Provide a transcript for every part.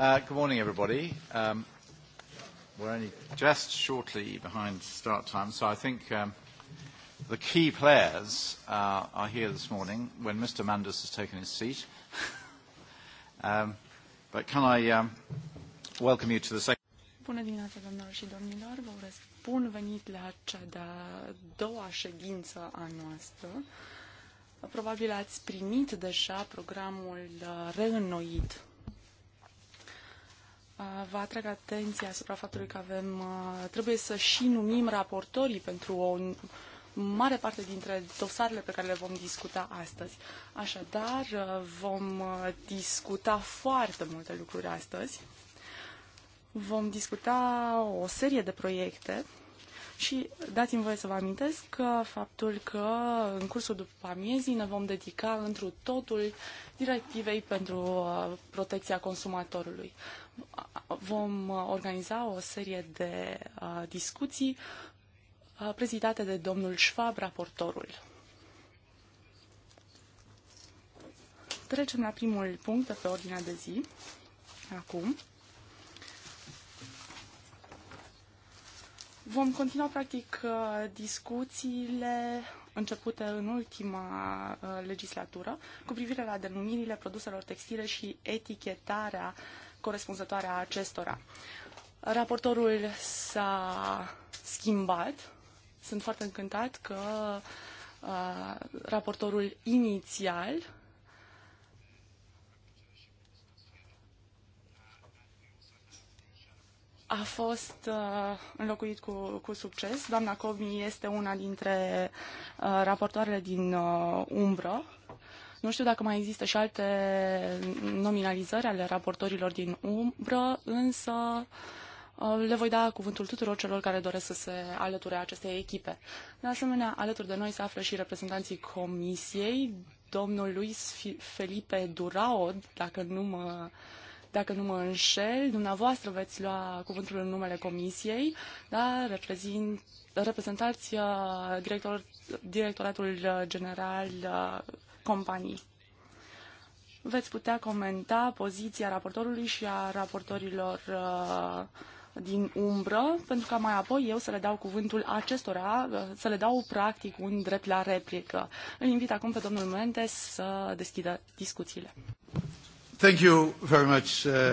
Uh, good morning, everybody. Um, we're only just shortly behind start time, so I think um, the key players uh, are here this morning when Mr. Manders has taken his seat. Um, but can I welcome you to the second... Bună dimineața, doamnelor și domnilor! Vă urez bun venit la cea de-a doua ședință a noastră. Probabil ați primit deja programul uh, reînnoit Vă atrag atenția asupra faptului că avem, trebuie să și numim raportorii pentru o mare parte dintre dosarele pe care le vom discuta astăzi. Așadar, vom discuta foarte multe lucruri astăzi. Vom discuta o serie de proiecte și dați-mi voie să vă amintesc că faptul că în cursul după amiezii ne vom dedica întru totul directivei pentru uh, protecția consumatorului. Vom uh, organiza o serie de uh, discuții prezidate de domnul Schwab, raportorul. Trecem la primul punct de pe ordinea de zi. Acum. Vom continua, practic, uh, discuțiile începute în ultima uh, legislatură cu privire la denumirile produselor textile și etichetarea corespunzătoare a acestora. Raportorul s-a schimbat. Sunt foarte încântat că uh, raportorul inițial a fost uh, înlocuit cu, cu succes. Doamna Comi este una dintre uh, raportoarele din uh, umbră. Nu știu dacă mai există și alte nominalizări ale raportorilor din umbră, însă uh, le voi da cuvântul tuturor celor care doresc să se alăture acestei echipe. De asemenea, alături de noi se află și reprezentanții comisiei, domnul Luis Felipe Duraod, dacă nu mă uh, dacă nu mă înșel, dumneavoastră veți lua cuvântul în numele comisiei, da? Reprezint, reprezentați uh, director, directoratul uh, general uh, companii. Veți putea comenta poziția raportorului și a raportorilor uh, din umbră, pentru ca mai apoi eu să le dau cuvântul acestora, să le dau practic un drept la replică. Îl invit acum pe domnul Mendes să deschidă discuțiile. Thank you very much, uh,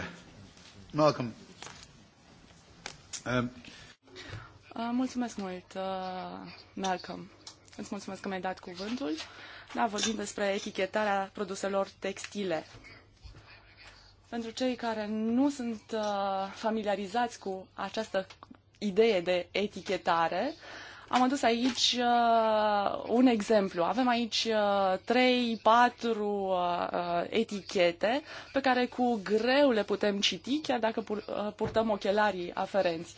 Malcolm. Um. Uh, mulțumesc mult, uh, Malcolm. Îți mulțumesc că mi-ai dat cuvântul. Da, vorbim despre etichetarea produselor textile. Pentru cei care nu sunt uh, familiarizați cu această idee de etichetare, uh, am adus aici uh, un exemplu. Avem aici uh, 3-4 uh, uh, etichete pe care cu greu le putem citi, chiar dacă pur, uh, purtăm ochelarii aferenți.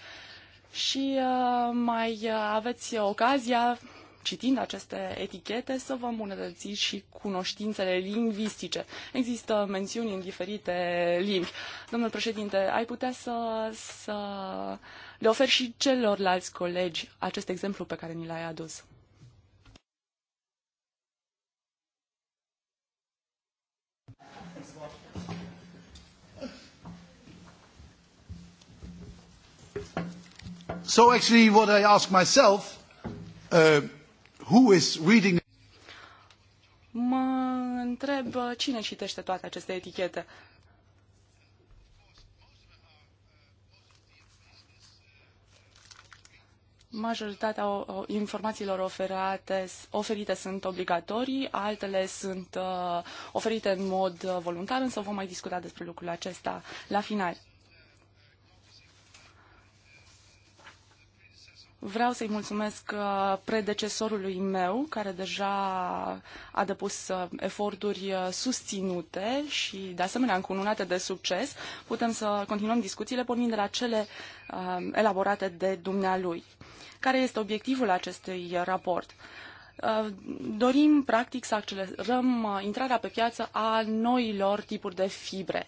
Și uh, mai uh, aveți ocazia, citind aceste etichete, să vă îmbunătățiți și cunoștințele lingvistice. Există mențiuni în diferite limbi. Domnul președinte, ai putea să... să uh, le ofer și celorlalți colegi acest exemplu pe care ni l-ai adus. So actually what I ask myself, uh, who is reading Mă întreb uh, cine citește toate aceste etichete. Majoritatea informațiilor oferate, oferite sunt obligatorii, altele sunt uh, oferite în mod uh, voluntar, însă vom mai discuta despre lucrul acesta la final. Vreau să-i mulțumesc uh, predecesorului meu, care deja a depus uh, eforturi susținute și, de asemenea, încununate de succes. Putem să continuăm discuțiile pornind de la cele elaborate de dumnealui. Care este obiectivul acestui raport? Uh, dorim, practic, să accelerăm uh, intrarea pe piață a noilor tipuri de fibre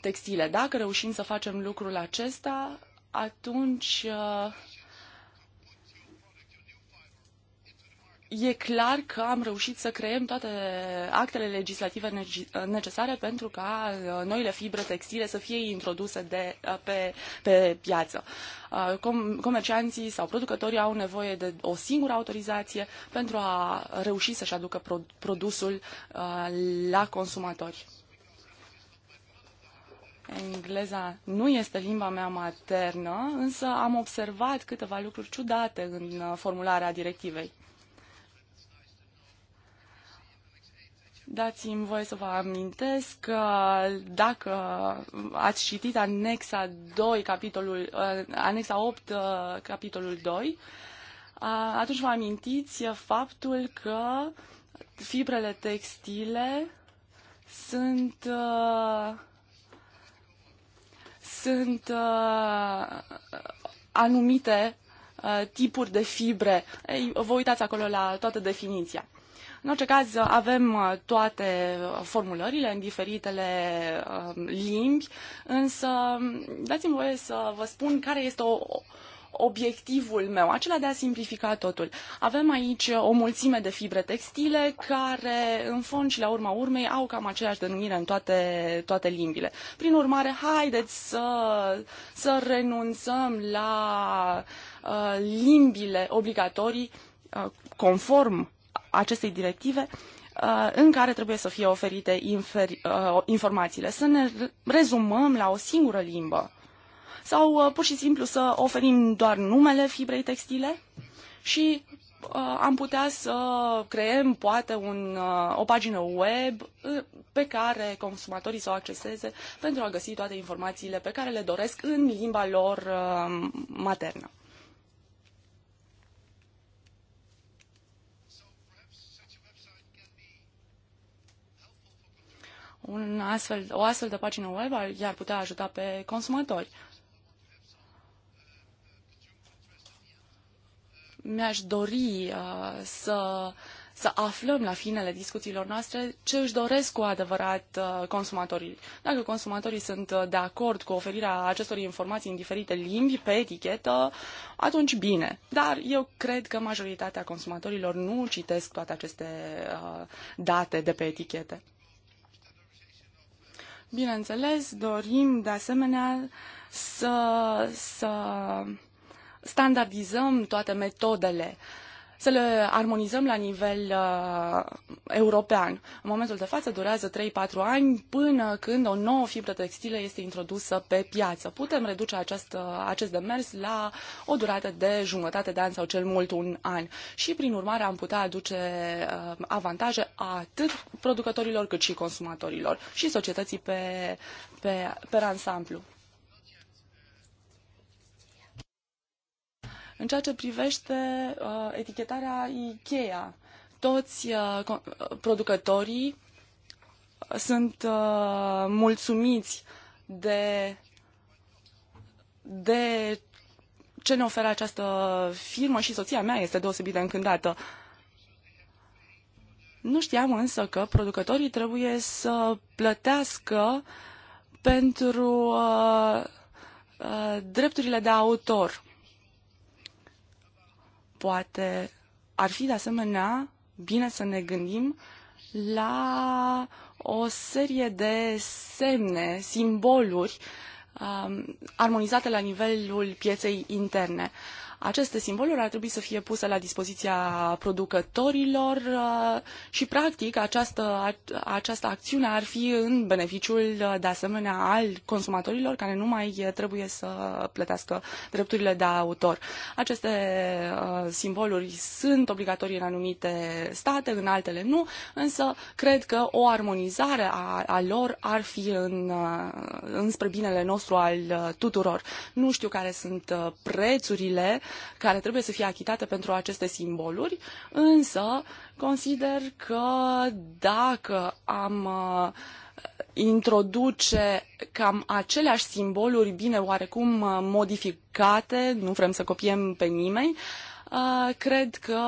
textile. Dacă reușim să facem lucrul acesta, atunci uh, e clar că am reușit să creăm toate actele legislative necesare pentru ca uh, noile fibre textile să fie introduse de, uh, pe, pe piață. Uh, comercianții sau producătorii au nevoie de o singură autorizație pentru a reuși să-și aducă produsul la consumatori. Engleza nu este limba mea maternă, însă am observat câteva lucruri ciudate în formularea directivei. Dați-mi voie să vă amintesc că dacă ați citit anexa 2, capitolul, uh, anexa 8, uh, capitolul 2, atunci vă amintiți faptul că fibrele textile sunt uh, sunt anumite tipuri de fibre. Ei, vă uitați acolo la toată definiția. În orice caz, avem uh, toate uh, formulările în diferitele uh, limbi, însă um, dați-mi voie să vă spun care este o, obiectivul meu, acela de a simplifica totul. Avem aici o mulțime de fibre textile care, în fond și la urma urmei, au cam aceeași denumire în toate, toate limbile. Prin urmare, haideți să, să renunțăm la uh, limbile obligatorii uh, conform acestei directive uh, în care trebuie să fie oferite uh, informațiile. Să ne rezumăm la o singură limbă sau uh, pur și simplu să oferim doar numele fibrei textile și am putea să creăm poate un, o pagină web pe care consumatorii să o acceseze pentru a găsi toate informațiile pe care le doresc în limba lor maternă. Un astfel, o astfel de pagină web i-ar putea ajuta pe consumatori. Mi-aș dori uh, să, să aflăm la finele discuțiilor noastre ce își doresc cu adevărat uh, consumatorii. Dacă consumatorii sunt uh, de acord cu oferirea acestor informații în diferite limbi pe etichetă, atunci bine. Dar eu cred că majoritatea consumatorilor nu citesc toate aceste uh, date de pe etichete. Bineînțeles, dorim de asemenea să, să standardizăm toate metodele uh, să le armonizăm la nivel uh, european. În momentul de față durează 3-4 ani până când o nouă fibră textilă este introdusă pe piață. Putem reduce acest, acest demers la o durată de jumătate de an sau cel mult un an. Și prin urmare am putea aduce uh, avantaje atât producătorilor cât și consumatorilor și societății pe, pe, pe ansamblu. În ceea ce privește uh, etichetarea IKEA, toți uh, producătorii uh, sunt uh, mulțumiți de, de ce ne oferă această firmă și soția mea este deosebit de încântată. Nu știam însă că producătorii trebuie să plătească pentru uh, uh, drepturile de autor. Poate ar fi de asemenea bine să ne gândim la o serie de semne, simboluri um, armonizate la nivelul pieței interne. Uh, aceste simboluri ar trebui să fie puse la dispoziția producătorilor uh, și, practic, această, această acțiune ar fi în beneficiul, uh, de asemenea, al consumatorilor care nu mai trebuie să plătească drepturile de autor. Aceste uh, simboluri sunt obligatorii în anumite state, în altele nu, însă cred că o armonizare a, a lor ar fi în, înspre binele nostru al tuturor. Nu știu care sunt prețurile care trebuie să fie achitate pentru aceste simboluri, însă consider că dacă am uh, introduce cam aceleași simboluri bine oarecum uh, modificate, nu vrem să copiem pe nimeni, uh, cred că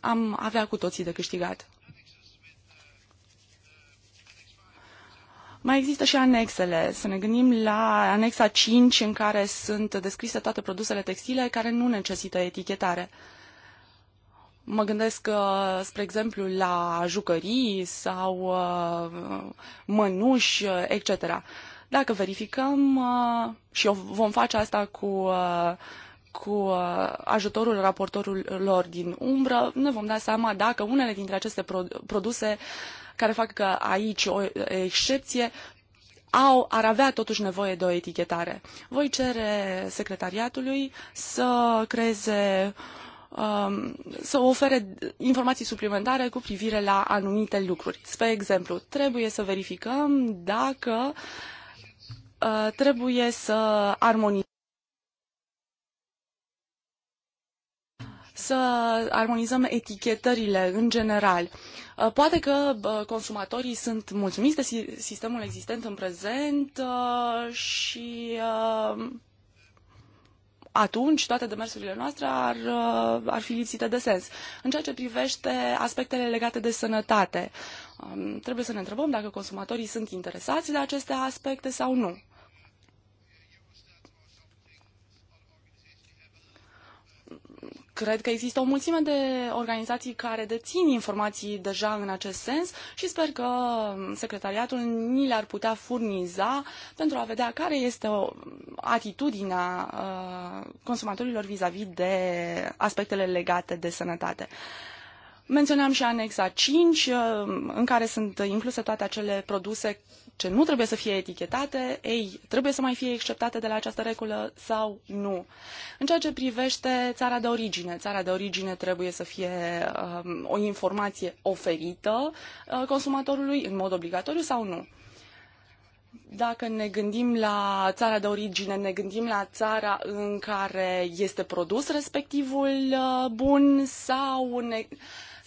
am avea cu toții de câștigat. Mai există și anexele. Să ne gândim la anexa 5 în care sunt descrise toate produsele textile care nu necesită etichetare. Mă gândesc, uh, spre exemplu, la jucării sau uh, mănuși, uh, etc. Dacă verificăm, și vom face asta cu, cu ajutorul raportorilor din umbră, ne vom da seama dacă unele dintre aceste produse uh, care fac că aici o excepție au, ar avea totuși nevoie de o etichetare. Voi cere secretariatului să creeze um, să ofere informații suplimentare cu privire la anumite lucruri. Spre exemplu, trebuie să verificăm dacă uh, trebuie să armonizăm să armonizăm etichetările în general. Uh, poate că uh, consumatorii sunt mulțumiți de sistemul existent în prezent uh, și atunci toate demersurile noastre ar, ar fi lipsite de sens. În ceea ce privește aspectele legate de sănătate, um, trebuie să ne întrebăm dacă consumatorii sunt interesați de aceste aspecte sau nu. Cred că există o mulțime de organizații care dețin informații deja în acest sens și sper că secretariatul ni le-ar putea furniza pentru a vedea care este o atitudinea uh, consumatorilor vis-a-vis -vis de aspectele legate de sănătate. Menționam și anexa 5, uh, în care sunt incluse toate acele produse ce nu trebuie să fie etichetate, ei, trebuie să mai fie exceptate de la această regulă sau nu. În ceea ce privește țara de origine, țara de origine trebuie să fie um, o informație oferită uh, consumatorului în mod obligatoriu sau nu. Dacă ne gândim la țara de origine, ne gândim la țara în care este produs respectivul uh, bun sau ne, uh,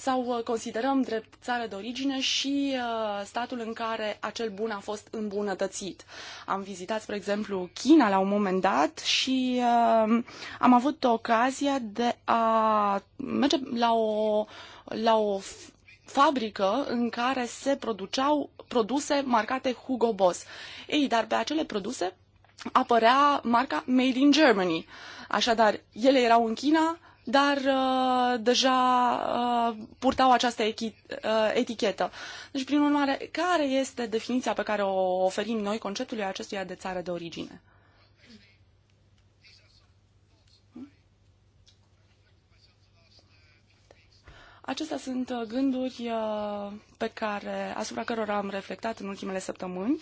sau uh, considerăm drept țară de origine și uh, statul în care acel bun a fost îmbunătățit. Am vizitat, spre exemplu, China la un moment dat și uh, am avut ocazia de a merge la o, la o fabrică în care se produceau produse marcate Hugo Boss. Ei, dar pe acele produse apărea marca Made in Germany. Așadar, ele erau în China, dar uh, deja uh, purtau această echi- uh, etichetă. Deci, prin urmare, care este definiția pe care o oferim noi conceptului acestuia de țară de origine? Acestea sunt uh, gânduri uh, pe care, asupra cărora am reflectat în ultimele săptămâni.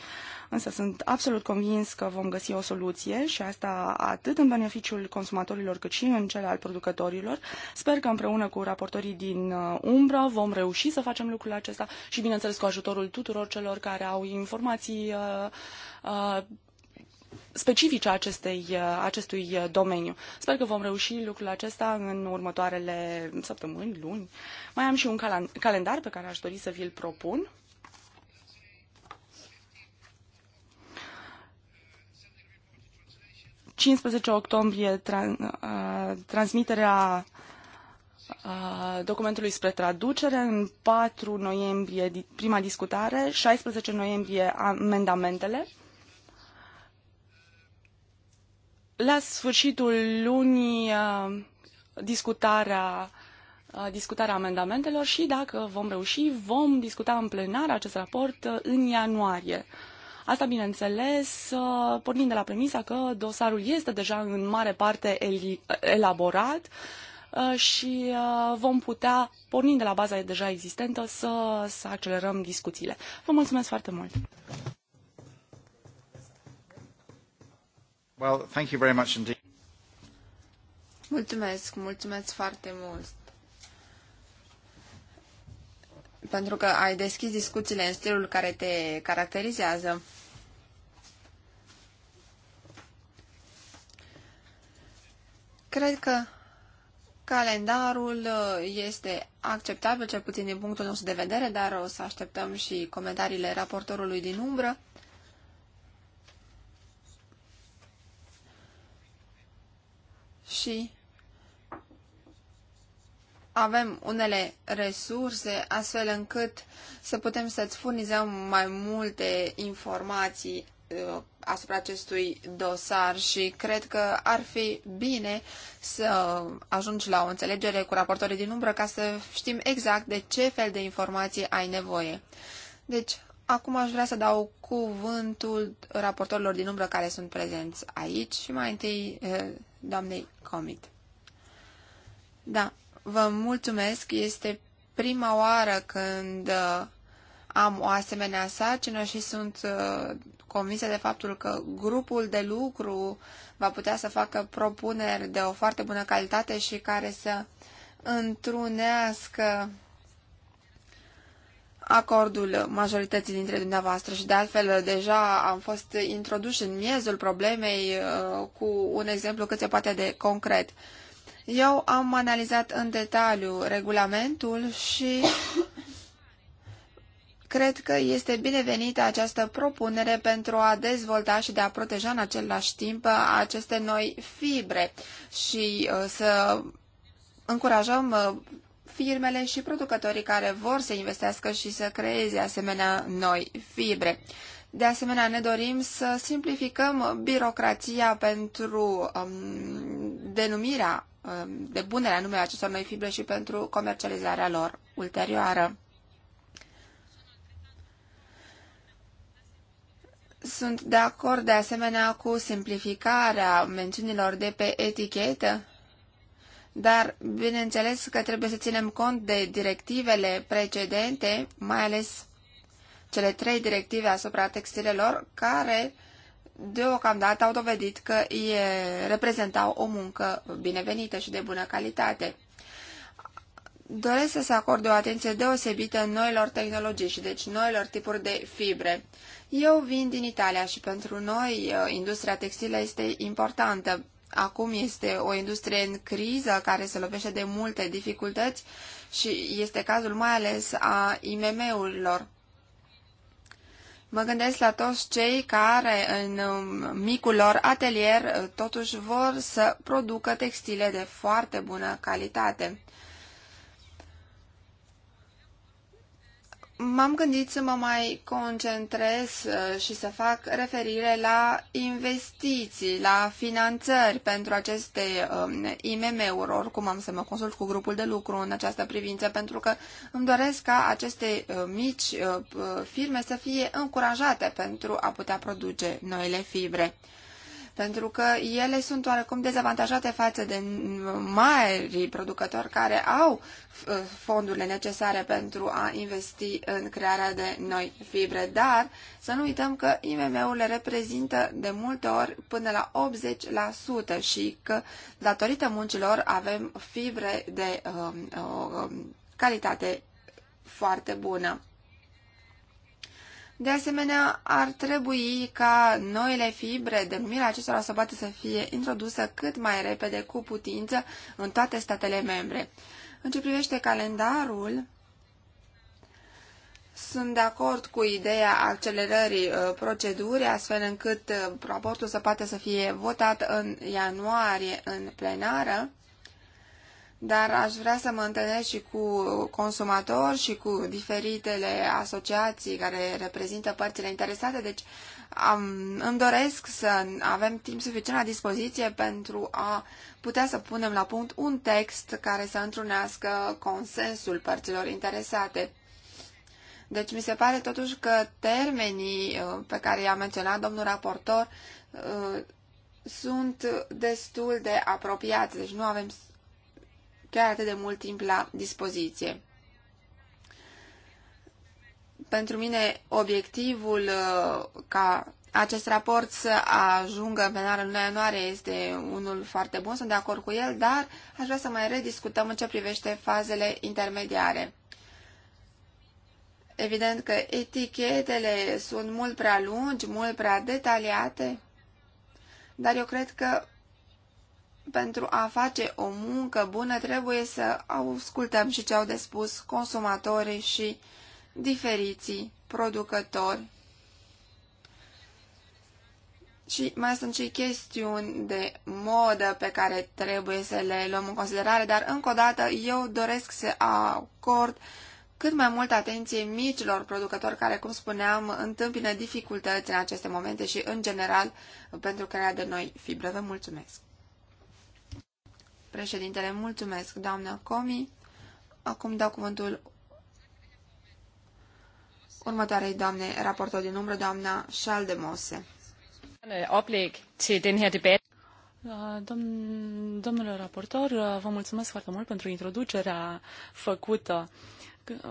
Însă sunt absolut convins că vom găsi o soluție și asta atât în beneficiul consumatorilor cât și în cel al producătorilor. Sper că împreună cu raportorii din uh, umbră vom reuși să facem lucrul acesta și, bineînțeles, cu ajutorul tuturor celor care au informații uh, uh, specifice acestei, uh, acestui uh, domeniu. Sper că vom reuși lucrul acesta în următoarele săptămâni, luni. Mai am și un calendar pe care aș dori să vi-l propun. 15 octombrie tran, uh, transmiterea uh, documentului spre traducere, în 4 noiembrie prima discutare, 16 noiembrie amendamentele. La sfârșitul lunii uh, discutarea uh, discutarea amendamentelor și dacă vom reuși, vom discuta în plenar acest raport uh, în ianuarie. Asta, bineînțeles, ă, pornind de la premisa că dosarul este deja în mare parte elaborat ă, și ă, vom putea, pornind de la baza deja existentă, să, să accelerăm discuțiile. Vă mulțumesc foarte mult! Well, thank you very much indeed. Mulțumesc, mulțumesc foarte mult! pentru că ai deschis discuțiile în stilul care te caracterizează. Cred că calendarul uh, este acceptabil, cel puțin din punctul nostru de vedere, dar o să așteptăm și comentariile raportorului din umbră. Și avem unele resurse astfel încât să putem să-ți furnizăm mai multe informații uh, asupra acestui dosar și cred că ar fi bine să ajungi la o înțelegere cu raportorii din umbră ca să știm exact de ce fel de informații ai nevoie. Deci, acum aș vrea să dau cuvântul raportorilor din umbră care sunt prezenți aici și mai întâi uh, doamnei Comit. Da, vă mulțumesc. Este prima oară când uh, am o asemenea sarcină și sunt uh, convinsă de faptul că grupul de lucru va putea să facă propuneri de o foarte bună calitate și care să întrunească acordul majorității dintre dumneavoastră și de altfel deja am fost introduși în miezul problemei uh, cu un exemplu cât se poate de concret. Eu am analizat în detaliu regulamentul și cred că este binevenită această propunere pentru a dezvolta și de a proteja în același timp aceste noi fibre și uh, să încurajăm uh, firmele și producătorii care vor să investească și să creeze asemenea noi fibre. De asemenea, ne dorim să simplificăm birocrația pentru um, denumirea Um, de bunele anume acestor noi fibre și pentru comercializarea lor ulterioară. Sunt de acord de asemenea cu simplificarea mențiunilor de pe etichetă, dar bineînțeles că trebuie să ținem cont de directivele precedente, mai ales cele trei directive asupra textilelor, care deocamdată au dovedit că e, reprezentau o muncă binevenită și de bună calitate. Doresc să se acorde o atenție deosebită noilor tehnologii și deci noilor tipuri de fibre. Eu vin din Italia și pentru noi uh, industria textilă este importantă. Acum este o industrie în criză care se lovește de multe dificultăți și este cazul mai ales a IMM-urilor. Mă gândesc la toți cei care în um, micul lor atelier uh, totuși vor să producă textile de foarte bună calitate. m-am gândit să mă mai concentrez uh, și să fac referire la investiții, la finanțări pentru aceste um, IMM-uri. Oricum am să mă consult cu grupul de lucru în această privință, pentru că îmi doresc ca aceste uh, mici uh, firme să fie încurajate pentru a putea produce noile fibre pentru că ele sunt oarecum dezavantajate față de mari producători care au uh, fondurile necesare pentru a investi în crearea de noi fibre, dar să nu uităm că IMM-urile reprezintă de multe ori până la 80% și că datorită muncilor avem fibre de um, uh, uh, calitate foarte bună. De asemenea, ar trebui ca noile fibre, denumirea acestora să poată să fie introdusă cât mai repede cu putință în toate statele membre. În ce privește calendarul, sunt de acord cu ideea accelerării uh, procedurii, astfel încât uh, raportul să poată să fie votat în ianuarie în plenară dar aș vrea să mă întâlnesc și cu consumatori și cu diferitele asociații care reprezintă părțile interesate, deci am, îmi doresc să avem timp suficient la dispoziție pentru a putea să punem la punct un text care să întrunească consensul părților interesate. Deci mi se pare totuși că termenii uh, pe care i-a menționat domnul raportor uh, sunt destul de apropiați, deci nu avem chiar atât de mult timp la dispoziție. Pentru mine, obiectivul uh, ca acest raport să ajungă în plenară în ianuarie este unul foarte bun, sunt de acord cu el, dar aș vrea să mai rediscutăm în ce privește fazele intermediare. Evident că etichetele sunt mult prea lungi, mult prea detaliate, dar eu cred că pentru a face o muncă bună trebuie să ascultăm și ce au de spus consumatorii și diferiții producători. Și mai sunt și chestiuni de modă pe care trebuie să le luăm în considerare, dar încă o dată eu doresc să acord cât mai multă atenție micilor producători care, cum spuneam, întâmpină dificultăți în aceste momente și, în general, pentru crearea de noi fibre. Vă mulțumesc! Președintele, mulțumesc, doamnă Comi. Acum dau cuvântul următoarei doamne raportor din umbră, doamna Schaldemose. debat. Da, domnule raportor, vă mulțumesc foarte mult pentru introducerea făcută.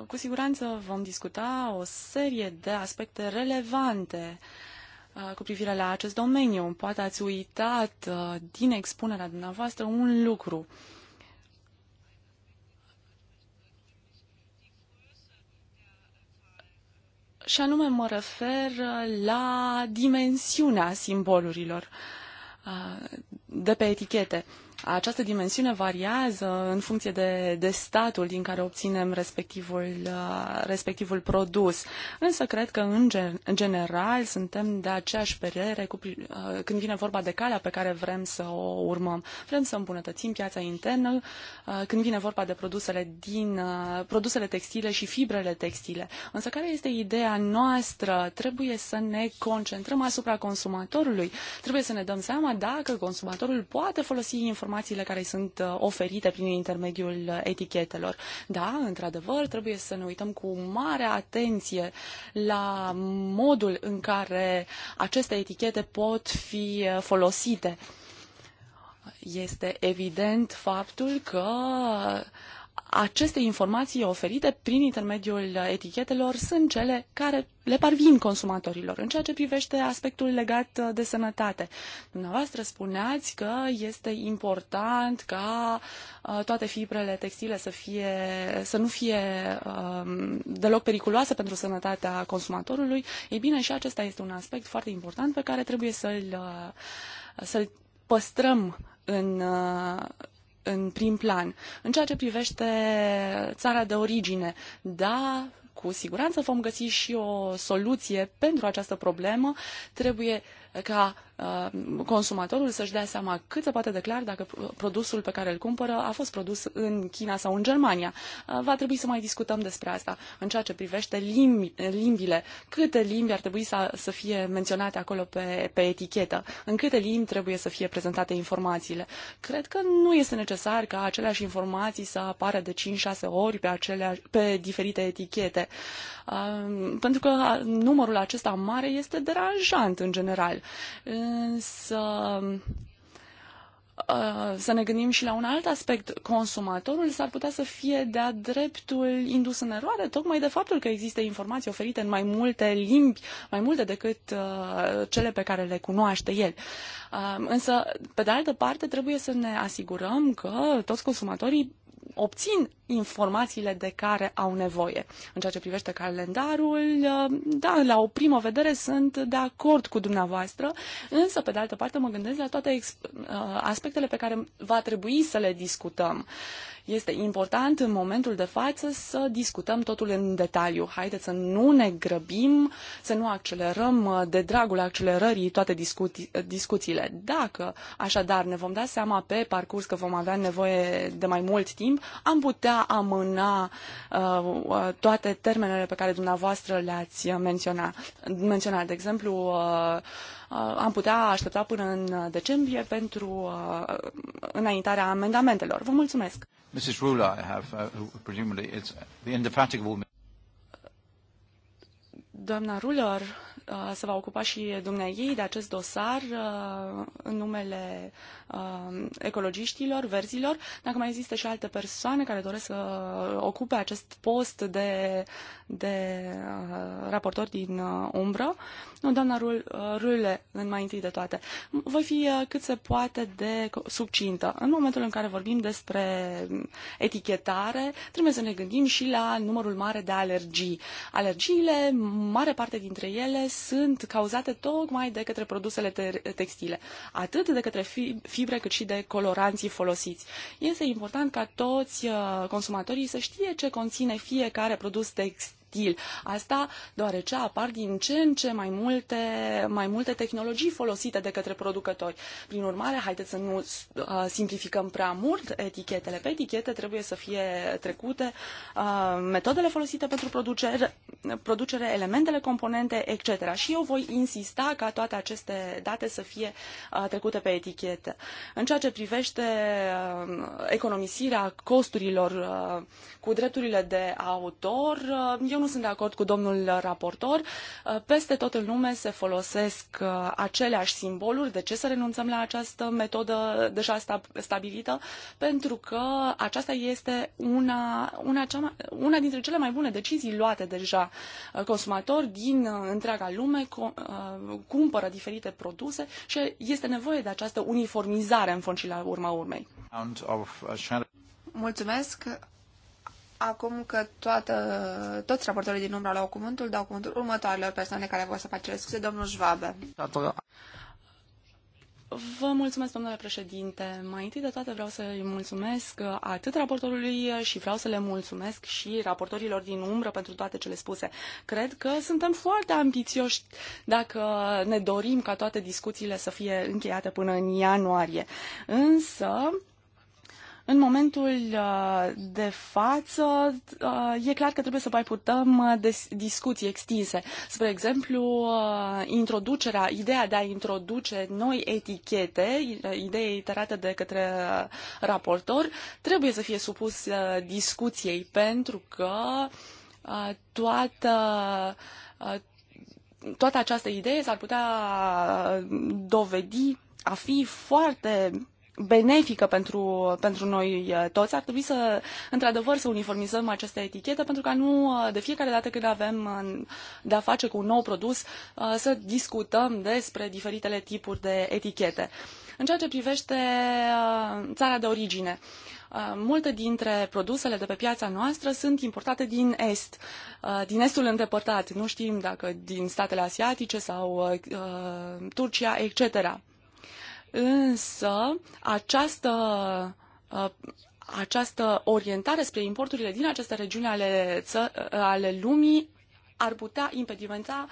Cu siguranță vom discuta o serie de aspecte relevante uh, Uh, cu privire la acest domeniu. Poate ați uitat uh, din expunerea dumneavoastră un lucru. Și anume mă refer la dimensiunea simbolurilor uh, de pe etichete. Uh, această dimensiune variază în funcție de, de statul din care obținem respectivul, uh, respectivul produs. Însă cred că, în, gen, în general, suntem de aceeași părere cu, uh, când vine vorba de calea pe care vrem să o urmăm. Vrem să îmbunătățim piața internă uh, când vine vorba de produsele, din, produsele textile și fibrele textile. Însă care este ideea noastră? Trebuie să ne concentrăm asupra consumatorului. Trebuie să ne dăm seama dacă consumatorul poate folosi informații informațiile care sunt uh, oferite prin intermediul uh, etichetelor. Da, într-adevăr, trebuie să ne uităm cu mare atenție la modul în care aceste etichete pot fi uh, folosite. Este evident faptul că aceste informații oferite prin intermediul etichetelor sunt cele care le parvin consumatorilor. În ceea ce privește aspectul legat uh, de sănătate, dumneavoastră spuneați că este important ca uh, toate fibrele textile să, fie, să nu fie um, deloc periculoase pentru sănătatea consumatorului. Ei bine, și acesta este un aspect foarte important pe care trebuie să-l, uh, să-l păstrăm în, în prim plan. În ceea ce privește țara de origine, da, cu siguranță vom găsi și o soluție pentru această problemă. Trebuie ca uh, consumatorul să-și dea seama cât se poate de clar dacă produsul pe care îl cumpără a fost produs în China sau în Germania. Uh, va trebui să mai discutăm despre asta în ceea ce privește limbi, limbile. Câte limbi ar trebui să, să fie menționate acolo pe, pe etichetă? În câte limbi trebuie să fie prezentate informațiile? Cred că nu este necesar ca aceleași informații să apară de 5-6 ori pe, aceleași, pe diferite etichete. Uh, pentru că numărul acesta mare este deranjant în general. Însă uh, să ne gândim și la un alt aspect. Consumatorul s-ar putea să fie de-a dreptul indus în eroare, tocmai de faptul că există informații oferite în mai multe limbi, mai multe decât uh, cele pe care le cunoaște el. Uh, însă, pe de altă parte, trebuie să ne asigurăm că toți consumatorii obțin informațiile de care au nevoie. În ceea ce privește calendarul, uh, da, la o primă vedere sunt de acord cu dumneavoastră, însă, pe de altă parte, mă gândesc la toate uh, aspectele pe care va trebui să le discutăm. Este important în momentul de față să discutăm totul în detaliu. Haideți să nu ne grăbim, să nu accelerăm uh, de dragul accelerării toate discuții, discuțiile. Dacă așadar ne vom da seama pe parcurs că vom avea nevoie de mai mult timp, am putea amâna uh, uh toate termenele pe care dumneavoastră le-ați menționat. menționat. De exemplu, uh, am putea aștepta până în decembrie pentru uh, înaintarea amendamentelor. Vă mulțumesc. Mrs. Ruler, I have, uh, it's the indefatigable... Doamna Ruler uh, se va ocupa și dumneai de acest dosar în numele ecologiștilor, verzilor. Dacă mai există și alte persoane care doresc să ocupe acest post de, de raportor din umbră, nu, doamna uh, în mai întâi de toate. Voi fi uh, cât se poate de subcintă. În momentul în care vorbim despre mm, etichetare, trebuie să ne gândim și la numărul mare de alergii. Alergiile, mare parte dintre ele, sunt cauzate tocmai de către produsele textile, atât de către fibre cât și de coloranții folosiți. Este important ca toți uh, consumatorii să știe ce conține fiecare produs textil textil. Asta deoarece apar din ce în ce mai multe, mai multe tehnologii folosite de către producători. Prin urmare, haideți să nu uh, simplificăm prea mult etichetele. Pe etichete trebuie să fie trecute uh, metodele folosite pentru producere, producere elementele, componente, etc. Și eu voi insista ca toate aceste date să fie uh, trecute pe etichete. În ceea ce privește economisirea costurilor cu drepturile de autor, eu nu sunt de acord cu domnul raportor. Uh, peste tot în lume se folosesc uh, aceleași simboluri. De ce să renunțăm la această metodă deja stabilită? Pentru că aceasta este una, una, cea mai, una dintre cele mai bune decizii luate deja. Uh, Consumatori din întreaga lume cumpără diferite produse și este nevoie de această uniformizare în fond și la urma urmei. Mulțumesc. Acum că toată, toți raportorii din umbra au cuvântul, dau cuvântul următoarelor persoane care vor să facă cele scuze, domnul Schwabe. Vă mulțumesc, domnule președinte. Mai întâi de toate vreau să-i mulțumesc atât raportorului și vreau să le mulțumesc și raportorilor din umbră pentru toate cele spuse. Cred că suntem foarte ambițioși dacă ne dorim ca toate discuțiile să fie încheiate până în ianuarie. Însă, în momentul uh, de față, uh, e clar că trebuie să mai purtăm uh, discuții extinse. Spre exemplu, introducerea, ideea de a introduce noi etichete, idee iterată de către raportor, trebuie să fie supus discuției pentru că toată toată această idee s-ar putea dovedi a fi foarte benefică pentru, pentru noi uh, toți. Ar trebui să, într-adevăr, să uniformizăm aceste etichete pentru ca nu uh, de fiecare dată când avem uh, de-a face cu un nou produs să discutăm despre diferitele tipuri de etichete. În ceea ce privește țara de origine, multe dintre produsele de pe piața noastră sunt importate din Est, din Estul îndepărtat, nu știm dacă din statele asiatice sau Turcia, etc. Însă, această uh, această orientare spre importurile din aceste regiuni ale, uh, ale lumii ar putea impedimenta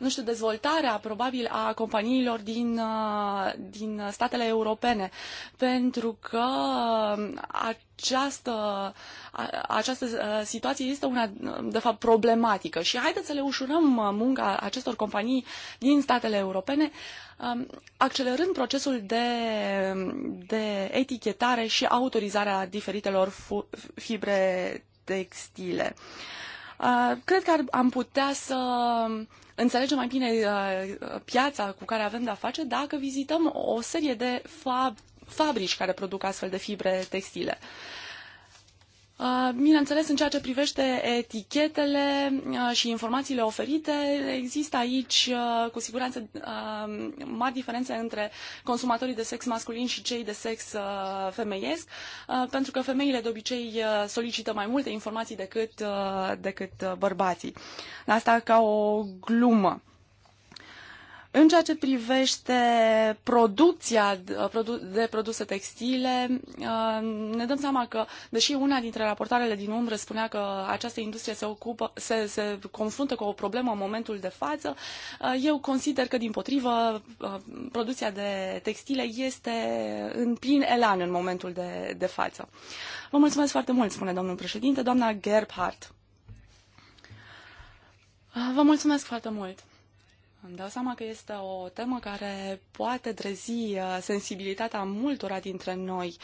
nu știu, dezvoltarea probabil a companiilor din, uh, din statele europene, pentru că um, această, această uh, situație este una, um, de fapt, problematică și haideți să le ușurăm uh, munca acestor companii din statele europene, um, accelerând procesul de, de etichetare și autorizarea diferitelor fibre textile. Uh, Uh, cred că am putea să înțelegem mai bine uh, piața cu care avem de-a face dacă vizităm o serie de fabrici care produc astfel de fibre textile. Uh, Uh, bineînțeles, în ceea ce privește etichetele uh, și informațiile oferite, există aici uh, cu siguranță mari diferențe între consumatorii de sex masculin și cei de sex femeiesc, pentru că femeile de obicei solicită mai multe informații decât, decât bărbații. Asta ca o glumă. În ceea ce privește producția de produse textile, uh, ne dăm seama că, deși una dintre raportarele din umbră spunea că această industrie se, ocupă, se, se confruntă cu o problemă în momentul de față, uh, eu consider că, din potrivă, uh, producția de textile este în plin elan în momentul de, de față. Vă mulțumesc foarte mult, spune domnul președinte, doamna Gerhardt. Vă mulțumesc foarte mult. Îmi dau seama că este o temă care poate trezi uh, sensibilitatea multora dintre noi.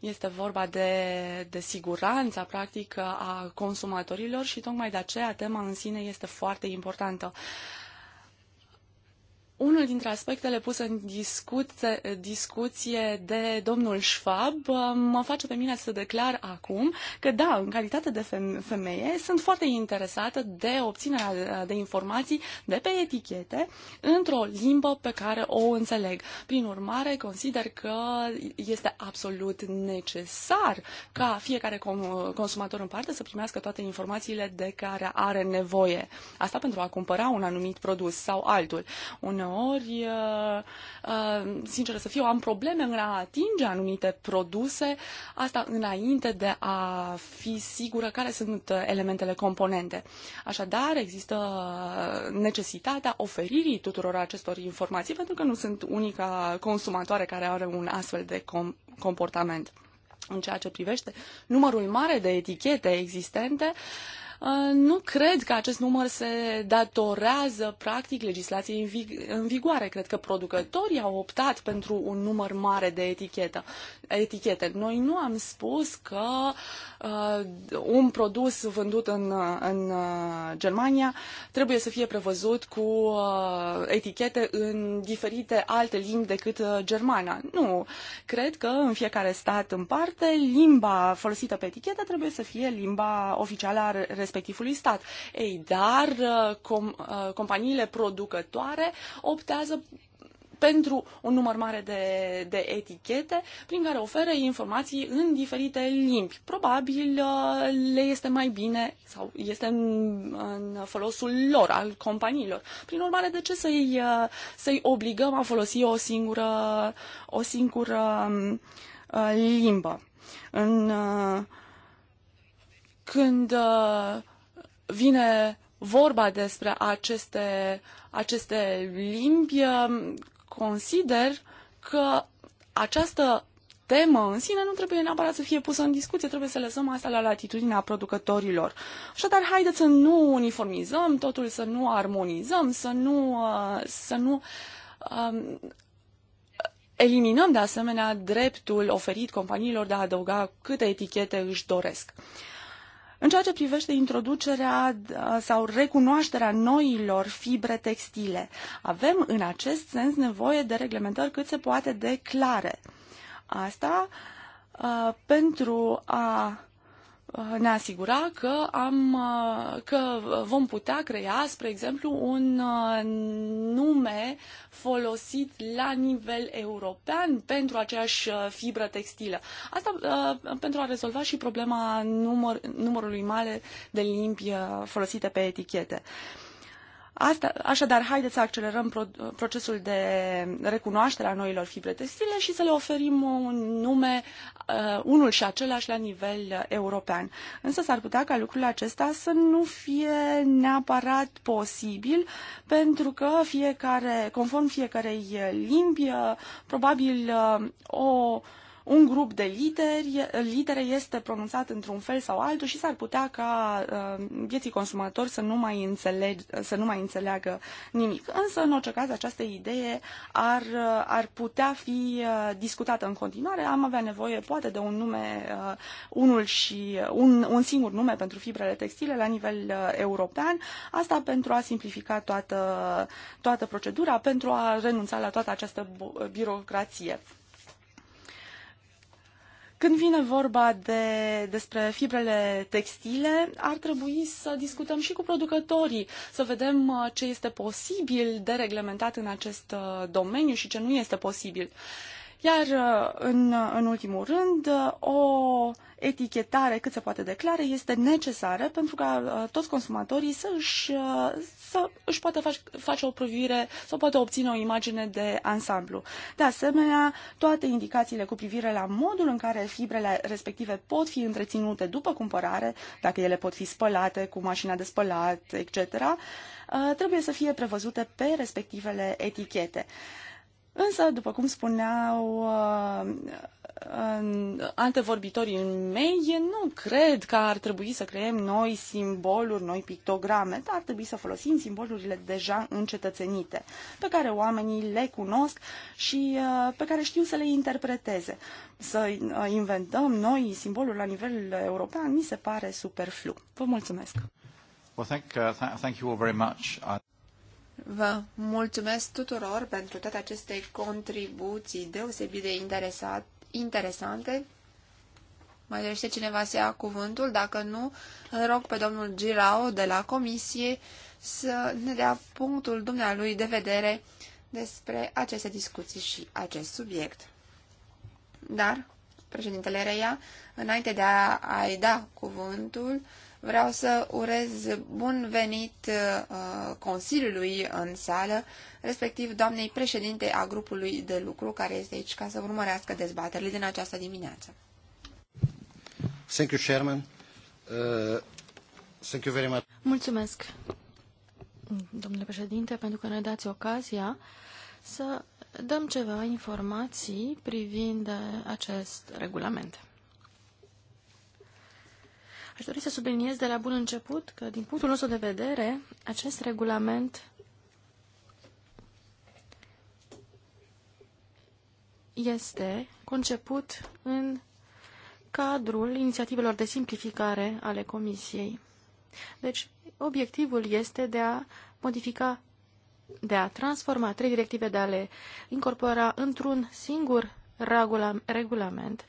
Este vorba de, de siguranța practică a consumatorilor și tocmai de aceea tema în sine este foarte importantă. Uh, unul dintre aspectele puse în discuție, discuție de domnul Schwab um, mă face pe mine să declar acum că da, în calitate de femeie sunt foarte interesată de obținerea de informații de pe etichete într-o limbă pe care o înțeleg. Prin urmare, consider că este absolut necesar ca fiecare consumator în parte să primească toate informațiile de care are nevoie. Asta pentru a cumpăra un anumit produs sau altul. Uneori uneori, uh, uh, sincer să fiu, am probleme în a atinge anumite produse, asta înainte de a fi sigură care sunt uh, elementele componente. Așadar, există necesitatea oferirii tuturor acestor informații, pentru că nu sunt unica consumatoare care are un astfel de com- comportament. În ceea ce privește numărul mare de etichete existente, uh, Uh, nu cred că acest număr se datorează practic legislației în, vig- în vigoare. Cred că producătorii au optat pentru un număr mare de etichetă, etichete. Noi nu am spus că uh, un produs vândut în, uh, în uh, Germania trebuie să fie prevăzut cu uh, etichete în diferite alte limbi decât germana. Nu. Cred că în fiecare stat în parte limba folosită pe etichetă trebuie să fie limba oficială a respectivului stat. Ei, dar uh, com, uh, companiile producătoare optează pentru un număr mare de, de etichete prin care oferă informații în diferite limbi. Probabil uh, le este mai bine sau este în, în folosul lor, al companiilor. Prin urmare, de ce să-i, să-i obligăm a folosi o singură, o singură um, limbă? În uh, când uh, vine vorba despre aceste, aceste limbi, um, consider că această temă în sine nu trebuie neapărat să fie pusă în discuție, trebuie să lăsăm asta la latitudinea producătorilor. Așadar, haideți să nu uniformizăm totul, să nu armonizăm, să nu, uh, să nu um, eliminăm de asemenea dreptul oferit companiilor de a adăuga câte etichete își doresc. Uh, în ceea ce privește introducerea uh, sau recunoașterea noilor fibre textile, avem în acest sens nevoie de reglementări cât se poate de clare. Asta uh, pentru a ne asigura că, am, că vom putea crea, spre exemplu, un uh, nume folosit la nivel european pentru aceeași uh, fibră textilă. Asta uh, pentru a rezolva și problema număr, numărului mare de limbi folosite pe etichete. Uh, Asta, așadar, haideți să accelerăm pro, procesul de recunoaștere a noilor fibre textile și să le oferim un nume, uh, unul și același la nivel european. Însă s-ar putea ca lucrul acesta să nu fie neapărat posibil, pentru că fiecare, conform fiecarei limbi, uh, probabil uh, o un grup de lideri, lidere este pronunțat într-un fel sau altul și s-ar putea ca uh, vieții consumatori să nu, mai înțeleg, să nu mai înțeleagă nimic. Însă, în orice caz, această idee ar, uh, ar putea fi uh, discutată în continuare. Am avea nevoie, poate, de un nume, uh, unul și uh, un, un singur nume pentru fibrele textile la nivel uh, european. Asta pentru a simplifica toată, toată procedura, pentru a renunța la toată această birocrație. Când vine vorba de, despre fibrele textile, ar trebui să discutăm și cu producătorii, să vedem uh, ce este posibil de reglementat în acest uh, domeniu și ce nu este posibil. Iar uh, în, uh, în ultimul rând, uh, o etichetare cât se poate declare este necesară pentru ca toți consumatorii să își, să își poată face, face o privire sau poate obține o imagine de ansamblu. De asemenea, toate indicațiile cu privire la modul în care fibrele respective pot fi întreținute după cumpărare, dacă ele pot fi spălate cu mașina de spălat, etc., trebuie să fie prevăzute pe respectivele etichete. Însă, după cum spuneau uh, în mei, nu cred că ar trebui să creăm noi simboluri, noi pictograme, dar ar trebui să folosim simbolurile deja încetățenite, pe care oamenii le cunosc și uh, pe care știu să le interpreteze. Să uh, inventăm noi simboluri la nivel european mi se pare superflu. Vă mulțumesc! Well, thank, uh, th- thank you all very much. Vă mulțumesc tuturor pentru toate aceste contribuții deosebit de interesat, interesante. Mai dorește cineva să ia cuvântul? Dacă nu, îl rog pe domnul Girau de la Comisie să ne dea punctul dumnealui de vedere despre aceste discuții și acest subiect. Dar, președintele Reia, înainte de a-i da cuvântul, Vreau să urez bun venit uh, Consiliului în sală, respectiv doamnei președinte a grupului de lucru care este aici ca să urmărească dezbaterile din această dimineață. Thank you, Chairman. Uh, thank you very much. Mulțumesc, domnule președinte, pentru că ne dați ocazia să dăm ceva informații privind acest regulament. Aș dori să subliniez de la bun început că, din punctul nostru de vedere, acest regulament este conceput în cadrul inițiativelor de simplificare ale Comisiei. Deci, obiectivul este de a modifica, de a transforma trei directive, de a le incorpora într-un singur regulament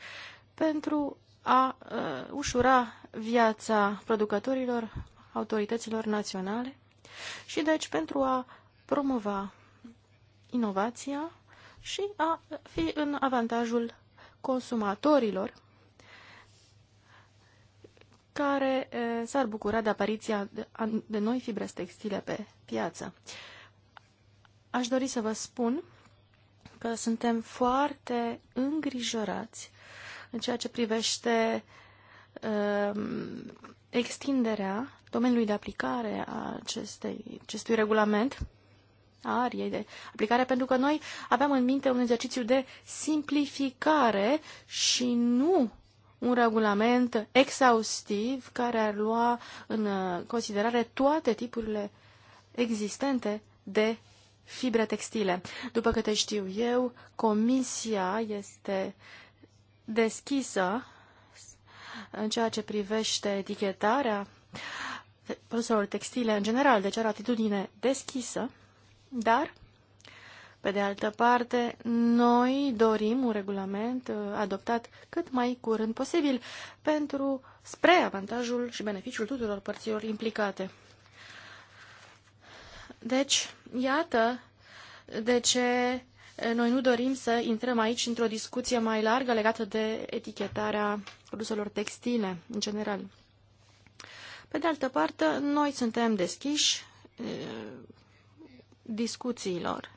pentru a uh, ușura viața producătorilor, autorităților naționale și deci pentru a promova inovația și a fi în avantajul consumatorilor care s-ar bucura de apariția de noi fibre textile pe piață. Aș dori să vă spun că suntem foarte îngrijorați în ceea ce privește Um, extinderea domeniului de aplicare a acestei, acestui regulament, a ariei de aplicare, pentru că noi aveam în minte un exercițiu de simplificare și nu un regulament exhaustiv care ar lua în uh, considerare toate tipurile existente de fibre textile. După câte știu eu, comisia este deschisă în ceea ce privește etichetarea produselor textile în general, deci are atitudine deschisă, dar, pe de altă parte, noi dorim un regulament uh, adoptat cât mai curând posibil pentru spre avantajul și beneficiul tuturor părților implicate. Deci, iată de ce Eh, noi nu dorim să intrăm aici într-o discuție mai largă legată de etichetarea produselor textile în general. Pe de altă parte, noi suntem deschiși eh, discuțiilor.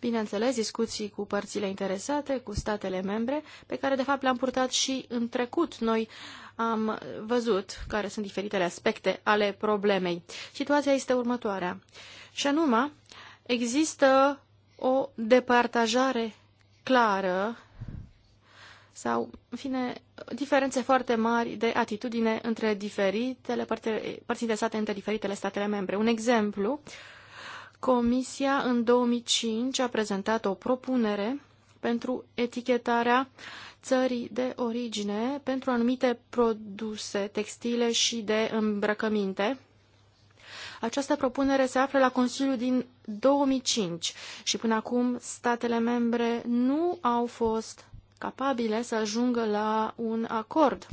Bineînțeles, discuții cu părțile interesate, cu statele membre, pe care de fapt le-am purtat și în trecut. Noi am văzut care sunt diferitele aspecte ale problemei. Situația este următoarea. Și anume, există o departajare clară sau, în fine, diferențe foarte mari de atitudine între diferitele părți, părți interesate între diferitele statele membre. Un exemplu, Comisia în 2005 a prezentat o propunere pentru etichetarea țării de origine pentru anumite produse textile și de îmbrăcăminte această propunere se află la Consiliul din 2005 și până acum statele membre nu au fost capabile să ajungă la un acord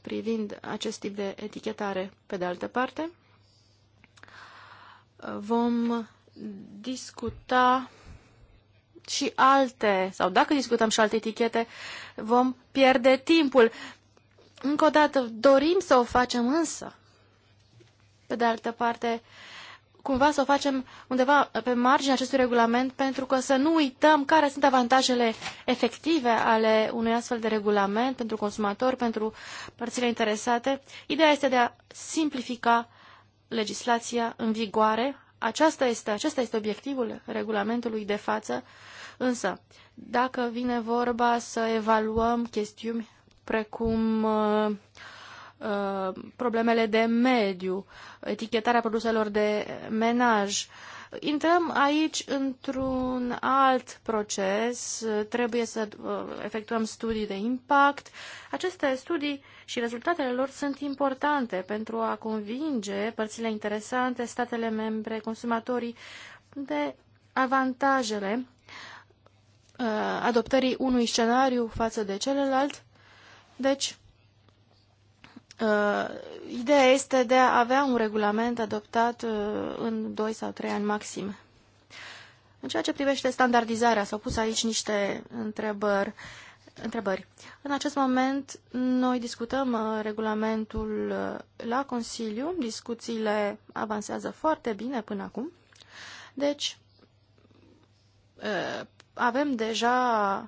privind acest tip de etichetare. Pe de altă parte, vom discuta și alte, sau dacă discutăm și alte etichete, vom pierde timpul. Încă o dată, dorim să o facem însă pe de altă parte, cumva să o facem undeva pe marginea acestui regulament, pentru că să nu uităm care sunt avantajele efective ale unui astfel de regulament pentru consumator, pentru părțile interesate. Ideea este de a simplifica legislația în vigoare. Aceasta este, acesta este obiectivul regulamentului de față, însă dacă vine vorba să evaluăm chestiuni precum uh, Uh, problemele de mediu, etichetarea produselor de menaj. Intrăm aici într-un alt proces, trebuie să uh, efectuăm studii de impact. Aceste studii și rezultatele lor sunt importante pentru a convinge părțile interesante, statele membre, consumatorii de avantajele uh, adoptării unui scenariu față de celălalt. Deci, Uh, ideea este de a avea un regulament adoptat uh, în 2 sau 3 ani maxim. În ceea ce privește standardizarea, s-au pus aici niște întrebări. întrebări. În acest moment, noi discutăm uh, regulamentul la Consiliu, discuțiile avansează foarte bine până acum, deci avem deja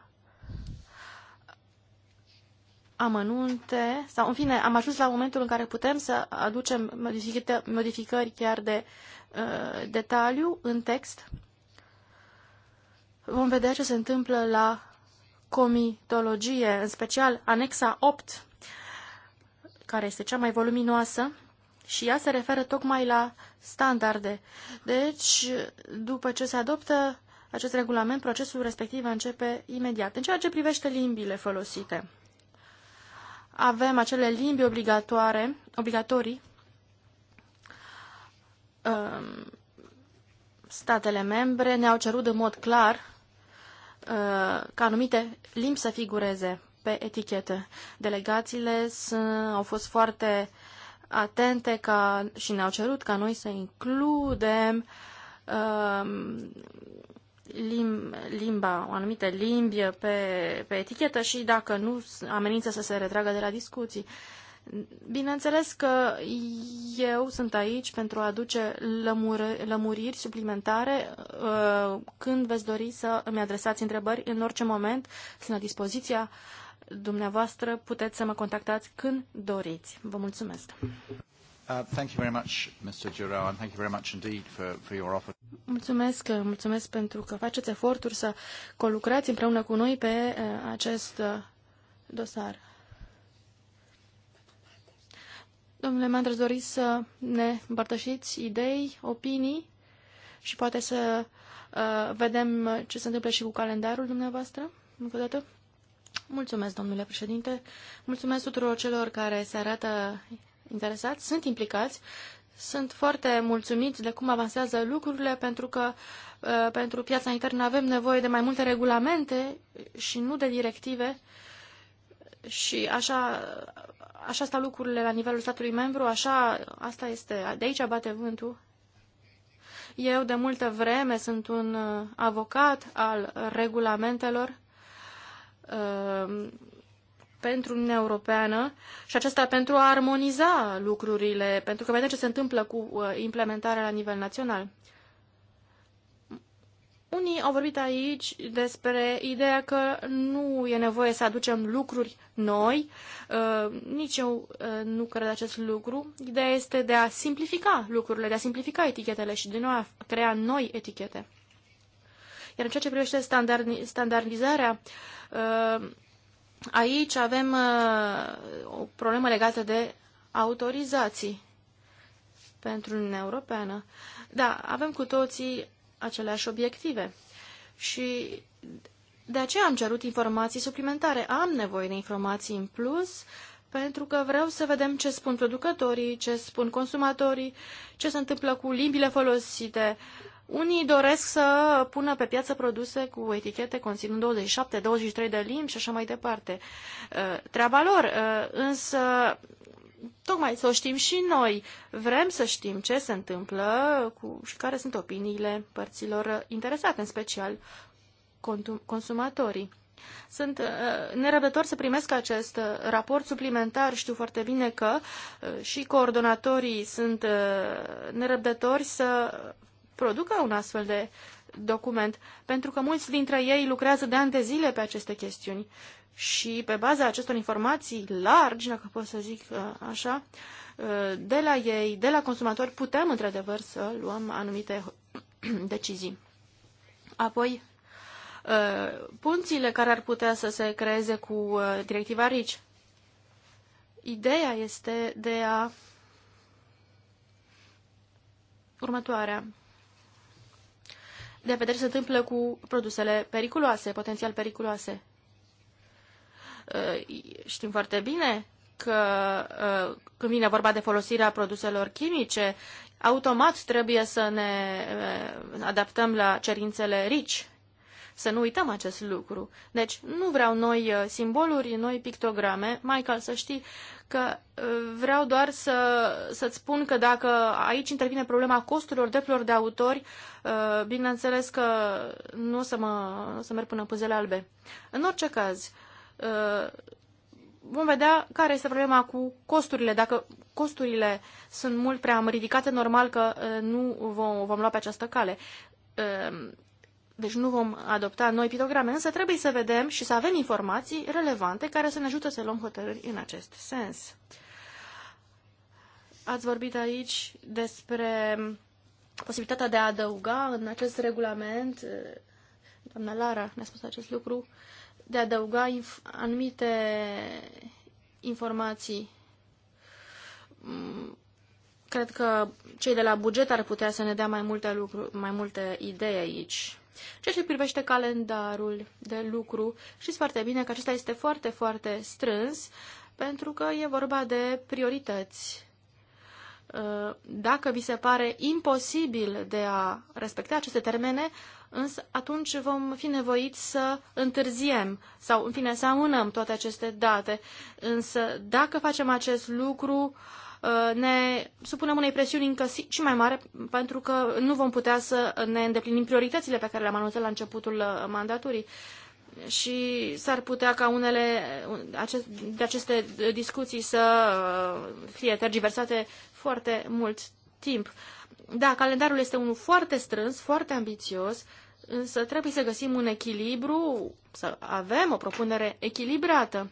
amănunte, sau în fine, am ajuns la momentul în care putem să aducem modificări chiar de uh, detaliu în text. Vom vedea ce se întâmplă la comitologie, în special anexa 8, care este cea mai voluminoasă, și ea se referă tocmai la standarde. Deci, după ce se adoptă acest regulament, procesul respectiv începe imediat. În ceea ce privește limbile folosite, avem acele limbi obligatoare, obligatorii, um, statele membre ne-au cerut în mod clar uh, ca anumite limbi să figureze pe etichete. Delegațiile au fost foarte atente ca, și ne-au cerut ca noi să includem um, limba, o anumită limbi pe, pe etichetă și dacă nu, amenință să se retragă de la discuții. Bineînțeles că eu sunt aici pentru a aduce lămur, lămuriri suplimentare uh, când veți dori să îmi adresați întrebări în orice moment. Sunt la dispoziția dumneavoastră, puteți să mă contactați când doriți. Vă mulțumesc! Uh, thank you very much, Mr. Giroux, and thank you very much indeed for, for your offer. Mulțumesc, uh, mulțumesc pentru că faceți eforturi să colucrați împreună cu noi pe uh, acest dosar. Domnule Mandras, doriți să ne împărtășiți idei, opinii și poate să uh, vedem ce se întâmplă și cu calendarul dumneavoastră? Încă o dată. Mulțumesc, domnule președinte. Mulțumesc tuturor celor care se arată interesați, sunt implicați, sunt foarte mulțumiți de cum avansează lucrurile, pentru că uh, pentru piața internă avem nevoie de mai multe regulamente și nu de directive și așa, așa stau lucrurile la nivelul statului membru, așa, asta este, de aici bate vântul. Eu de multă vreme sunt un uh, avocat al regulamentelor uh, pentru Uniunea Europeană și acesta pentru a armoniza lucrurile, pentru că vedem ce se întâmplă cu uh, implementarea la nivel național. Unii au vorbit aici despre ideea că nu e nevoie să aducem lucruri noi, uh, nici eu uh, nu cred acest lucru. Ideea este de a simplifica lucrurile, de a simplifica etichetele și de nou a crea noi etichete. Iar în ceea ce privește standardizarea, Aici avem uh, o problemă legată de autorizații pentru Uniunea Europeană. Da, avem cu toții aceleași obiective și de aceea am cerut informații suplimentare. Am nevoie de informații în plus pentru că vreau să vedem ce spun producătorii, ce spun consumatorii, ce se întâmplă cu limbile folosite, uh, unii doresc să pună pe piață produse cu etichete conținând 27, 23 de limbi și așa mai departe. Uh, treaba lor, uh, însă tocmai să o știm și noi. Vrem să știm ce se întâmplă cu, și care sunt opiniile părților interesate, în special consumatorii. Sunt uh, nerăbdător să primesc acest uh, raport suplimentar. Știu foarte bine că și coordonatorii sunt nerăbdători să producă un astfel de document, pentru că mulți dintre ei lucrează de ani de zile pe aceste chestiuni și pe baza acestor informații largi, dacă pot să zic uh, așa, uh, de la ei, de la consumatori, putem într-adevăr să luăm anumite decizii. Apoi, uh, punțile care ar putea să se creeze cu directiva RICI. Ideea este de a următoarea de vedere ce se întâmplă cu produsele periculoase, potențial periculoase. Uh, știm foarte bine că uh, când vine vorba de folosirea produselor chimice, automat trebuie să ne uh, adaptăm la cerințele RICI, să nu uităm acest lucru. Deci nu vreau noi uh, simboluri, noi pictograme. Michael, să știi că uh, vreau doar să, să-ți spun că dacă aici intervine problema costurilor drepturilor de autori, uh, bineînțeles că nu o să, mă, să merg până puzele albe. În orice caz, vom vedea care este problema cu costurile. Dacă costurile sunt mult prea ridicate, normal că nu vom, vom lua pe această cale deci nu vom adopta noi pictograme, însă trebuie să vedem și să avem informații relevante care să ne ajute să luăm hotărâri în acest sens. Ați vorbit aici despre posibilitatea de a adăuga în acest regulament, doamna Lara ne-a spus acest lucru, de a adăuga inf- anumite informații. Mm, cred că cei de la buget ar putea să ne dea mai multe, lucru, mai multe idei aici. Ceea ce privește calendarul de lucru, știți foarte bine că acesta este foarte, foarte strâns, pentru că e vorba de priorități. Uh, dacă vi se pare imposibil de a respecta aceste termene, însă atunci vom fi nevoiți să întârziem sau, în fine, să amânăm toate aceste date. Însă, dacă facem acest lucru, uh, Uh, ne supunem unei presiuni încă și mai mare pentru că nu vom putea să ne îndeplinim prioritățile pe care le-am anunțat la începutul uh, mandaturii. Și s-ar putea ca unele de aceste discuții să uh, fie tergiversate foarte mult timp. Da, calendarul este unul foarte strâns, foarte ambițios, însă trebuie să găsim un echilibru, să avem o propunere echilibrată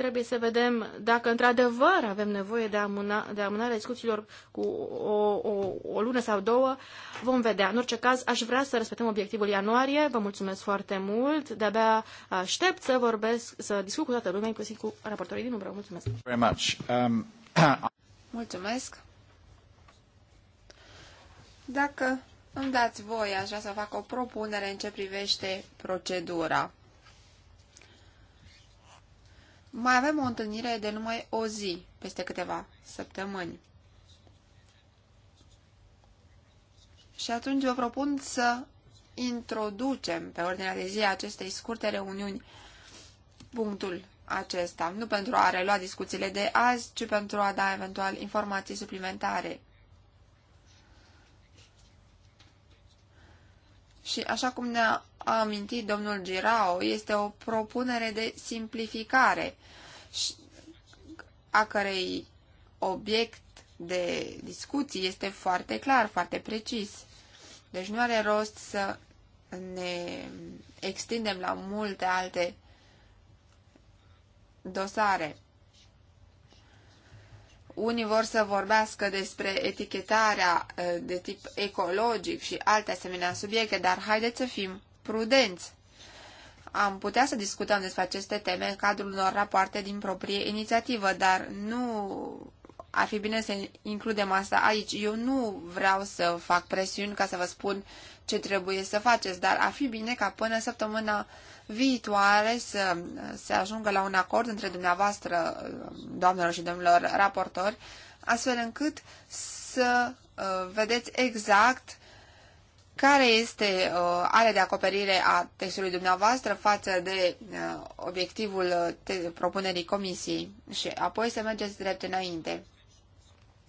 trebuie să vedem dacă într-adevăr avem nevoie de, amâna, de amânarea discuțiilor cu o, o, o lună sau două. Vom vedea. În orice caz, aș vrea să respectăm obiectivul ianuarie. Vă mulțumesc foarte mult. De-abia aștept să vorbesc, să discut cu toată lumea, inclusiv cu raportorii din umbră. Mulțumesc. Very much. Um, mulțumesc. Dacă îmi dați voie, aș vrea să fac o propunere în ce privește procedura. Mai avem o întâlnire de numai o zi, peste câteva săptămâni. Și atunci vă propun să introducem pe ordinea de zi acestei scurte reuniuni punctul acesta, nu pentru a relua discuțiile de azi, ci pentru a da eventual informații suplimentare. Și așa cum ne-a a amintit domnul Girao, este o propunere de simplificare a cărei obiect de discuții este foarte clar, foarte precis. Deci nu are rost să ne extindem la multe alte dosare. Unii vor să vorbească despre etichetarea eh, de tip ecologic și alte asemenea subiecte, dar haideți să fim prudenți. Am putea să discutăm despre aceste teme în cadrul unor rapoarte din proprie inițiativă, dar nu ar fi bine să includem asta aici. Eu nu vreau să fac presiuni ca să vă spun ce trebuie să faceți, dar ar fi bine ca până săptămâna viitoare să se ajungă la un acord între dumneavoastră, doamnelor și domnilor raportori, astfel încât să uh, vedeți exact care este uh, area de acoperire a textului dumneavoastră față de uh, obiectivul uh, propunerii comisiei și apoi să mergeți drept înainte.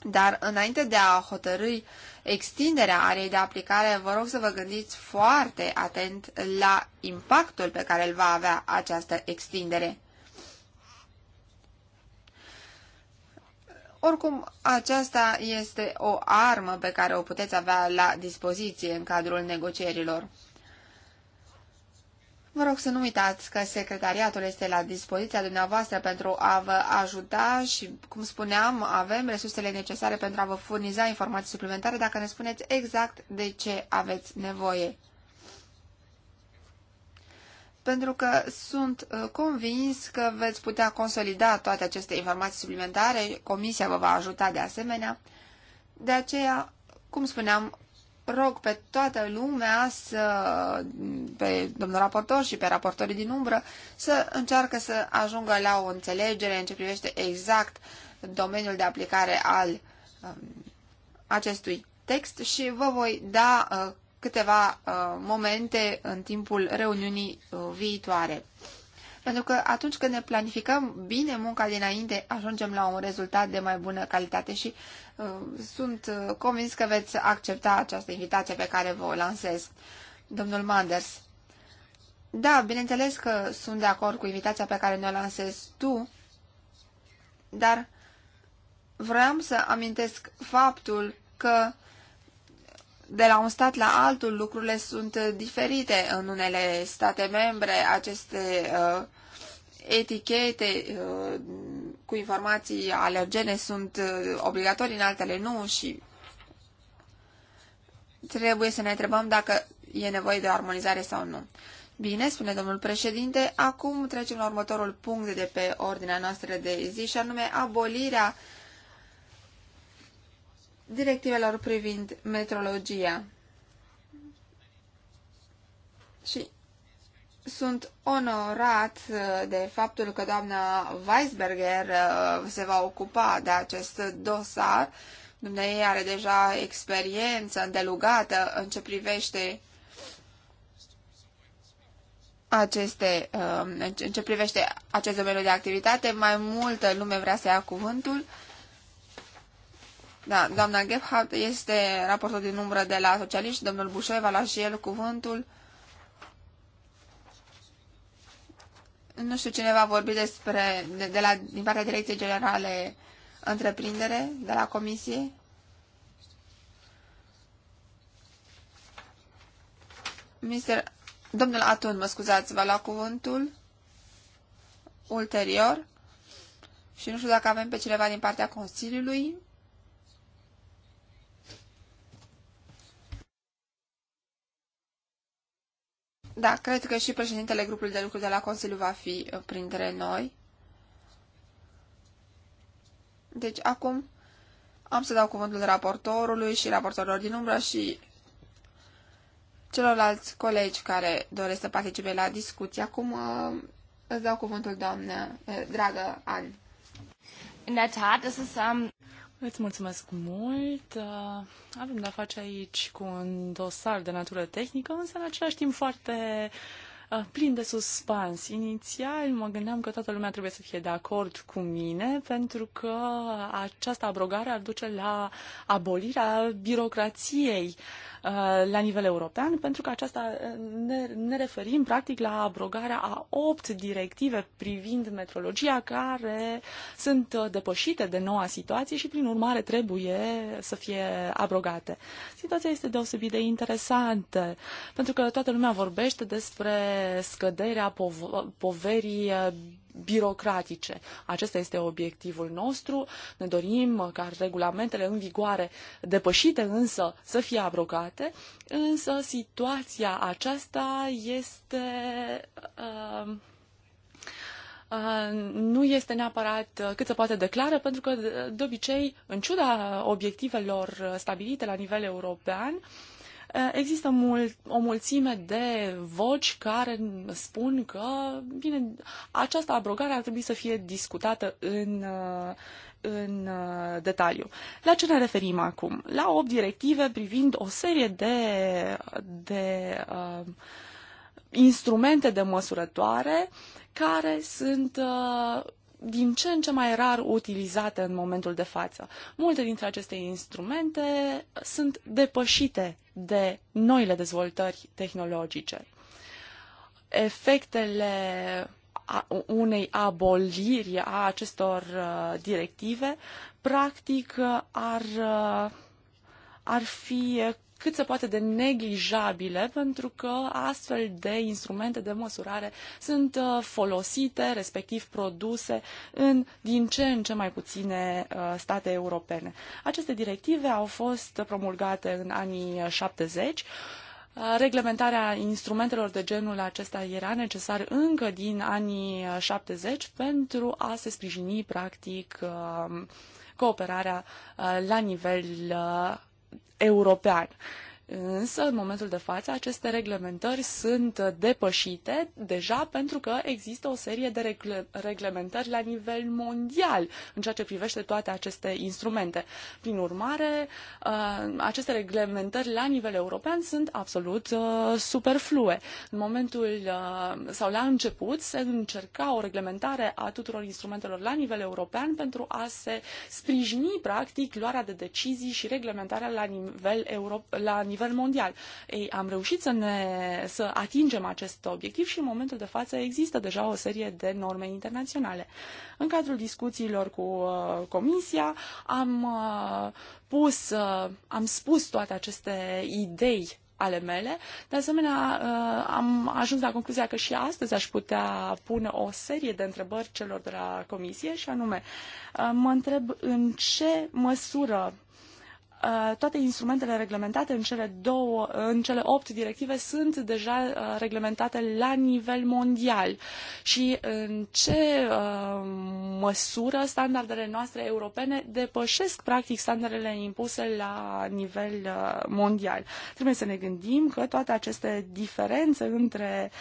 Dar înainte de a hotărâi extinderea arei de aplicare, vă rog să vă gândiți foarte atent la impactul pe care îl va avea această extindere. Oricum, aceasta este o armă pe care o puteți avea la dispoziție în cadrul negocierilor. Vă rog să nu uitați că secretariatul este la dispoziția dumneavoastră pentru a vă ajuta și, cum spuneam, avem resursele necesare pentru a vă furniza informații suplimentare dacă ne spuneți exact de ce aveți nevoie pentru că sunt uh, convins că veți putea consolida toate aceste informații suplimentare, comisia vă va ajuta de asemenea. De aceea, cum spuneam, rog pe toată lumea, să, pe domnul raportor și pe raportorii din umbră, să încearcă să ajungă la o înțelegere în ce privește exact domeniul de aplicare al um, acestui text și vă voi da uh, câteva uh, momente în timpul reuniunii uh, viitoare. Pentru că atunci când ne planificăm bine munca dinainte, ajungem la un rezultat de mai bună calitate și uh, sunt uh, convins că veți accepta această invitație pe care vă o lansez. Domnul Manders. Da, bineînțeles că sunt de acord cu invitația pe care ne-o lansez tu, dar vreau să amintesc faptul că de la un stat la altul lucrurile sunt uh, diferite. În unele state membre aceste uh, etichete uh, cu informații alergene sunt uh, obligatorii, în altele nu și trebuie să ne întrebăm dacă e nevoie de o armonizare sau nu. Bine, spune domnul președinte, acum trecem la următorul punct de pe ordinea noastră de zi și anume abolirea uh, directivelor privind metrologia. Și sunt onorat uh, de faptul că doamna Weisberger uh, se va ocupa de acest dosar. Dumnezeu are deja experiență îndelugată în ce privește aceste, uh, în ce privește acest domeniu de activitate. Mai multă lume vrea să ia cuvântul. Da, doamna Gebhardt este raportul din umbră de la socialiști, domnul Bușoi va lua și el cuvântul. Nu știu cine va vorbi despre, de, de la, din partea Direcției Generale Întreprindere, de la Comisie. Mister, domnul Atun, mă scuzați, va lua cuvântul ulterior. Și nu știu dacă avem pe cineva din partea Consiliului. Da, cred că și președintele grupului de lucru de la Consiliu va fi uh, printre noi. Deci acum am să dau cuvântul raportorului și raportorilor din umbră și celorlalți colegi care doresc să participe la discuție. Acum uh, îți dau cuvântul, doamnă, uh, dragă Ani. In der Tat, es ist Um... Îți mulțumesc mult. Uh, avem de-a face aici cu un dosar de natură tehnică, însă în același timp foarte uh, plin de suspans. Inițial mă gândeam că toată lumea trebuie să fie de acord cu mine, pentru că această abrogare ar duce la abolirea birocrației uh, Uh, la nivel european, pentru că aceasta uh, ne, ne referim practic la abrogarea a opt directive privind metrologia care sunt uh, depășite de noua situație și prin urmare trebuie să fie abrogate. Situația este deosebit de interesantă, pentru că toată lumea vorbește despre scăderea pov- poverii birocratice. Acesta este obiectivul nostru. Ne dorim ca regulamentele în vigoare depășite însă să fie abrogate, însă situația aceasta este uh, uh nu este neapărat cât se poate declară, pentru că, de obicei, în ciuda obiectivelor stabilite la nivel european, Eh, există mul- o mulțime de voci care spun că, bine, această abrogare ar trebui să fie discutată în, eh, în eh, detaliu. La ce ne referim acum? La 8 directive privind o serie de, de uh, instrumente de măsurătoare care sunt uh, din ce în ce mai rar utilizate în momentul de față. Multe dintre aceste instrumente sunt depășite de noile dezvoltări tehnologice. Efectele unei aboliri a acestor uh, directive, practic, uh, ar, uh, ar fi cât se poate de neglijabile, pentru că astfel de instrumente de măsurare sunt uh, folosite, respectiv produse, în din ce în ce mai puține uh, state europene. Aceste directive au fost promulgate în anii 70. Uh, reglementarea instrumentelor de genul acesta era necesar încă din anii 70 pentru a se sprijini, practic, cooperarea la nivel european. Însă, în momentul de față, aceste reglementări sunt depășite deja pentru că există o serie de regle- reglementări la nivel mondial în ceea ce privește toate aceste instrumente. Prin urmare, uh, aceste reglementări la nivel european sunt absolut uh, superflue. În momentul uh, sau la început se încerca o reglementare a tuturor instrumentelor la nivel european pentru a se sprijini, practic, luarea de decizii și reglementarea la nivel, euro- la nivel nivel mondial. Ei, am reușit să, ne, să atingem acest obiectiv și în momentul de față există deja o serie de norme internaționale. În cadrul discuțiilor cu uh, Comisia am uh, pus, uh, am spus toate aceste idei ale mele. De asemenea, uh, am ajuns la concluzia că și astăzi aș putea pune o serie de întrebări celor de la comisie și anume, uh, mă întreb în ce măsură Uh, toate instrumentele reglementate în cele, două, în cele opt directive sunt deja uh, reglementate la nivel mondial și în ce uh, măsură standardele noastre europene depășesc practic standardele impuse la nivel mondial. Trebuie să ne gândim că toate aceste diferențe între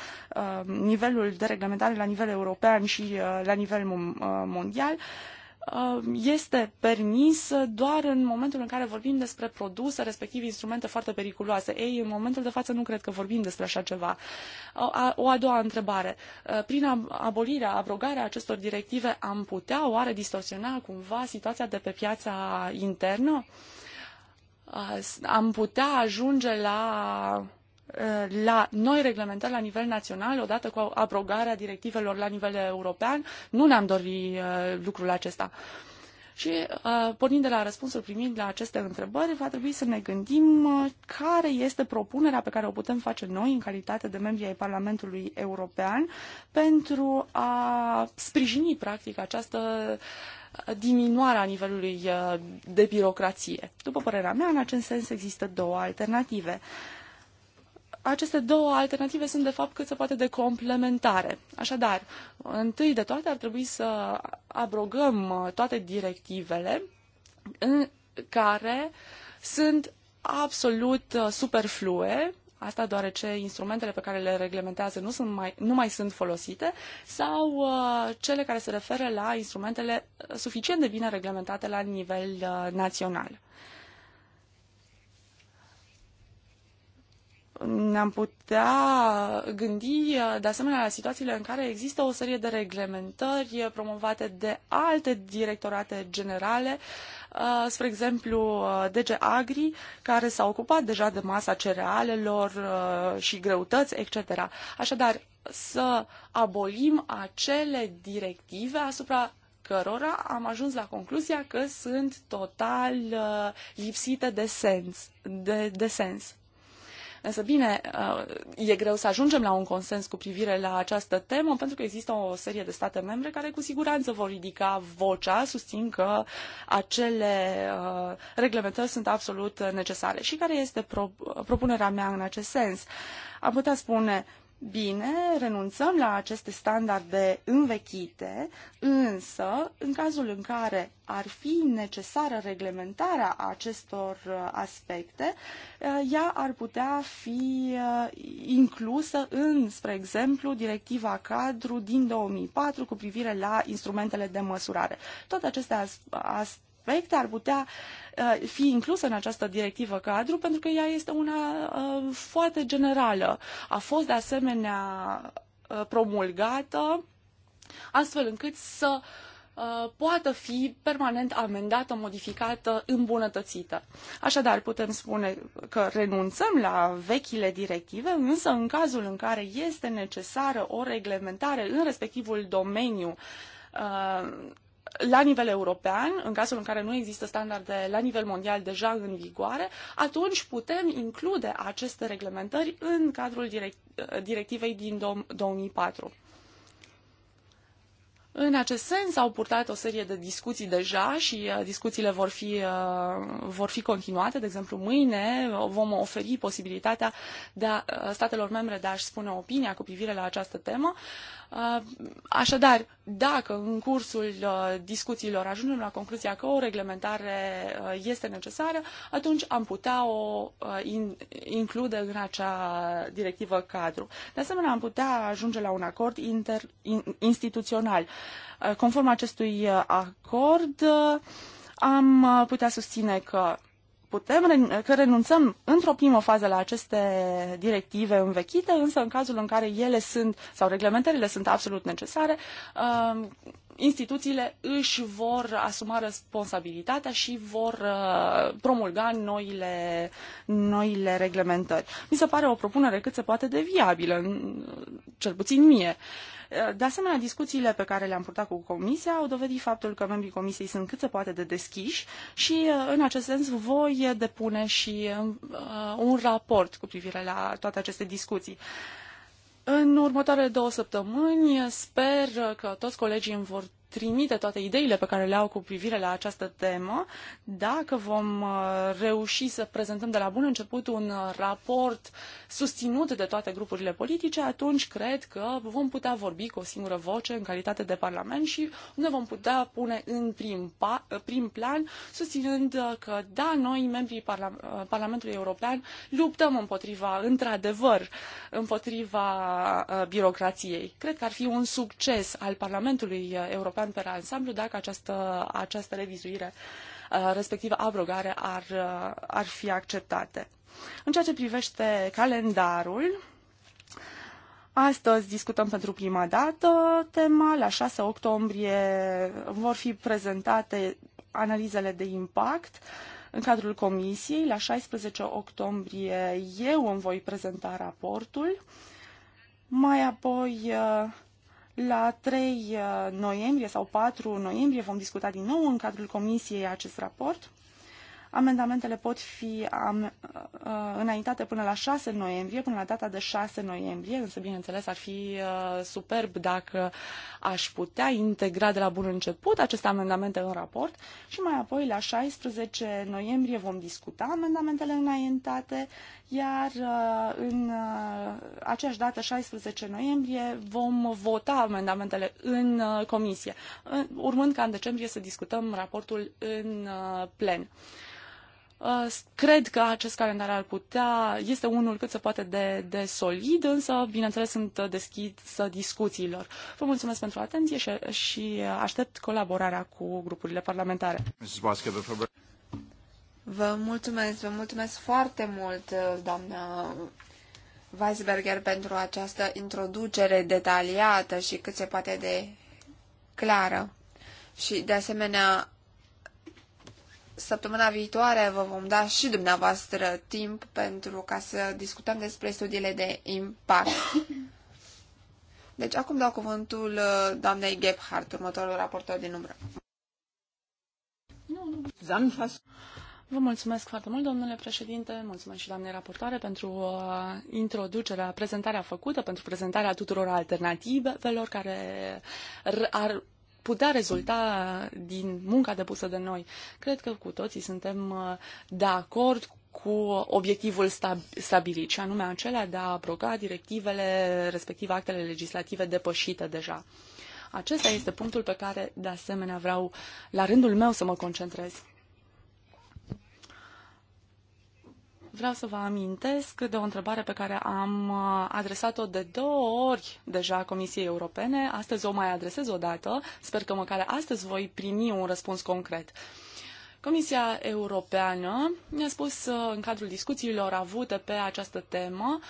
nivelul de reglementare la nivel european și la nivel mondial Um, este permis doar în momentul în care vorbim despre produse, respectiv instrumente foarte periculoase. Ei, în momentul de față, nu cred că vorbim despre așa ceva. O a doua întrebare. Uh, prin abolirea, abrogarea acestor directive, am putea oare distorsiona cumva situația de pe piața internă? Uh, am putea ajunge la Uh, la noi reglementări la nivel național, odată cu abrogarea directivelor la nivel european, nu ne-am dorit uh, lucrul acesta. Și uh, pornind de la răspunsul primit la aceste întrebări, va trebui să ne gândim care este propunerea pe care o putem face noi în calitate de membri ai Parlamentului European pentru a sprijini practic această diminuarea nivelului de birocrație. După părerea mea, în acest sens există două alternative. Uh, aceste două alternative sunt de fapt cât se poate de complementare. Așadar, întâi de toate ar trebui să abrogăm uh, toate directivele în care sunt absolut uh, superflue, asta deoarece instrumentele pe care le reglementează nu, sunt mai, nu mai sunt folosite, sau uh, cele care se referă la instrumentele suficient de bine reglementate la nivel național. ne-am putea gândi de asemenea la situațiile în care există o serie de reglementări promovate de alte directorate generale, uh, spre exemplu uh, DG Agri, care s-a ocupat deja de masa cerealelor uh, și greutăți, etc. Așadar, să abolim acele directive asupra cărora am ajuns la concluzia că sunt total lipsite de sens. De, de sens. Însă bine, uh, e greu să ajungem la un consens cu privire la această temă, pentru că există o serie de state membre care cu siguranță vor ridica vocea, susțin că acele uh, reglementări sunt absolut necesare. Și care este pro propunerea mea în acest sens? Am putea spune, Bine, renunțăm la aceste standarde învechite, însă, în cazul în care ar fi necesară reglementarea acestor uh, aspecte, uh, ea ar putea fi uh, inclusă în, spre exemplu, directiva cadru din 2004 cu privire la instrumentele de măsurare. Toate aceste aspecte aspect ar putea uh, fi inclusă în această directivă cadru, pentru că ea este una uh, foarte generală. A fost de asemenea uh, promulgată astfel încât să poată fi permanent amendată, modificată, îmbunătățită. Așadar, putem spune că renunțăm la vechile directive, însă în cazul în care este necesară o reglementare în respectivul domeniu la nivel european, în cazul în care nu există standarde la nivel mondial deja în vigoare, atunci putem include aceste reglementări în cadrul directivei din 2004. În acest sens au purtat o serie de discuții deja și uh, discuțiile vor fi, uh, vor fi continuate. De exemplu, mâine vom oferi posibilitatea de a, uh, statelor membre de a-și spune opinia cu privire la această temă. Așadar, dacă în cursul uh, discuțiilor ajungem la concluzia că o reglementare uh, este necesară, atunci am putea o uh, include în acea directivă cadru. De asemenea, am putea ajunge la un acord inter, instituțional. Conform acestui acord, am putea susține că putem, că renunțăm într-o primă fază la aceste directive învechite, însă în cazul în care ele sunt, sau reglementările sunt absolut necesare, um, instituțiile își vor asuma responsabilitatea și vor uh, promulga noile, noile reglementări. Mi se pare o propunere cât se poate de viabilă, cel puțin mie. Uh, de asemenea, discuțiile pe care le-am purtat cu Comisia au dovedit faptul că membrii Comisiei sunt cât se poate de deschiși și, uh, în acest sens, voi depune și uh, uh, un raport cu privire la toate aceste discuții. În următoarele două săptămâni sper că toți colegii îmi vor trimite toate ideile pe care le au cu privire la această temă, dacă vom uh, reuși să prezentăm de la bun început un uh, raport susținut de toate grupurile politice, atunci cred că vom putea vorbi cu o singură voce în calitate de Parlament și ne vom putea pune în prim, pa, prim plan, susținând uh, că, da, noi, membrii Parla- Parlamentului European, luptăm împotriva, într-adevăr, împotriva birocrației. Cred că ar fi un succes al Parlamentului European plan pe ansamblu dacă această, această revizuire, uh, respectivă abrogare, ar, uh, ar fi acceptate. În ceea ce privește calendarul, Astăzi discutăm pentru prima dată tema. La 6 octombrie vor fi prezentate analizele de impact în cadrul comisiei. La 16 octombrie eu îmi voi prezenta raportul. Mai apoi uh, la 3 uh, noiembrie sau 4 noiembrie vom discuta din nou în cadrul comisiei acest raport. Amendamentele pot fi am, uh, uh, înaintate până la 6 noiembrie, până la data de 6 noiembrie, însă, bineînțeles, ar fi uh, superb dacă aș putea integra de la bun început aceste amendamente în raport și mai apoi, la 16 noiembrie, vom discuta amendamentele înaintate, iar uh, în uh, aceeași dată, 16 noiembrie, vom vota amendamentele în uh, comisie, urmând ca în decembrie să discutăm raportul în plen. Cred că acest calendar ar putea, este unul cât se poate de, de solid, însă, bineînțeles, sunt deschisă discuțiilor. Vă mulțumesc pentru atenție și, și aștept colaborarea cu grupurile parlamentare. Vă mulțumesc, vă mulțumesc foarte mult, doamnă Weisberger, pentru această introducere detaliată și cât se poate de clară. Și, de asemenea, săptămâna viitoare vă vom da și dumneavoastră timp pentru ca să discutăm despre studiile de impact. Deci acum dau cuvântul uh, doamnei Gebhardt, următorul raportor din umbră. Vă mulțumesc foarte mult, domnule președinte, mulțumesc și doamne raportoare pentru uh, introducerea, prezentarea făcută, pentru prezentarea tuturor alternativelor care ar putea rezulta din munca depusă de noi. Cred că cu toții suntem uh, de acord cu obiectivul stabilit, și anume acela de a abroga directivele, respectiv actele legislative depășite deja. Acesta este punctul pe care, de asemenea, vreau la rândul meu să mă concentrez. Vreau să vă amintesc de o întrebare pe care am uh, adresat-o de două ori deja Comisiei Europene. Astăzi o mai adresez o dată. Sper că măcar astăzi voi primi un răspuns concret. Comisia Europeană ne-a spus uh, în cadrul discuțiilor avute pe această temă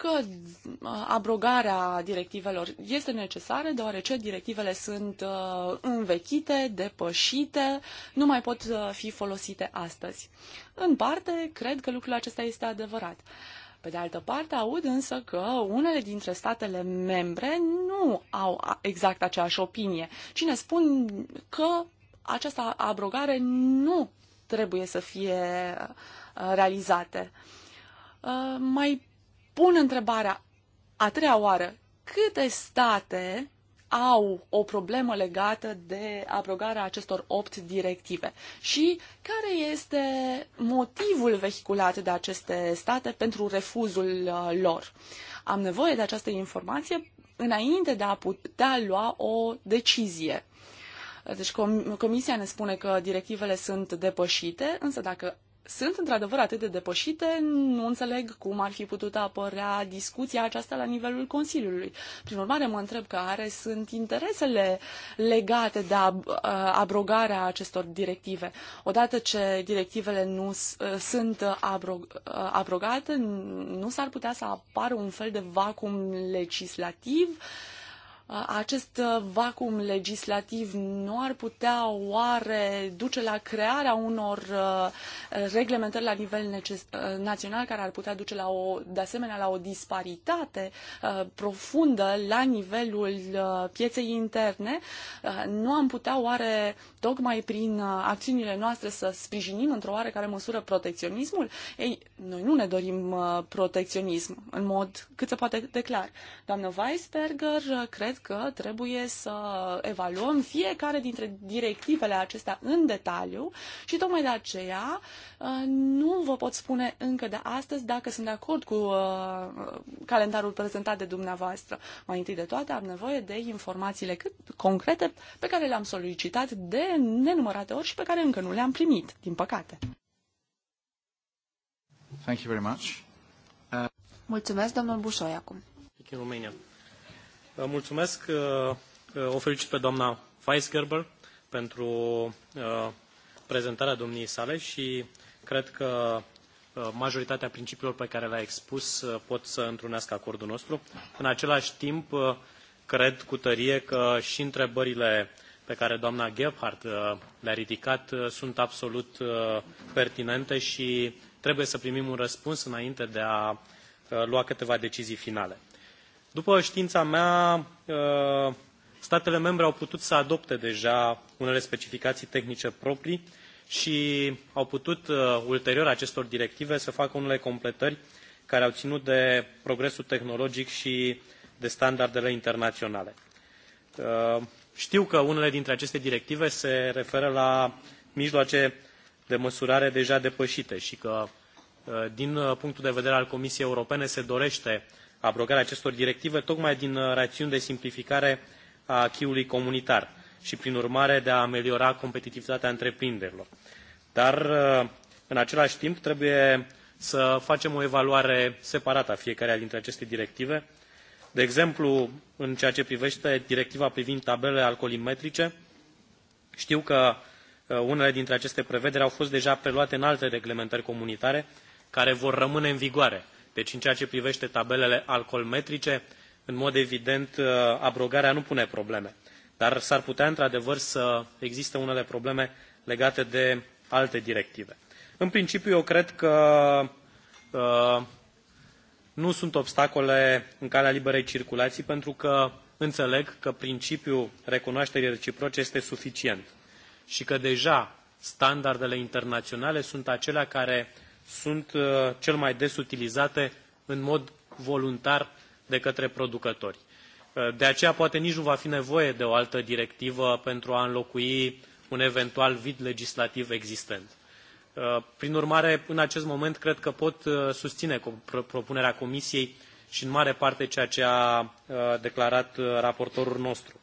că uh, abrogarea directivelor este necesară, deoarece directivele sunt uh, învechite, depășite, nu mai pot uh, fi folosite astăzi. În parte, cred că lucrul acesta este adevărat. Pe de altă parte, aud însă că unele dintre statele membre nu au exact aceeași opinie. Cine spun că această abrogare nu trebuie să fie realizate. Mai pun întrebarea a treia oară, câte state au o problemă legată de abrogarea acestor opt directive și care este motivul vehiculat de aceste state pentru refuzul uh, lor. Am nevoie de această informație înainte de a putea lua o decizie. Deci Comisia ne spune că directivele sunt depășite, însă dacă sunt într-adevăr atât de depășite, nu înțeleg cum ar fi putut apărea discuția aceasta la nivelul Consiliului. Prin urmare, mă întreb care sunt interesele legate de ab- uh, abrogarea acestor directive. Odată ce directivele nu uh, sunt abrog- uh, abrogate, nu s-ar putea să apară un fel de vacuum legislativ uh, acest vacuum legislativ nu ar putea oare duce la crearea unor reglementări la nivel național care ar putea duce la o, de asemenea la o disparitate profundă la nivelul pieței interne? Nu am putea oare tocmai prin acțiunile noastre să sprijinim într-o oarecare măsură protecționismul? Ei, noi nu ne dorim protecționism în mod cât se poate declar. Doamnă Weisberger, cred că trebuie să evaluăm fiecare dintre directivele acestea în detaliu și tocmai de aceea uh, nu vă pot spune încă de astăzi dacă sunt de acord cu uh, calendarul prezentat de dumneavoastră. Mai întâi de toate am nevoie de informațiile cât concrete pe care le-am solicitat de nenumărate ori și pe care încă nu le-am primit, din păcate. Thank you very much. Uh, Mulțumesc, domnul Bușoi, acum. Mulțumesc. Uh, uh, o felicit pe doamna Weisgerber pentru uh, prezentarea domniei sale și cred că majoritatea principiilor pe care le-a expus pot să întrunească acordul nostru. În același timp, cred cu tărie că și întrebările pe care doamna Gebhardt le-a ridicat sunt absolut pertinente și trebuie să primim un răspuns înainte de a lua câteva decizii finale. După știința mea, ă, statele membre au putut să adopte deja unele specificații tehnice proprii și au putut ă, ulterior acestor directive să facă unele completări care au ținut de progresul tehnologic și de standardele internaționale. Ă, știu că unele dintre aceste directive se referă la mijloace de măsurare deja depășite și că din punctul de vedere al Comisiei Europene se dorește uh, abrogarea acestor directive, tocmai din uh, rațiuni de simplificare a acquis comunitar și, prin urmare, de a ameliora competitivitatea întreprinderilor. Dar, uh, în același timp, trebuie să facem o evaluare separată a fiecăreia dintre aceste directive. De exemplu, în ceea ce privește directiva privind tabelele alcoolimetrice, știu că uh, unele dintre aceste prevederi au fost deja preluate în alte reglementări comunitare care vor rămâne în vigoare deci în ceea ce privește tabelele alcoolmetrice, în mod evident, uh, abrogarea nu pune probleme. Dar s-ar putea, într-adevăr, să existe unele probleme legate de alte directive. În principiu, eu cred că uh, nu sunt obstacole în calea liberei circulații, pentru că înțeleg că principiul recunoașterii reciproce este suficient și că deja standardele internaționale sunt acelea care sunt uh, cel mai des utilizate în mod voluntar de către producători. Uh, de aceea poate nici nu va fi nevoie de o altă directivă pentru a înlocui un eventual vid legislativ existent. Uh, prin urmare, în acest moment, cred că pot susține propunerea Comisiei și în mare parte ceea ce a declarat raportorul nostru.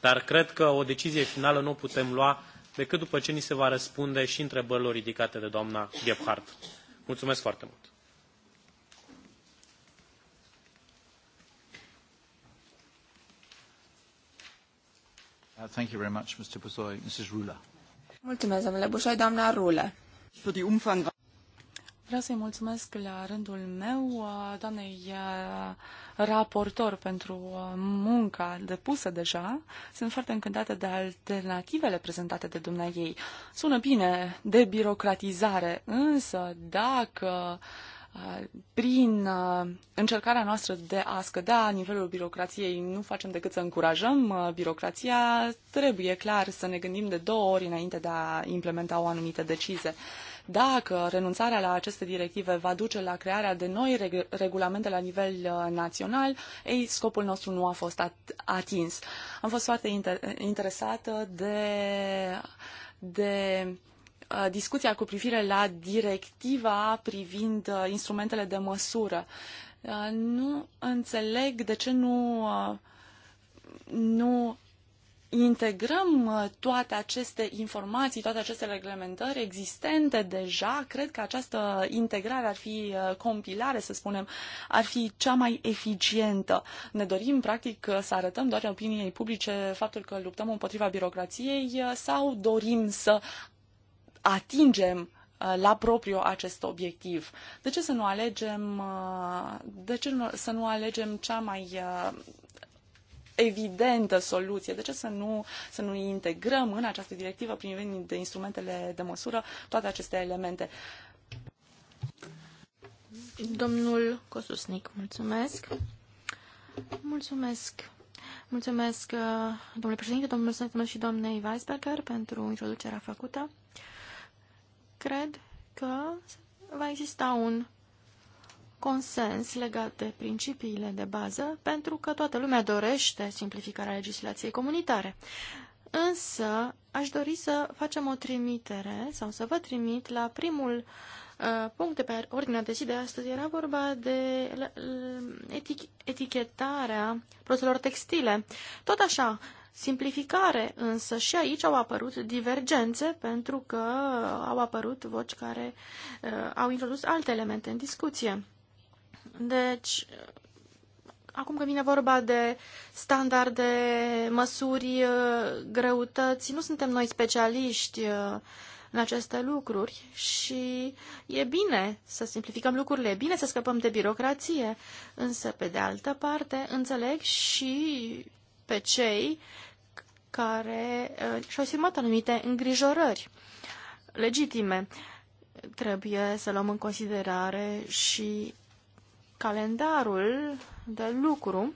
Dar cred că o decizie finală nu o putem lua decât după ce ni se va răspunde și întrebărilor ridicate de doamna Gebhardt. Mulțumesc foarte mult! Uh, thank you very much, Mr. Busoy. Mrs. Rula. Mulțumesc, domnule Bușoi, doamna Rula. Vreau să-i mulțumesc la rândul meu uh, doamnei uh, raportor pentru uh, munca depusă deja. Sunt foarte încântată de alternativele prezentate de dumneai. Sună bine de birocratizare, însă dacă prin încercarea noastră de a scădea nivelul birocrației nu facem decât să încurajăm birocrația, trebuie clar să ne gândim de două ori înainte de a implementa o anumită decizie. Dacă renunțarea la aceste directive va duce la crearea de noi reg regulamente la nivel uh, național, ei, scopul nostru nu a fost atins. Am fost foarte inter- interesată de, de uh, discuția cu privire la directiva privind uh, instrumentele de măsură. Nu înțeleg de ce nu, nu integrăm uh, toate aceste informații, toate aceste reglementări existente deja, cred că această integrare ar fi uh, compilare, să spunem, ar fi cea mai eficientă. Ne dorim, practic, uh, să arătăm doar opiniei publice faptul că luptăm împotriva birocrației sau dorim să atingem la propriu acest obiectiv. De ce să nu alegem, de ce să nu alegem cea mai evidentă soluție. De ce să nu, să nu integrăm în această directivă venit de instrumentele de măsură toate aceste elemente? Domnul Cosusnic, mulțumesc. Mulțumesc. Mulțumesc, uh, domnule președinte, domnul Sănătământ și doamnei Weisberger pentru introducerea făcută. Cred că va exista un consens legat de principiile de bază, pentru că toată lumea dorește simplificarea legislației comunitare. Însă, aș dori să facem o trimitere sau să vă trimit la primul uh, punct de pe ordinea de zi de astăzi. Era vorba de etichetarea produselor textile. Tot așa, simplificare, însă și aici au apărut divergențe pentru că au apărut voci care uh, au introdus alte elemente în discuție. Deci, acum că vine vorba de standarde, măsuri, uh, greutăți, nu suntem noi specialiști uh, în aceste lucruri și e bine să simplificăm lucrurile, e bine să scăpăm de birocrație, însă, pe de altă parte, înțeleg și pe cei care uh, și-au exprimat anumite îngrijorări legitime. Trebuie să luăm în considerare și calendarul de lucru,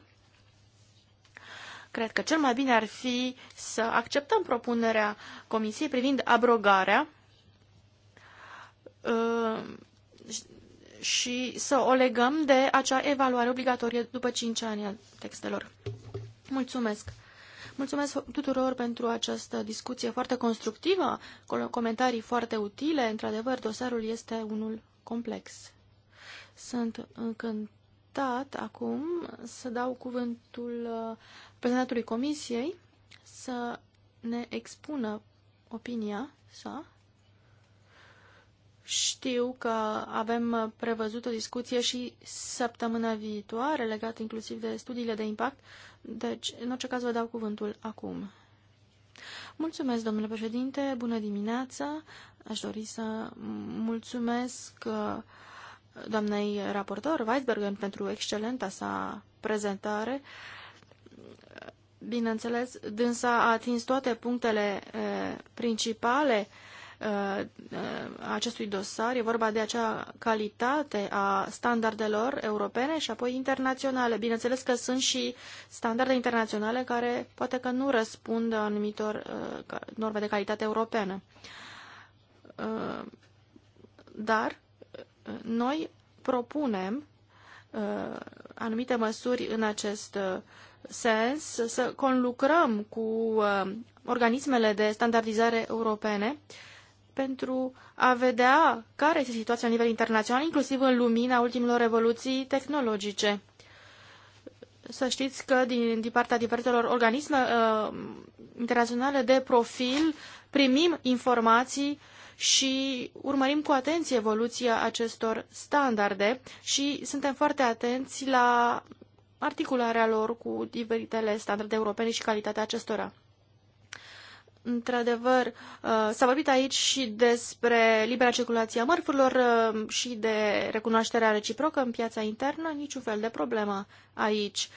cred că cel mai bine ar fi să acceptăm propunerea Comisiei privind abrogarea uh, și să o legăm de acea evaluare obligatorie după 5 ani a textelor. Mulțumesc! Mulțumesc tuturor pentru această discuție foarte constructivă, comentarii foarte utile. Într-adevăr, dosarul este unul complex. Sunt încântat acum să dau cuvântul uh, președintelui Comisiei să ne expună opinia sa. Știu că avem prevăzut o discuție și săptămâna viitoare legată inclusiv de studiile de impact, deci în orice caz vă dau cuvântul acum. Mulțumesc, domnule președinte, bună dimineața. Aș dori să mulțumesc uh, doamnei raportor Weisbergen pentru excelenta sa prezentare. Bineînțeles, dânsa a atins toate punctele principale acestui dosar. E vorba de acea calitate a standardelor europene și apoi internaționale. Bineînțeles că sunt și standarde internaționale care poate că nu răspund anumitor norme de calitate europeană. Dar noi propunem uh, anumite măsuri în acest uh, sens, să conlucrăm cu uh, organismele de standardizare europene pentru a vedea care este situația la nivel internațional, inclusiv în lumina ultimelor revoluții tehnologice. Să știți că din, din partea diferitelor organisme uh, internaționale de profil primim informații uh, și urmărim cu atenție evoluția acestor standarde și suntem foarte atenți la articularea lor cu diferitele standarde europene și calitatea acestora. Într-adevăr, uh, s-a vorbit aici și despre libera circulație a mărfurilor uh, și de recunoașterea reciprocă în piața internă, niciun fel de problemă aici.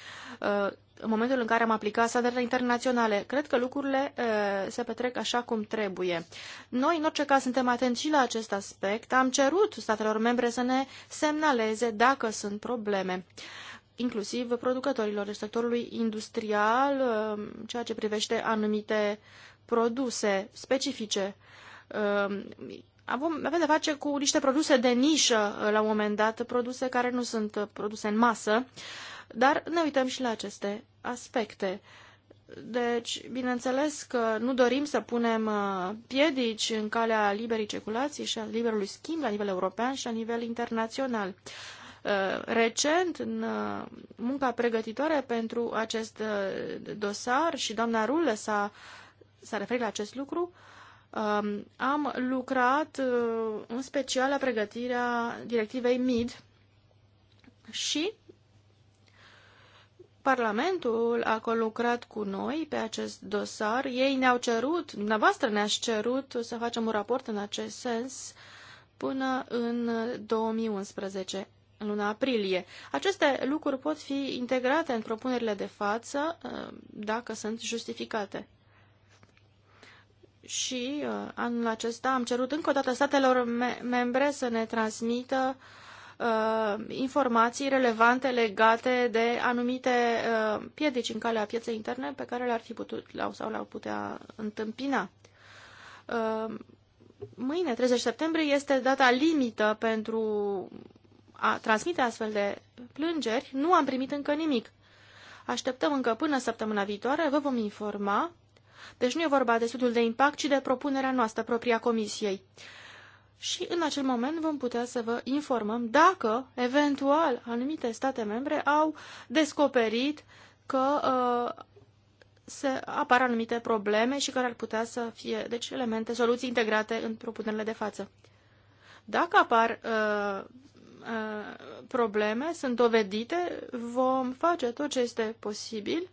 Uh, în momentul în care am aplicat standardele internaționale. Cred că lucrurile uh, se petrec așa cum trebuie. Noi, în orice caz, suntem atenți și la acest aspect. Am cerut statelor membre să ne semnaleze dacă sunt probleme inclusiv producătorilor sectorului industrial, ceea ce privește anumite produse specifice. avem, avem de face cu niște produse de nișă la un moment dat, produse care nu sunt produse în masă dar ne uităm și la aceste aspecte. Deci, bineînțeles că nu dorim să punem uh, piedici în calea liberii circulații și a liberului schimb la nivel european și la nivel internațional. Uh, recent, în uh, munca pregătitoare pentru acest dosar, și doamna Rulă s-a, s-a referit la acest lucru, um, am lucrat în special la pregătirea directivei MID și Parlamentul a colucrat cu noi pe acest dosar. Ei ne-au cerut, dumneavoastră ne-ați cerut să facem un raport în acest sens până în 2011, în luna aprilie. Aceste lucruri pot fi integrate în propunerile de față eh, dacă sunt justificate. Și eh, anul acesta am cerut încă o dată statelor me membre să ne transmită uh, uh, informații relevante legate de anumite uh, piedici în calea pieței interne pe care le-ar fi putut sau le-au putea întâmpina. Uh, mâine, 30 septembrie, este data limită pentru a transmite astfel de plângeri. Nu am primit încă nimic. Așteptăm încă până săptămâna viitoare, vă vom informa. Deci nu e vorba de studiul de impact, ci de propunerea noastră propria comisiei. Uh, și în acel moment vom putea să vă informăm dacă, eventual, anumite state membre au descoperit că uh, se apar anumite probleme și care ar putea să fie, deci, elemente, soluții integrate în propunerile de față. Dacă apar uh, uh, probleme, sunt dovedite, vom face tot ce este posibil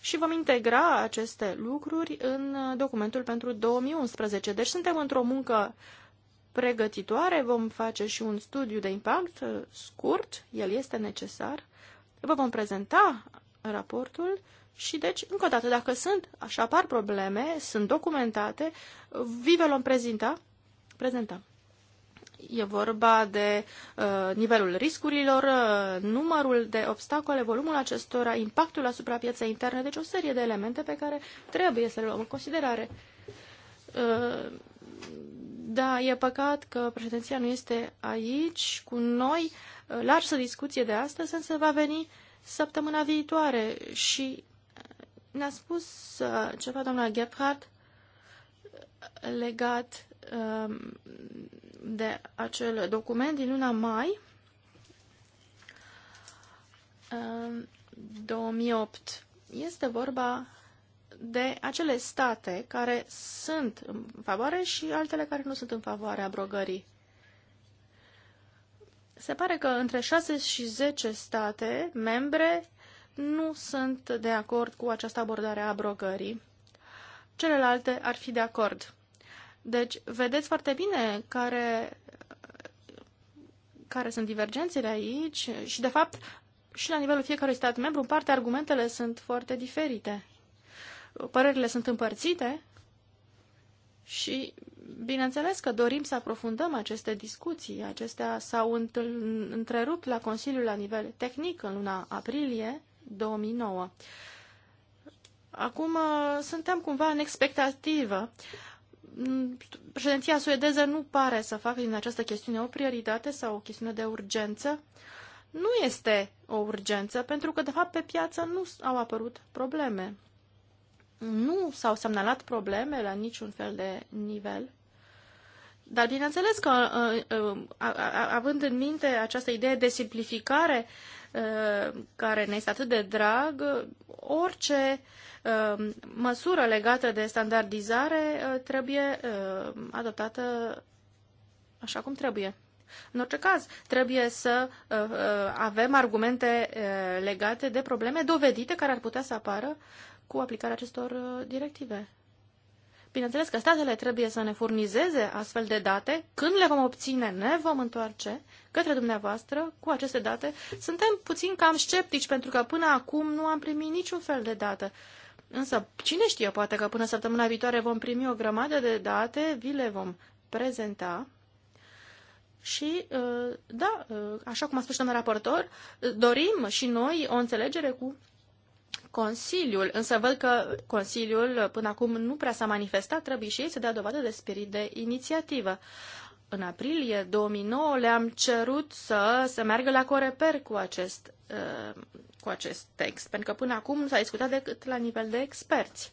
și vom integra aceste lucruri în documentul pentru 2011. Deci suntem într-o muncă pregătitoare, vom face și un studiu de impact uh, scurt, el este necesar. Vă vom prezenta raportul și deci, încă o dată, dacă sunt, așa apar probleme, sunt documentate, vi vă vom prezenta, prezenta. E vorba de uh, nivelul riscurilor, uh, numărul de obstacole, volumul acestora, impactul asupra pieței interne, deci o serie de elemente pe care trebuie să le luăm în considerare. Uh, da, e păcat că președinția nu este aici cu noi. Larsă discuție de astăzi, însă va veni săptămâna viitoare și ne-a spus uh, ceva doamna Gebhardt legat um, de acel document din luna mai 2008. Um, este vorba de acele state care sunt în favoare și altele care nu sunt în favoare abrogării. Se pare că între 6 și 10 state membre nu sunt de acord cu această abordare a abrogării. Celelalte ar fi de acord. Deci, vedeți foarte bine care, care sunt divergențele aici și, de fapt, și la nivelul fiecărui stat membru, în parte, argumentele sunt foarte diferite părerile sunt împărțite și, bineînțeles că dorim să aprofundăm aceste discuții. Acestea s-au întrerupt la Consiliul la nivel tehnic în luna aprilie 2009. Acum uh, suntem cumva în expectativă. Mm, președinția suedeză nu pare să facă din această chestiune o prioritate sau o chestiune de urgență. Nu este o urgență, pentru că, de fapt, pe piață nu au apărut probleme nu s-au semnalat probleme la niciun fel de nivel. Dar bineînțeles că, uh, uh, având în minte această idee de simplificare uh, care ne este atât de drag, orice măsură legată de standardizare trebuie adoptată așa cum trebuie. În orice caz, trebuie să avem argumente legate de probleme dovedite care ar putea să apară cu aplicarea acestor uh, directive. Bineînțeles că statele trebuie să ne furnizeze astfel de date. Când le vom obține, ne vom întoarce către dumneavoastră cu aceste date. Suntem puțin cam sceptici pentru că până acum nu am primit niciun fel de dată. Însă, cine știe, poate că până săptămâna viitoare vom primi o grămadă de date, vi le vom prezenta. Și, uh, da, uh, așa cum a spus domnul raportor, dorim și noi o înțelegere cu Consiliul, însă văd că Consiliul uh, până acum nu prea s-a manifestat, trebuie și ei să dea dovadă de spirit de inițiativă. În aprilie 2009 le-am cerut să, să meargă la Coreper cu acest, uh, cu acest text, pentru că până acum nu s-a discutat decât la nivel de experți.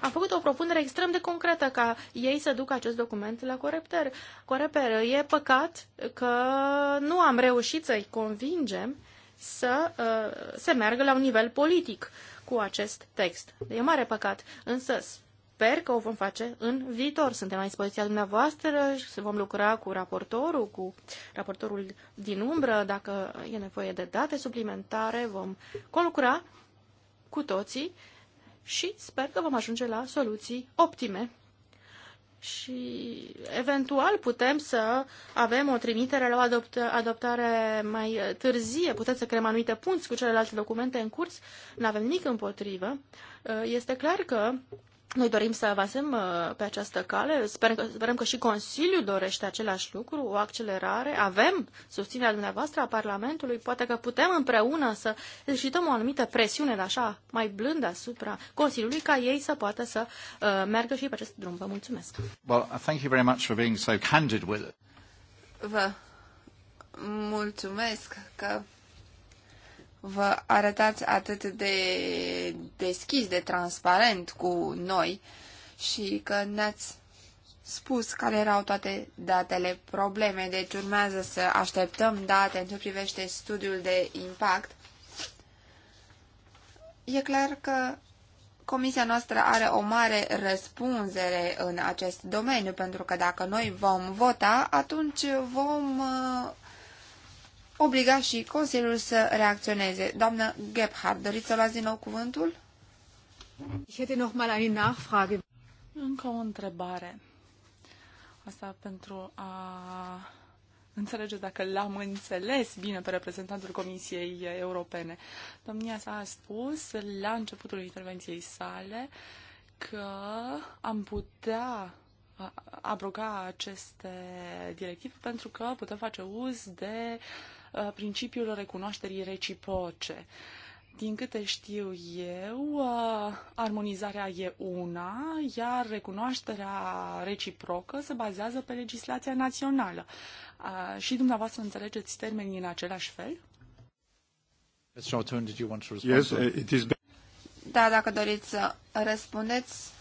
Am făcut o propunere extrem de concretă ca ei să ducă acest document la Coreper. Coreper, e păcat că nu am reușit să-i convingem să uh, se meargă la un nivel politic cu acest text. E mare păcat, însă sper că o vom face în viitor. Suntem la dispoziția dumneavoastră și vom lucra cu raportorul, cu raportorul din umbră. Dacă e nevoie de date suplimentare, vom colucra cu toții și sper că vom ajunge la soluții optime și eventual putem să avem o trimitere la o adopt adoptare mai târzie, putem să creăm anumite punți cu celelalte documente în curs, nu avem nimic împotrivă. Este clar că noi dorim să avansăm uh, pe această cale, sperăm că, sperăm că și Consiliul dorește același lucru, o accelerare. Avem susținerea dumneavoastră a Parlamentului, poate că putem împreună să exercităm o anumită presiune, așa, mai blândă asupra Consiliului, ca ei să poată să uh, meargă și pe acest drum. Vă mulțumesc! Well, uh, thank you very much for being so candid with it. Vă mulțumesc că vă arătați atât de deschis, de transparent cu noi și că ne-ați spus care erau toate datele probleme, deci urmează să așteptăm date în ce privește studiul de impact. E clar că comisia noastră are o mare răspunzere în acest domeniu, pentru că dacă noi vom vota, atunci vom uh, obliga și Consiliul să reacționeze. Doamnă Gebhardt, doriți să luați din nou cuvântul? Încă o întrebare. Asta pentru a înțelege dacă l-am înțeles bine pe reprezentantul Comisiei Europene. Domnia s-a spus la începutul intervenției sale că am putea abroga aceste directive pentru că putem face uz de uh, Uh, principiul recunoașterii reciproce. Din câte știu eu, uh, armonizarea e una, iar recunoașterea reciprocă se bazează pe legislația națională. Uh, și dumneavoastră înțelegeți termenii în același fel? Da, dacă doriți să răspundeți,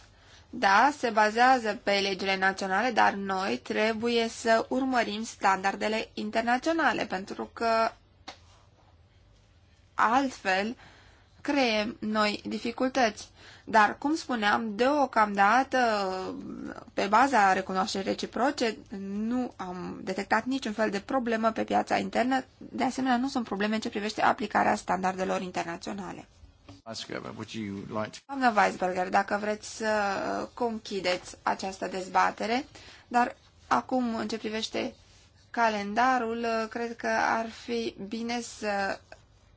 da, se bazează pe legile naționale, dar noi trebuie să urmărim standardele internaționale, pentru că altfel creem noi dificultăți. Dar, cum spuneam, deocamdată, pe baza recunoașterii reciproce, nu am detectat niciun fel de problemă pe piața internă. De asemenea, nu sunt probleme în ce privește aplicarea standardelor internaționale. Doamnă Weisberger, dacă vreți să uh, conchideți această dezbatere, dar acum, în ce privește calendarul, uh, cred că ar fi bine să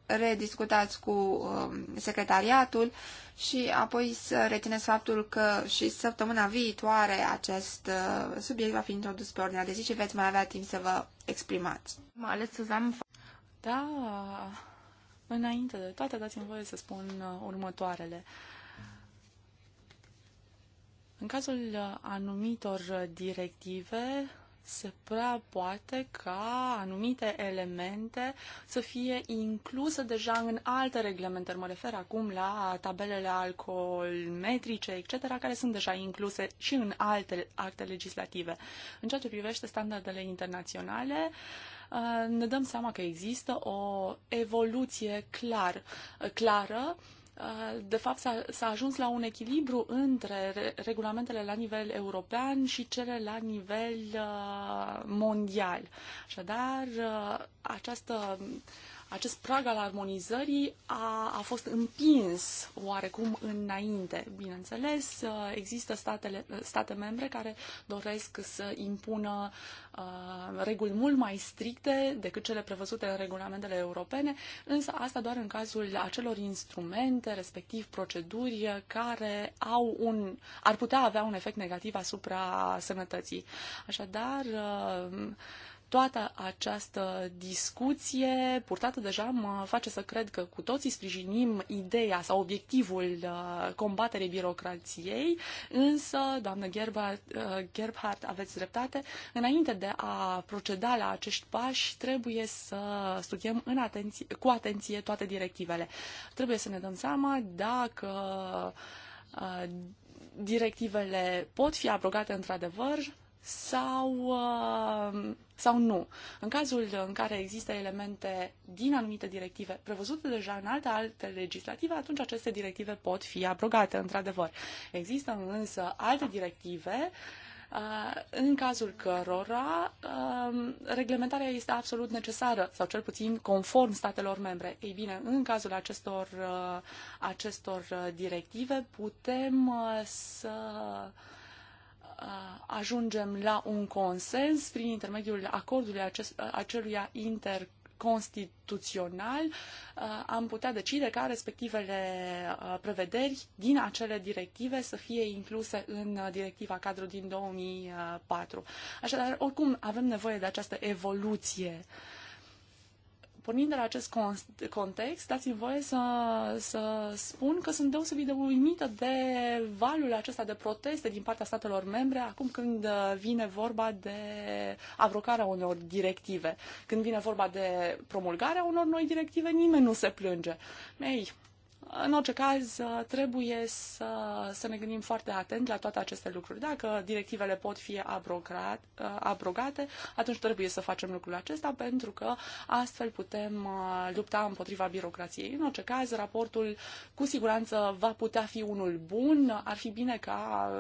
rediscutați cu um, secretariatul și apoi să rețineți faptul că și săptămâna viitoare acest uh, subiect va fi introdus pe ordinea de zi și veți mai avea timp să vă exprimați. Mai ales să Da, Înainte de toate, dați-mi voie să spun uh, următoarele. În cazul uh, anumitor uh, directive, se prea poate ca anumite elemente să fie incluse deja în alte reglementări. Mă refer acum la tabelele alcoolmetrice, etc., care sunt deja incluse și în alte acte legislative. În ceea ce privește standardele internaționale, uh, Uh, ne dăm seama că există o evoluție clar, uh, clară uh, de fapt, s-a, ajuns la un echilibru între regulamentele la nivel european și cele la nivel uh, mondial. Așadar, uh, această uh, acest prag al armonizării a, a fost împins oarecum înainte. Bineînțeles, uh, există statele, uh, state membre care doresc să impună uh, reguli mult mai stricte decât cele prevăzute în regulamentele europene, însă asta doar în cazul acelor instrumente, respectiv proceduri, care au un, ar putea avea un efect negativ asupra sănătății. Așadar, uh, Toată această discuție purtată deja mă face să cred că cu toții sprijinim ideea sau obiectivul uh, combaterei birocrației, însă, doamnă Gerbhardt, uh, aveți dreptate, înainte de a proceda la acești pași, trebuie să studiem în atenție, cu atenție toate directivele. Trebuie să ne dăm seama dacă uh, directivele pot fi abrogate într-adevăr sau, uh, sau nu. În cazul în care există elemente din anumite directive prevăzute deja în alte alte legislative, atunci aceste directive pot fi abrogate, într-adevăr. Există însă alte directive uh, în cazul cărora uh, reglementarea este absolut necesară sau cel puțin conform statelor membre. Ei bine, în cazul acestor, acestor directive putem să ajungem la un consens prin intermediul acordului acest, aceluia interconstituțional, am putea decide ca respectivele prevederi din acele directive să fie incluse în directiva cadru din 2004. Așadar, oricum avem nevoie de această evoluție uh, Pornind de la acest context, dați-mi voie să, să spun că sunt deosebit de uimită de valul acesta de proteste din partea statelor membre acum când uh, vine vorba de avrocarea unor directive. Când vine vorba de promulgarea unor noi directive, nimeni nu se plânge. Ei, în orice caz, trebuie să, să ne gândim foarte atent la toate aceste lucruri. Dacă directivele pot fi uh, abrogate, atunci trebuie să facem lucrul acesta pentru că astfel putem uh, lupta împotriva birocrației. În orice caz, raportul cu siguranță va putea fi unul bun. Ar fi bine ca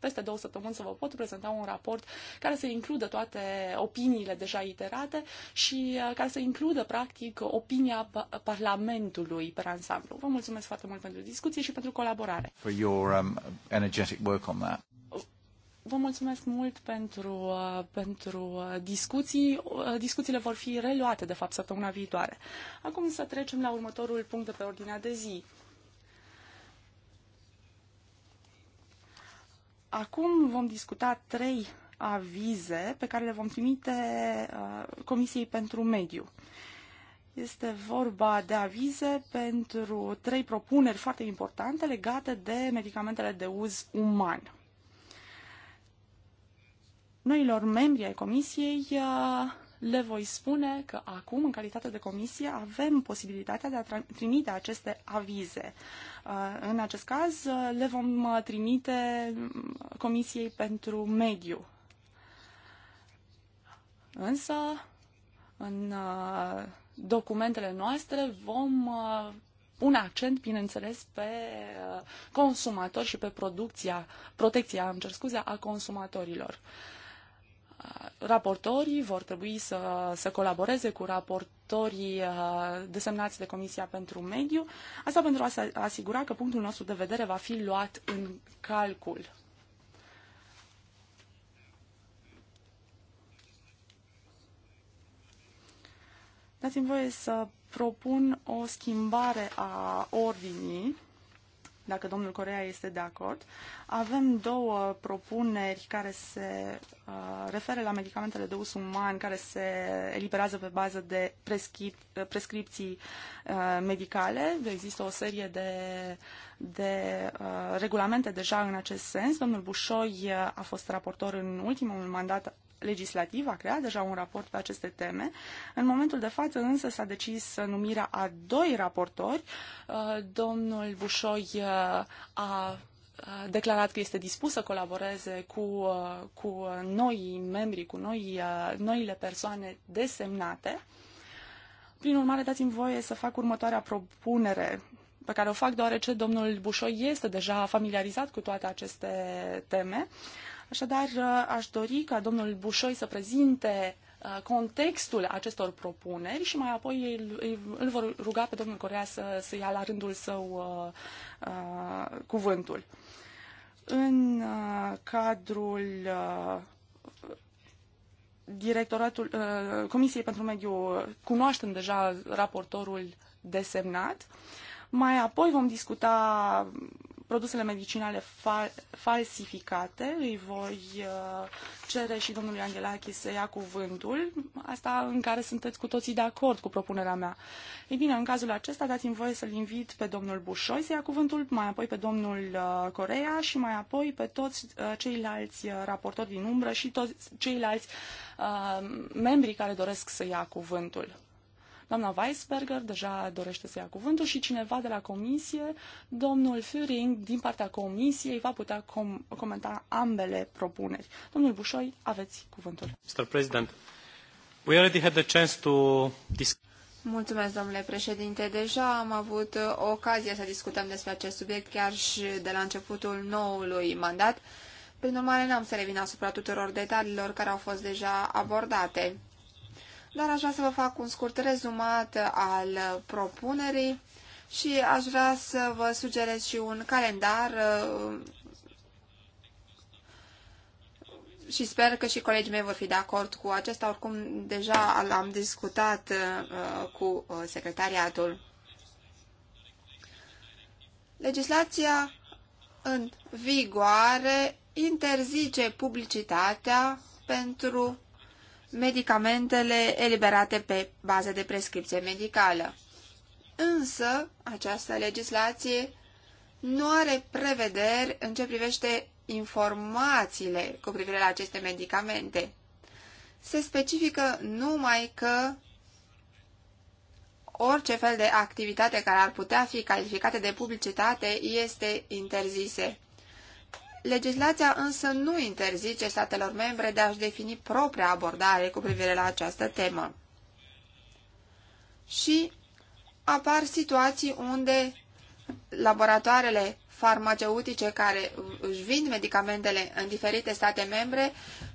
peste două săptămâni să vă pot prezenta un raport care să includă toate opiniile deja iterate și uh, care să includă, practic, opinia Parlamentului pe ansamblu. Vă mulțumesc mulțumesc foarte mult pentru discuție și pentru colaborare. For your, um, energetic work on that. Vă mulțumesc mult pentru, uh, pentru uh, discuții. Uh, discuțiile vor fi reluate, de fapt, săptămâna viitoare. Acum să trecem la următorul punct de pe ordinea de zi. Acum vom discuta trei avize pe care le vom trimite Comisiei pentru Mediu. Este vorba de avize pentru trei propuneri foarte importante legate de medicamentele de uz uman. Noilor membri ai comisiei uh, le voi spune că acum, în calitate de comisie, avem posibilitatea de a trimite aceste avize. Uh, în acest caz, uh, le vom trimite mm, Comisiei pentru Mediu. Însă, în documentele noastre vom uh, pune accent, bineînțeles, pe uh, consumator și pe producția, protecția, am cer scuze, a consumatorilor. Uh, raportorii vor trebui să, să colaboreze cu raportorii desemnați de Comisia pentru Mediu, asta pentru a se asigura că punctul nostru de vedere va fi luat în calcul Dați-mi voie să propun o schimbare a ordinii, dacă domnul Corea este de acord. Avem două propuneri care se uh, referă la medicamentele de us uman, care se eliberează pe bază de prescri- prescripții uh, medicale. Există o serie de, de uh, regulamente deja în acest sens. Domnul Bușoi a fost raportor în ultimul mandat legislativ a creat deja un raport pe aceste teme. În momentul de față însă s-a decis numirea a doi raportori. Uh, domnul Bușoi uh, a declarat că este dispus să colaboreze cu, uh, cu noi membri, cu noi, noile persoane desemnate. Prin urmare, dați-mi voie să fac următoarea propunere pe care o fac deoarece domnul Bușoi este deja familiarizat cu toate aceste teme. Așadar, uh, aș dori ca domnul Bușoi să prezinte uh, contextul acestor propuneri și mai apoi îl, îl vor ruga pe domnul Corea să, să ia la rândul său uh, uh, cuvântul. În uh, cadrul uh, directoratul uh, Comisiei pentru Mediu, cunoaștem deja raportorul desemnat, mai apoi vom discuta produsele medicinale fal- falsificate. Îi voi uh, cere și domnului Angelachi să ia cuvântul, asta în care sunteți cu toții de acord cu propunerea mea. Ei bine, în cazul acesta dați-mi voie să-l invit pe domnul Bușoi să ia cuvântul, mai apoi pe domnul uh, Corea și mai apoi pe toți uh, ceilalți uh, raportori din umbră și toți ceilalți uh, membrii care doresc să ia cuvântul. Doamna Weisberger deja dorește să ia cuvântul și cineva de la comisie, domnul Führing, din partea comisiei, va putea com- comenta ambele propuneri. Domnul Bușoi, aveți cuvântul. Mr. President, we already had the chance to discuss Mulțumesc, domnule președinte. Deja am avut ocazia să discutăm despre acest subiect chiar și de la începutul noului mandat. Prin urmare, n-am să revin asupra tuturor detaliilor care au fost deja abordate. Dar aș vrea să vă fac un scurt rezumat al propunerii și aș vrea să vă sugerez și un calendar și sper că și colegii mei vor fi de acord cu acesta. Oricum, deja l-am discutat uh, cu uh, secretariatul. Legislația în vigoare interzice publicitatea pentru medicamentele eliberate pe bază de prescripție medicală. Însă, această legislație nu are prevederi în ce privește informațiile cu privire la aceste medicamente. Se specifică numai că orice fel de activitate care ar putea fi calificată de publicitate este interzise. Legislația însă nu interzice statelor membre de a-și defini propria abordare cu privire la această temă. Și apar situații unde laboratoarele farmaceutice care își vin medicamentele în diferite state membre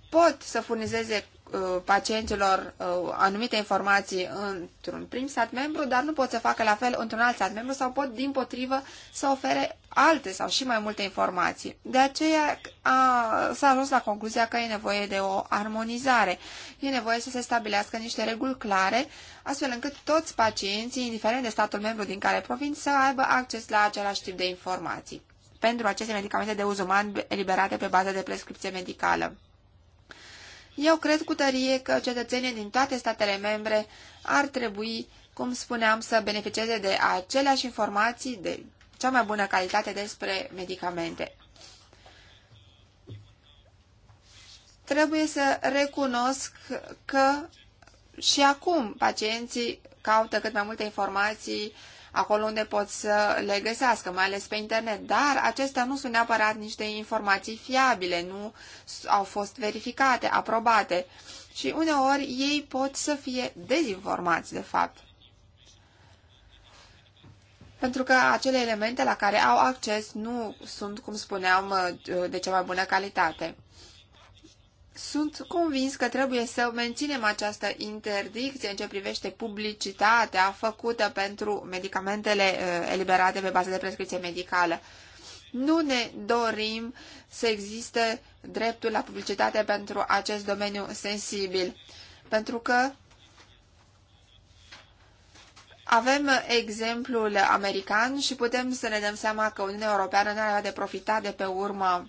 pot să furnizeze Uh, pacienților uh, anumite informații într-un prim stat membru, dar nu pot să facă la fel într-un alt stat membru sau pot, din potrivă, să ofere alte sau și mai multe informații. De aceea s-a ajuns la concluzia că e nevoie de o armonizare. E nevoie să se stabilească niște reguli clare, astfel încât toți pacienții, indiferent de statul membru din care provin, să aibă acces la același tip de informații pentru aceste medicamente de uz uman eliberate pe bază de prescripție medicală. Eu cred cu tărie că cetățenii din toate statele membre ar trebui, cum spuneam, să beneficieze de aceleași informații de cea mai bună calitate despre medicamente. Trebuie să recunosc că și acum pacienții caută cât mai multe informații acolo unde pot să le găsească, mai ales pe internet. Dar acestea nu sunt neapărat niște informații fiabile, nu au fost verificate, aprobate și uneori ei pot să fie dezinformați, de fapt. Pentru că acele elemente la care au acces nu sunt, cum spuneam, de cea mai bună calitate. Sunt convins că trebuie să menținem această interdicție în ce privește publicitatea făcută pentru medicamentele uh, eliberate pe bază de prescripție medicală. Nu ne dorim să existe dreptul la publicitate pentru acest domeniu sensibil, pentru că avem exemplul american și putem să ne dăm seama că Uniunea Europeană nu are de profitat de pe urma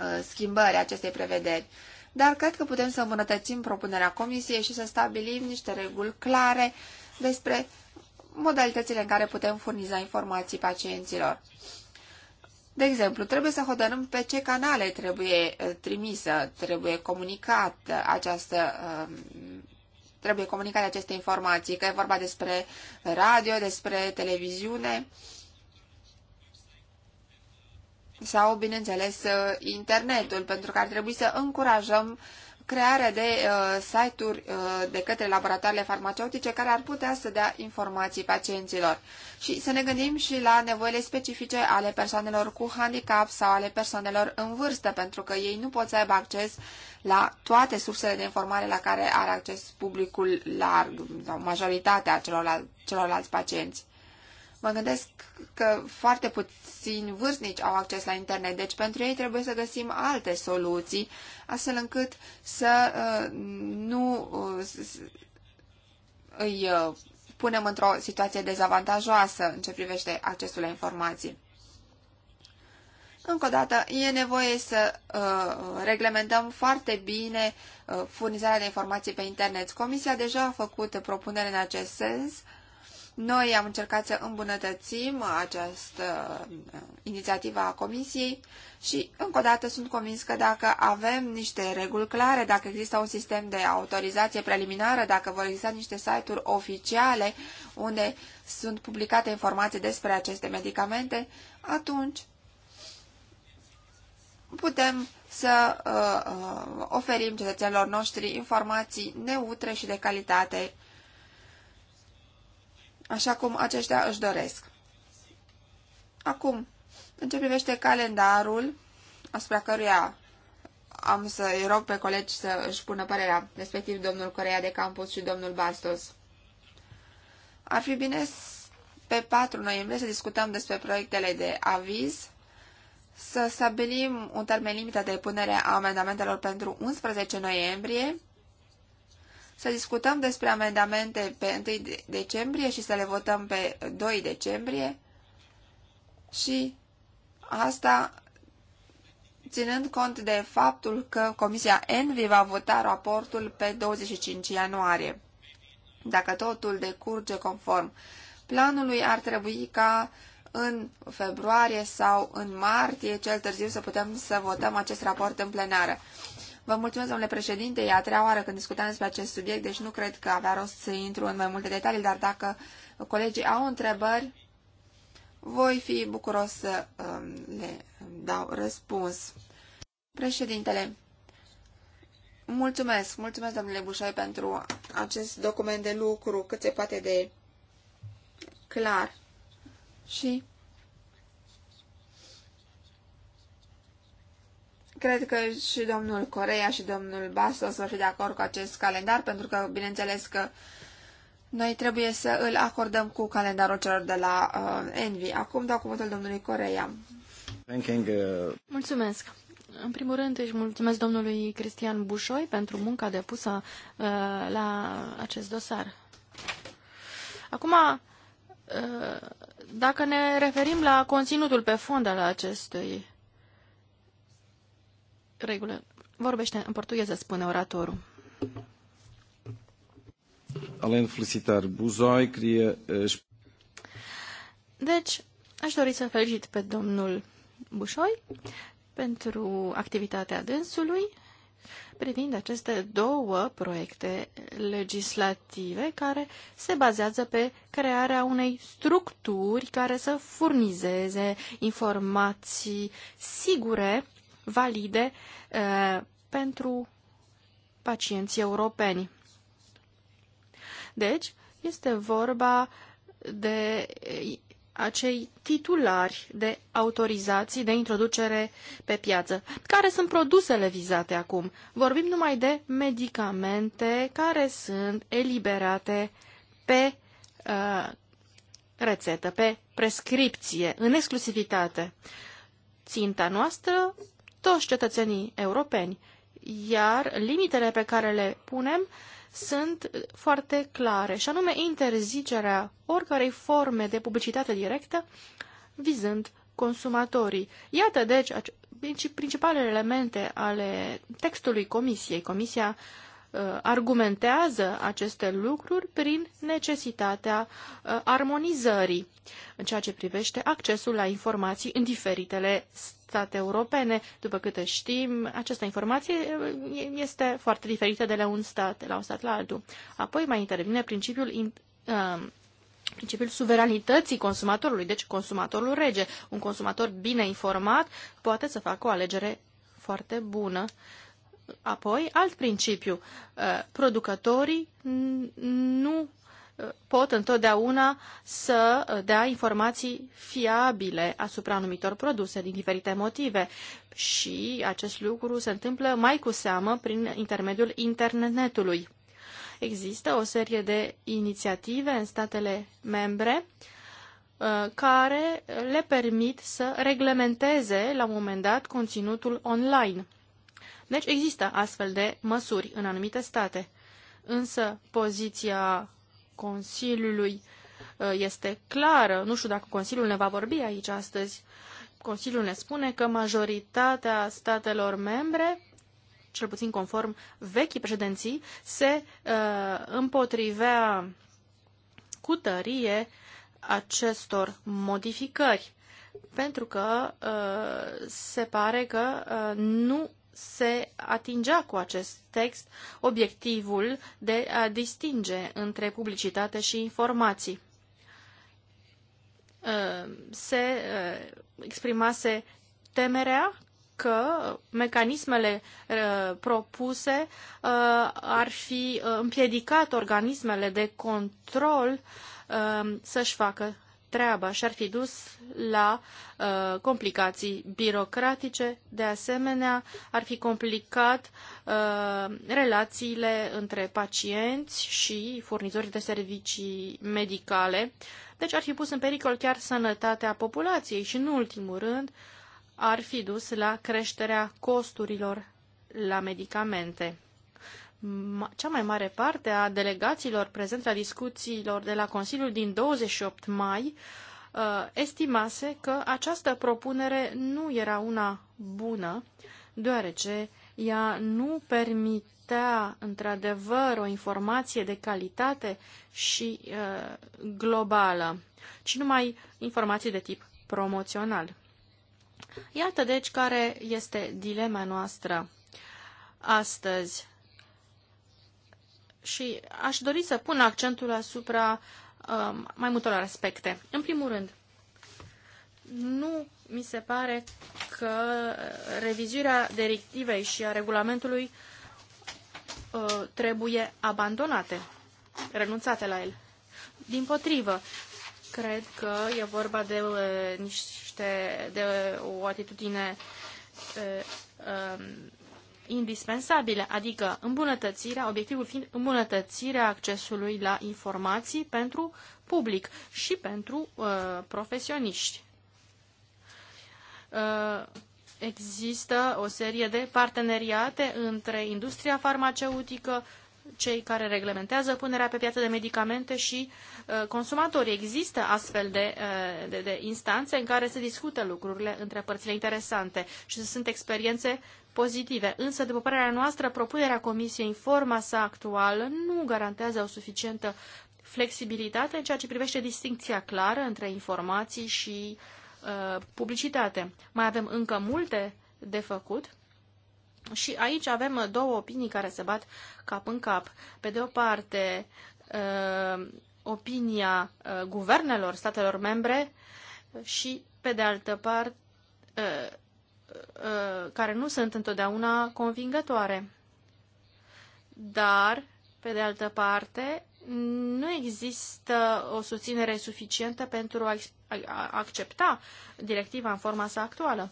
uh, schimbării acestei prevederi dar cred că putem să îmbunătățim propunerea comisiei și să stabilim niște reguli clare despre modalitățile în care putem furniza informații pacienților. De exemplu, trebuie să hotărâm pe ce canale trebuie uh, trimisă, trebuie comunicat această um, trebuie comunicate aceste informații, că e vorba despre radio, despre televiziune sau, bineînțeles, uh, internetul, pentru că ar trebui să încurajăm crearea de uh, site-uri uh, de către laboratoarele farmaceutice care ar putea să dea informații pacienților. Și să ne gândim și la nevoile specifice ale persoanelor cu handicap sau ale persoanelor în vârstă, pentru că ei nu pot să aibă acces la toate sursele de informare la care are acces publicul larg sau majoritatea celorlal- celorlalți pacienți. Mă gândesc că foarte puțini vârstnici au acces la internet, deci pentru ei trebuie să găsim alte soluții, astfel încât să uh, nu uh, îi uh, punem într-o situație dezavantajoasă în ce privește accesul la informații. Încă o dată, e nevoie să uh, reglementăm foarte bine uh, furnizarea de informații pe internet. Comisia deja a făcut propunere în acest sens uh, noi am încercat să îmbunătățim această uh, inițiativă a Comisiei și, încă o dată, sunt convins că dacă avem niște reguli clare, dacă există un sistem de autorizație preliminară, dacă vor exista niște site-uri oficiale unde sunt publicate informații despre aceste medicamente, atunci putem să uh, uh, oferim cetățenilor noștri informații neutre și de calitate așa cum aceștia își doresc. Acum, în ce privește calendarul, asupra căruia am să-i rog pe colegi să își pună părerea, respectiv domnul Corea de Campus și domnul Bastos. Ar fi bine pe 4 noiembrie să discutăm despre proiectele de aviz, să stabilim un termen limită de punere a amendamentelor pentru 11 noiembrie să discutăm despre amendamente pe 1 decembrie și să le votăm pe 2 decembrie și asta ținând cont de faptul că Comisia Envi va vota raportul pe 25 ianuarie. Dacă totul decurge conform planului, ar trebui ca în februarie sau în martie, cel târziu, să putem să votăm acest raport în plenară. Vă mulțumesc, domnule președinte, e a treia oară când discutăm despre acest subiect, deci nu cred că avea rost să intru în mai multe detalii, dar dacă colegii au întrebări, voi fi bucuros să um, le dau răspuns. Președintele, mulțumesc, mulțumesc, domnule Bușoi, pentru acest document de lucru cât se poate de clar și Cred că și domnul Corea și domnul Bastos vor fi de acord cu acest calendar, pentru că, bineînțeles, că noi trebuie să îl acordăm cu calendarul celor de la uh, Envy. Acum dau cuvântul domnului Corea. Uh, mulțumesc! În primul rând își mulțumesc domnului Cristian Bușoi pentru munca depusă uh, la acest dosar. Acum, uh, dacă ne referim la conținutul pe fond al acestui regulă. Vorbește în portugheză, spune oratorul. Além de felicitar Buzoi, queria... Eh, deci, aș dori să felicit pe domnul Bușoi pentru activitatea dânsului privind aceste două proiecte legislative care se bazează pe crearea unei structuri care să furnizeze informații sigure valide pentru pacienții europeni. Deci, este vorba de acei titulari de autorizații de introducere pe piață. Care sunt produsele vizate acum? Vorbim numai de medicamente care sunt eliberate pe uh, rețetă, pe prescripție, în exclusivitate. Ținta noastră toți cetățenii europeni, iar limitele pe care le punem sunt foarte clare, și anume interzicerea oricărei forme de publicitate directă vizând consumatorii. Iată, deci, principalele elemente ale textului Comisiei. Comisia uh, Uh, argumentează aceste lucruri prin necesitatea uh, armonizării în ceea ce privește accesul la informații în diferitele state europene. După câte știm, această informație uh, este foarte diferită de la un stat la un stat la altul. Apoi mai intervine principiul principiul suveranității consumatorului, deci consumatorul rege. Un consumator bine informat poate să facă o alegere foarte bună Apoi, alt principiu, uh, producătorii nu uh, pot întotdeauna să uh, dea informații fiabile asupra anumitor produse din diferite motive și acest lucru se întâmplă mai cu seamă prin intermediul internetului. Există o serie de inițiative în statele membre care le permit să reglementeze la un moment dat conținutul online. Deci există astfel de măsuri în anumite state, însă poziția Consiliului uh, este clară. Nu știu dacă Consiliul ne va vorbi aici astăzi. Consiliul ne spune că majoritatea statelor membre, cel puțin conform vechii președinții, se uh, împotrivea cu tărie acestor modificări, pentru că uh, se pare că uh, nu se atingea cu acest text obiectivul de a distinge între publicitate și informații. Uh, se uh, exprimase temerea că mecanismele uh, propuse ar fi împiedicat organismele de control să-și facă treaba și ar fi dus la uh, complicații birocratice, de asemenea ar fi complicat uh, relațiile între pacienți și furnizori de servicii medicale, deci ar fi pus în pericol chiar sănătatea populației și, în ultimul rând, ar fi dus la creșterea costurilor la medicamente cea mai mare parte a delegaților prezent la discuțiilor de la Consiliul din 28 mai uh, estimase că această propunere nu era una bună, deoarece ea nu permitea într-adevăr o informație de calitate și uh, globală, ci numai informații de tip promoțional. Iată deci care este dilema noastră astăzi și aș dori să pun accentul asupra um, mai multor aspecte. În primul rând, nu mi se pare că revizuirea directivei și a regulamentului uh, trebuie abandonate, renunțate la el. Din potrivă, cred că e vorba de uh, niște de o atitudine uh, um, indispensabile, adică îmbunătățirea, obiectivul fiind îmbunătățirea accesului la informații pentru public și pentru uh, profesioniști. Uh, există o serie de parteneriate între industria farmaceutică, cei care reglementează punerea pe piață de medicamente și uh, consumatori. Există astfel de, uh, de, de instanțe în care se discută lucrurile între părțile interesante și sunt experiențe pozitive. Însă, după părerea noastră, propunerea Comisiei în forma sa actuală nu garantează o suficientă flexibilitate în ceea ce privește distinția clară între informații și uh, publicitate. Mai avem încă multe de făcut și aici avem două opinii care se bat cap în cap. Pe de o parte, uh, opinia uh, guvernelor statelor membre și, pe de altă parte, uh, Uh, care nu sunt întotdeauna convingătoare. Dar, pe de altă parte, nu există o susținere suficientă pentru a accepta directiva în forma sa actuală.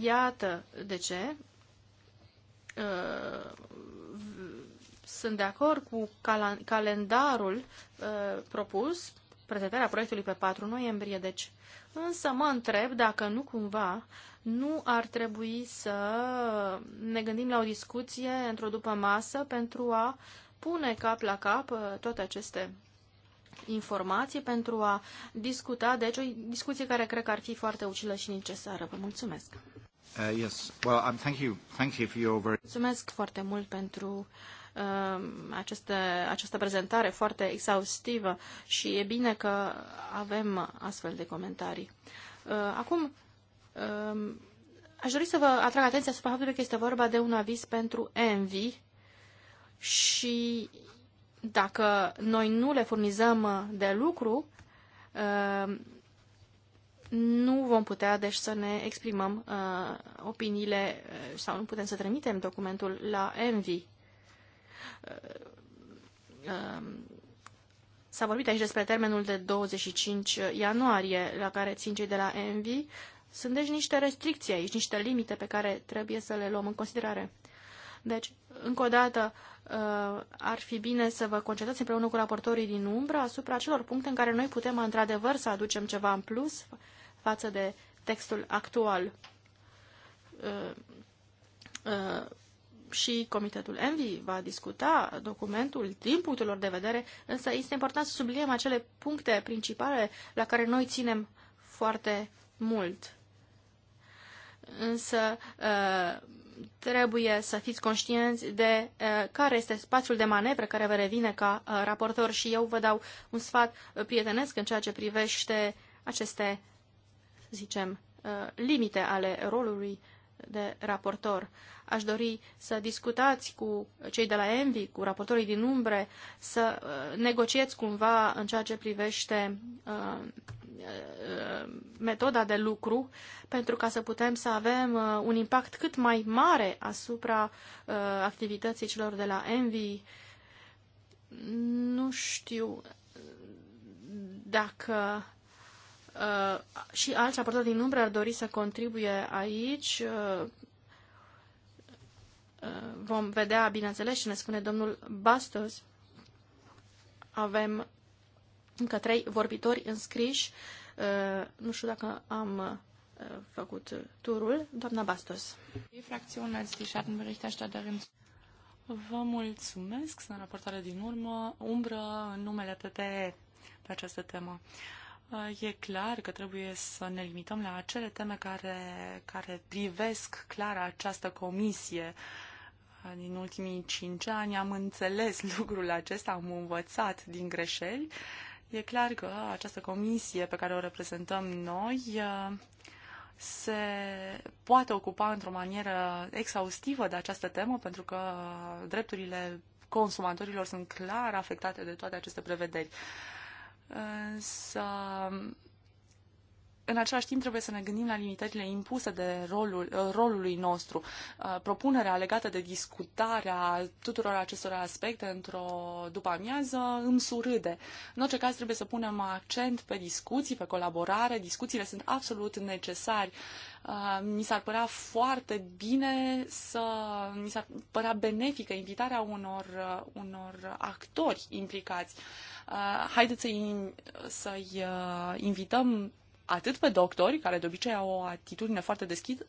Iată de ce uh, sunt de acord cu cal calendarul uh, propus, prezentarea proiectului pe 4 noiembrie, deci. Însă mă întreb dacă nu cumva nu ar trebui să ne gândim la o discuție într-o după masă pentru a pune cap la cap uh, toate aceste informații, pentru a discuta, deci o discuție care cred că ar fi foarte utilă și necesară. Vă mulțumesc! Uh, yes. well, um, thank you. Thank you for your very... Mulțumesc foarte mult pentru uh, această prezentare foarte exhaustivă și e bine că avem astfel de comentarii. Uh, acum Um, aș dori să vă atrag atenția asupra faptului că este vorba de un aviz pentru Envy și dacă noi nu le furnizăm de lucru, um, nu vom putea, deci, să ne exprimăm uh, opiniile uh, sau nu putem să trimitem documentul la Envy. Uh, um, s-a vorbit aici despre termenul de 25 ianuarie la care țin cei de la Envy. Sunt deci niște restricții aici, niște limite pe care trebuie să le luăm în considerare. Deci, încă o dată, uh, ar fi bine să vă concentrați împreună cu raportorii din umbră asupra celor puncte în care noi putem, într-adevăr, să aducem ceva în plus față de textul actual. Uh, uh, și Comitetul Envi va discuta documentul din punctul lor de vedere, însă este important să subliniem acele puncte principale la care noi ținem foarte mult însă uh, trebuie să fiți conștienți de uh, care este spațiul de manevră care vă revine ca uh, raportor și eu vă dau un sfat prietenesc în ceea ce privește aceste, să zicem, limite ale rolului de raportor. Aș dori să discutați cu cei de la Envi, cu raportorii din umbre, să negociați cumva în ceea ce privește uh, Uh, metoda de lucru pentru ca să putem să avem uh, un impact cât mai mare asupra uh, activității celor de la Envy. Nu știu dacă și alți aportori din umbră ar dori să contribuie aici. Vom vedea, bineînțeles, și ne spune domnul Bastos avem încă trei vorbitori înscriși. Uh, nu știu dacă am uh, făcut turul. Doamna Bastos. Vă mulțumesc, sunt raportare din urmă, umbră în numele PPE pe această temă. Uh, e clar că trebuie să ne limităm la acele teme care, care privesc clar această comisie. Din ultimii cinci ani am înțeles lucrul acesta, am învățat din greșeli E clar că această comisie pe care o reprezentăm noi uh, se poate ocupa într-o manieră exhaustivă de această temă, pentru că drepturile consumatorilor sunt clar afectate de toate aceste prevederi. Însă în același timp trebuie să ne gândim la limitările impuse de rolul, uh, rolului nostru. Uh, propunerea legată de discutarea tuturor acestor aspecte într-o după amiază îmi surâde. În orice caz trebuie să punem accent pe discuții, pe colaborare. Discuțiile sunt absolut necesari. Uh, mi s-ar părea foarte bine să... Mi s-ar părea benefică invitarea unor, unor actori implicați. Haideți să-i, să-i invităm atât pe doctori, care de obicei au o atitudine foarte deschisă,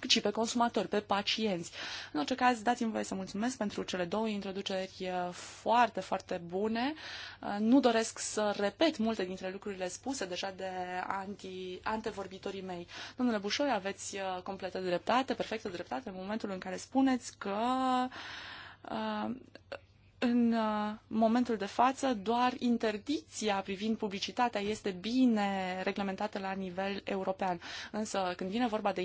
cât și pe consumatori, pe pacienți. În orice caz, dați-mi voie să mulțumesc pentru cele două introduceri foarte, foarte bune. Nu doresc să repet multe dintre lucrurile spuse deja de anti, antevorbitorii mei. Domnule Bușoi, aveți completă dreptate, perfectă dreptate în momentul în care spuneți că uh, în uh, momentul de față, doar interdicția privind publicitatea este bine reglementată la nivel european. Însă, când vine vorba de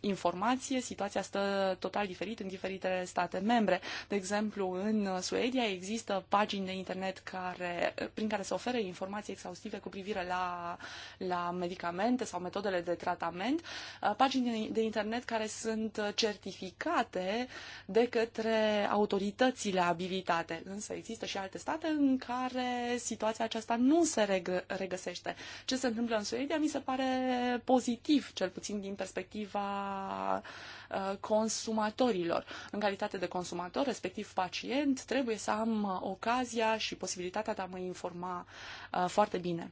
informație, situația stă total diferit în diferitele state membre. De exemplu, în Suedia există pagini de internet care, prin care se oferă informații exhaustive cu privire la, la medicamente sau metodele de tratament, uh, pagini de internet care sunt certificate de către autoritățile abilitate state, însă există și alte state în care situația aceasta nu se regăsește. Ce se întâmplă în Suedia mi se pare pozitiv, cel puțin din perspectiva uh, consumatorilor. În calitate de consumator, respectiv pacient, trebuie să am uh, ocazia și posibilitatea de a mă informa uh, foarte bine.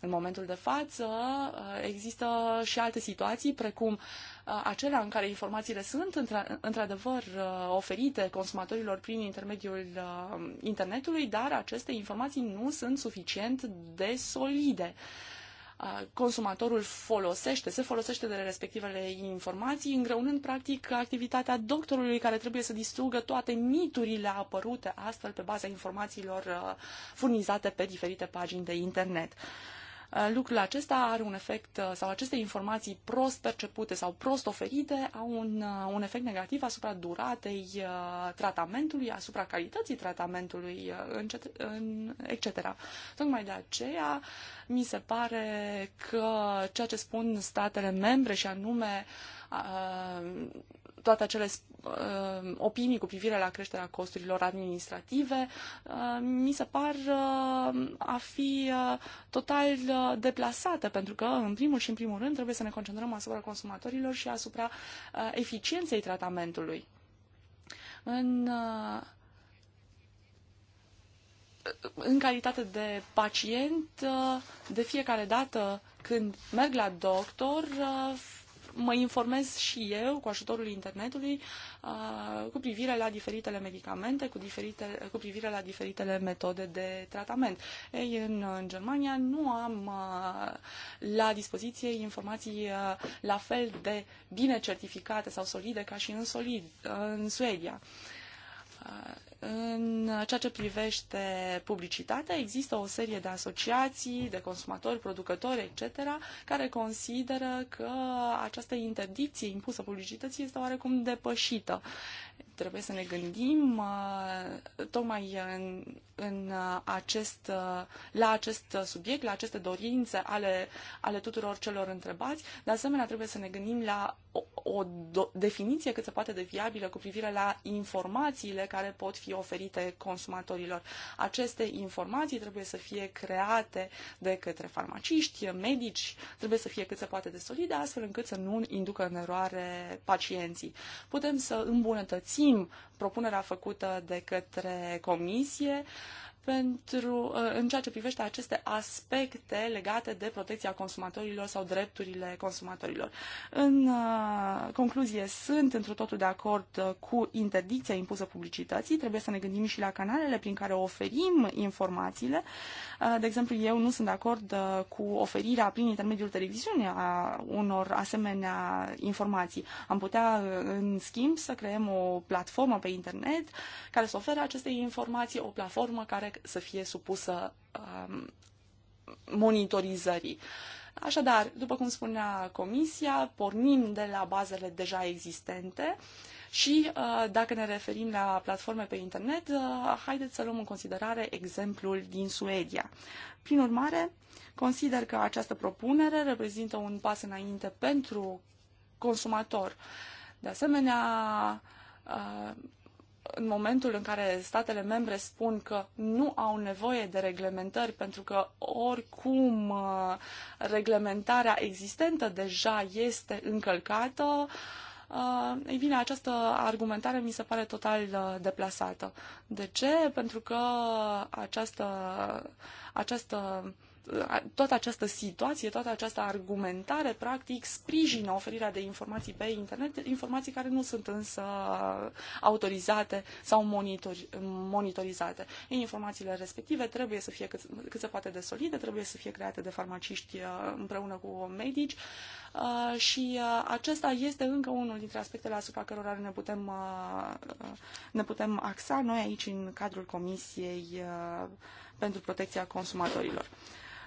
În momentul de față uh, există și alte situații, precum uh, acelea în care informațiile sunt într-adevăr uh, oferite consumatorilor prin intermediul internetului, dar aceste informații nu sunt suficient de solide consumatorul folosește, se folosește de respectivele informații, îngreunând practic activitatea doctorului care trebuie să distrugă toate miturile apărute astfel pe baza informațiilor furnizate pe diferite pagini de internet. Uh, lucrul acesta are un efect, uh, sau aceste informații prost percepute sau prost oferite au un, uh, un efect negativ asupra duratei tratamentului, asupra calității tratamentului, etc. Tocmai de aceea mi se pare că ceea ce spun statele membre și anume toate acele uh, opinii cu privire la creșterea costurilor administrative, uh, mi se par uh, a fi uh, total uh, deplasate, pentru că, în primul și în primul rând, trebuie să ne concentrăm asupra consumatorilor și asupra uh, eficienței tratamentului. În uh, în calitate de pacient, uh, de fiecare dată când merg la doctor, uh, mă informez și eu cu ajutorul internetului cu privire la diferitele medicamente, cu, diferite, cu privire la diferitele metode de tratament. Ei, în, în Germania nu am la dispoziție informații la fel de bine certificate sau solide ca și în, solid, în Suedia. În ceea ce privește publicitatea, există o serie de asociații, de consumatori, producători, etc., care consideră că această interdicție impusă publicității este oarecum depășită. Trebuie să ne gândim uh, tocmai în, în uh, acest, uh, la acest subiect, la aceste dorințe ale, ale tuturor celor întrebați. De asemenea, trebuie să ne gândim la o, o definiție cât se poate de viabilă cu privire la informațiile care pot fi fie oferite consumatorilor. Aceste informații trebuie să fie create de către farmaciști, medici, trebuie să fie cât se poate de solide, astfel încât să nu inducă în eroare pacienții. Putem să îmbunătățim propunerea făcută de către comisie, pentru, uh, în ceea ce privește aceste aspecte legate de protecția consumatorilor sau drepturile consumatorilor. În uh, concluzie, sunt într totul de acord uh, cu interdicția impusă publicității. Trebuie să ne gândim și la canalele prin care oferim informațiile. De exemplu, eu nu sunt de acord cu oferirea prin intermediul televiziunii a unor asemenea informații. Am putea, în schimb, să creăm o platformă pe internet care să ofere aceste informații, o platformă care să fie supusă um, monitorizării. Așadar, după cum spunea Comisia, pornim de la bazele deja existente și uh, dacă ne referim la platforme pe internet, uh, haideți să luăm în considerare exemplul din Suedia. Prin urmare, consider că această propunere reprezintă un pas înainte pentru consumator. De asemenea, uh, în momentul în care statele membre spun că nu au nevoie de reglementări pentru că oricum uh, reglementarea existentă deja este încălcată, uh, ei bine, această argumentare mi se pare total uh, deplasată. De ce? Pentru că această, această toată această situație, toată această argumentare, practic, sprijină oferirea de informații pe internet, informații care nu sunt însă autorizate sau monitor, monitorizate. Informațiile respective trebuie să fie cât, cât se poate de solide, trebuie să fie create de farmaciști uh, împreună cu medici uh, și uh, acesta este încă unul dintre aspectele asupra cărora ne putem, ne putem axa noi aici în cadrul Comisiei pentru protecția consumatorilor.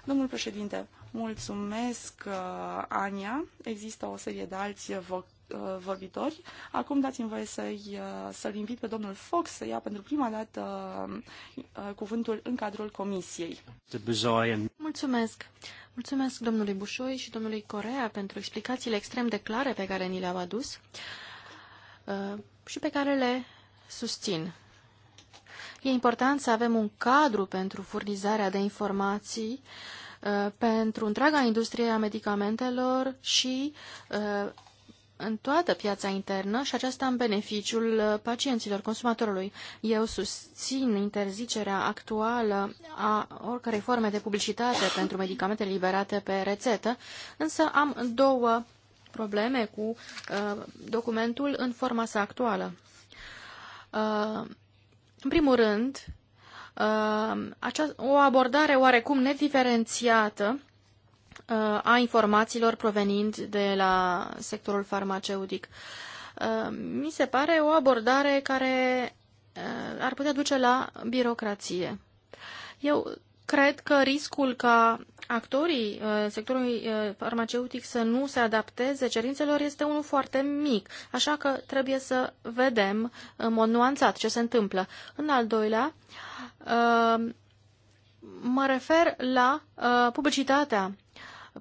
Domnul președinte, mulțumesc, uh, Ania. Există o serie de alți uh, uh, vorbitori. Acum dați-mi voie să-i, să-l invit pe domnul Fox să ia pentru prima dată cuvântul în cadrul comisiei. Mulțumesc! Mulțumesc domnului Bușoi și domnului Corea pentru explicațiile extrem de clare pe care ni le-au adus și pe care le susțin. E important să avem un cadru pentru furnizarea de informații uh, pentru întreaga industrie a medicamentelor și uh, în toată piața internă și aceasta în beneficiul uh, pacienților, consumatorului. Eu susțin interzicerea actuală a oricărei forme de publicitate pentru medicamente liberate pe rețetă, însă am două probleme cu uh, documentul în forma sa actuală. Uh, în primul rând, uh, o abordare oarecum nediferențiată uh, a informațiilor provenind de la sectorul farmaceutic. Uh, mi se pare o abordare care ar putea duce la birocrație. Eu cred că riscul ca actorii uh, sectorului uh, farmaceutic să nu se adapteze cerințelor este unul foarte mic, așa că trebuie să vedem în mod nuanțat ce se întâmplă. În al doilea, uh, mă refer la publicitatea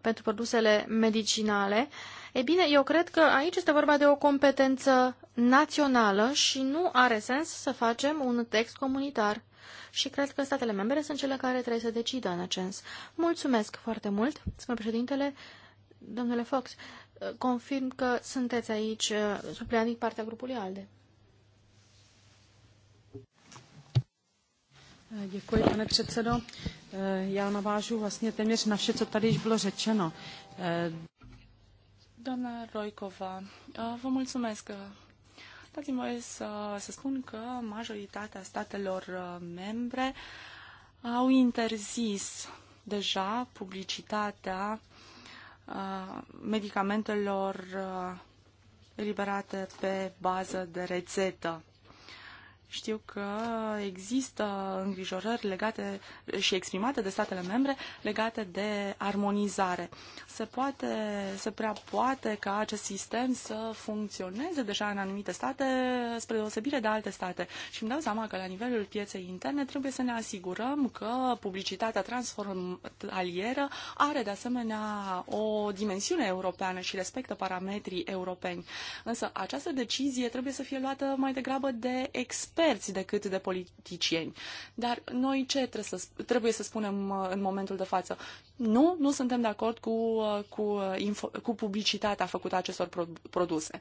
pentru produsele medicinale. E bine, eu cred că aici este vorba de o competență națională și nu are sens să facem un text comunitar și cred că statele membre sunt cele care trebuie să decidă în acest Mulțumesc foarte mult, spune președintele, domnule Fox, confirm că sunteți aici uh, supleanic partea grupului ALDE. Eh, děkuji, pane předsedo. Eh, já navážu vlastně téměř na vše, co tady již bylo řečeno. Eh, Doamna Rojkova, vă mulțumesc Dați-mi voie să, să spun că majoritatea statelor uh, membre au interzis deja publicitatea uh, medicamentelor uh, eliberate pe bază de rețetă. Știu că există îngrijorări legate și exprimate de statele membre legate de armonizare. Se poate, se prea poate ca acest sistem să funcționeze deja în anumite state, spre deosebire de alte state. Și îmi dau seama că la nivelul pieței interne trebuie să ne asigurăm că publicitatea transformalieră are de asemenea o dimensiune europeană și respectă parametrii europeni. Însă această decizie trebuie să fie luată mai degrabă de expert experți decât de politicieni. Dar noi ce trebuie să, trebuie să spunem uh, în momentul de față? Nu, nu suntem de acord cu, uh, cu, uh, info, cu publicitatea făcută acestor produse.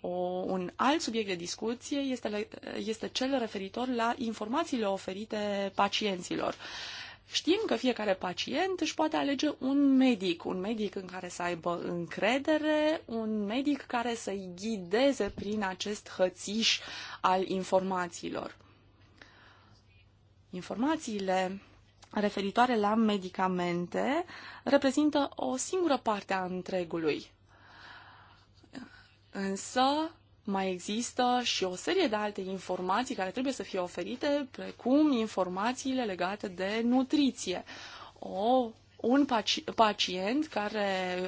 O, un alt subiect de discuție este, este cel referitor la informațiile oferite pacienților. Uh, Știm că fiecare pacient își poate alege un medic, un medic în care să aibă încredere, un medic care să-i ghideze prin acest hățiș al informațiilor. Informațiile referitoare la medicamente reprezintă o singură parte a întregului. Însă, mai există și o serie de alte informații care trebuie să fie oferite, precum informațiile legate de nutriție. O, un paci- pacient care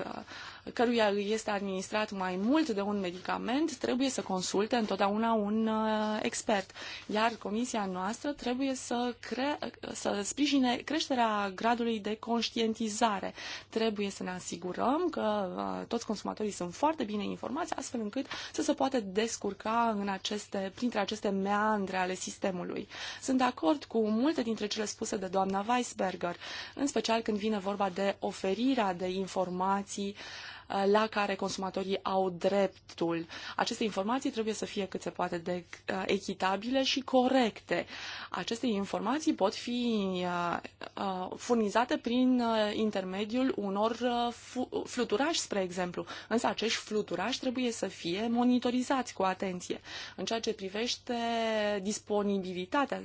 căruia îi este administrat mai mult de un medicament, trebuie să consulte întotdeauna un uh, expert. Iar comisia noastră trebuie să, cre- să sprijine creșterea gradului de conștientizare. Trebuie să ne asigurăm că uh, toți consumatorii sunt foarte bine informați, astfel încât să se poată descurca în aceste, printre aceste meandre ale sistemului. Sunt de acord cu multe dintre cele spuse de doamna Weisberger, în special când vine vorba de oferirea de informații uh, Uh, la care consumatorii au dreptul. Aceste informații trebuie să fie cât se poate de uh, echitabile și corecte. Aceste informații pot fi uh, furnizate prin intermediul unor fluturași, spre exemplu. Însă acești fluturași trebuie să fie monitorizați cu atenție. În ceea ce privește disponibilitatea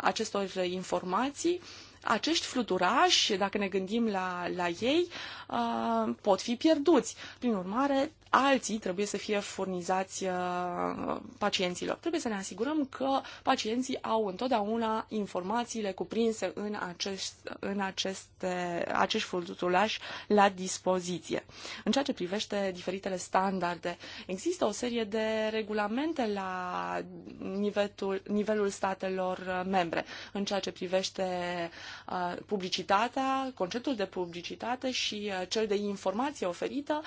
acestor informații, acești fluturași, dacă ne gândim la, la ei, uh, pot fi pierduți. Prin urmare, alții trebuie să fie furnizați uh, pacienților. Trebuie să ne asigurăm că pacienții au întotdeauna informațiile cuprinse în, acest, în aceste, acești furtulași la dispoziție. În ceea ce privește diferitele standarde, există o serie de regulamente la nivelul, nivelul statelor uh, membre în ceea ce privește uh, publicitatea, conceptul de publicitate și cel de informație oferită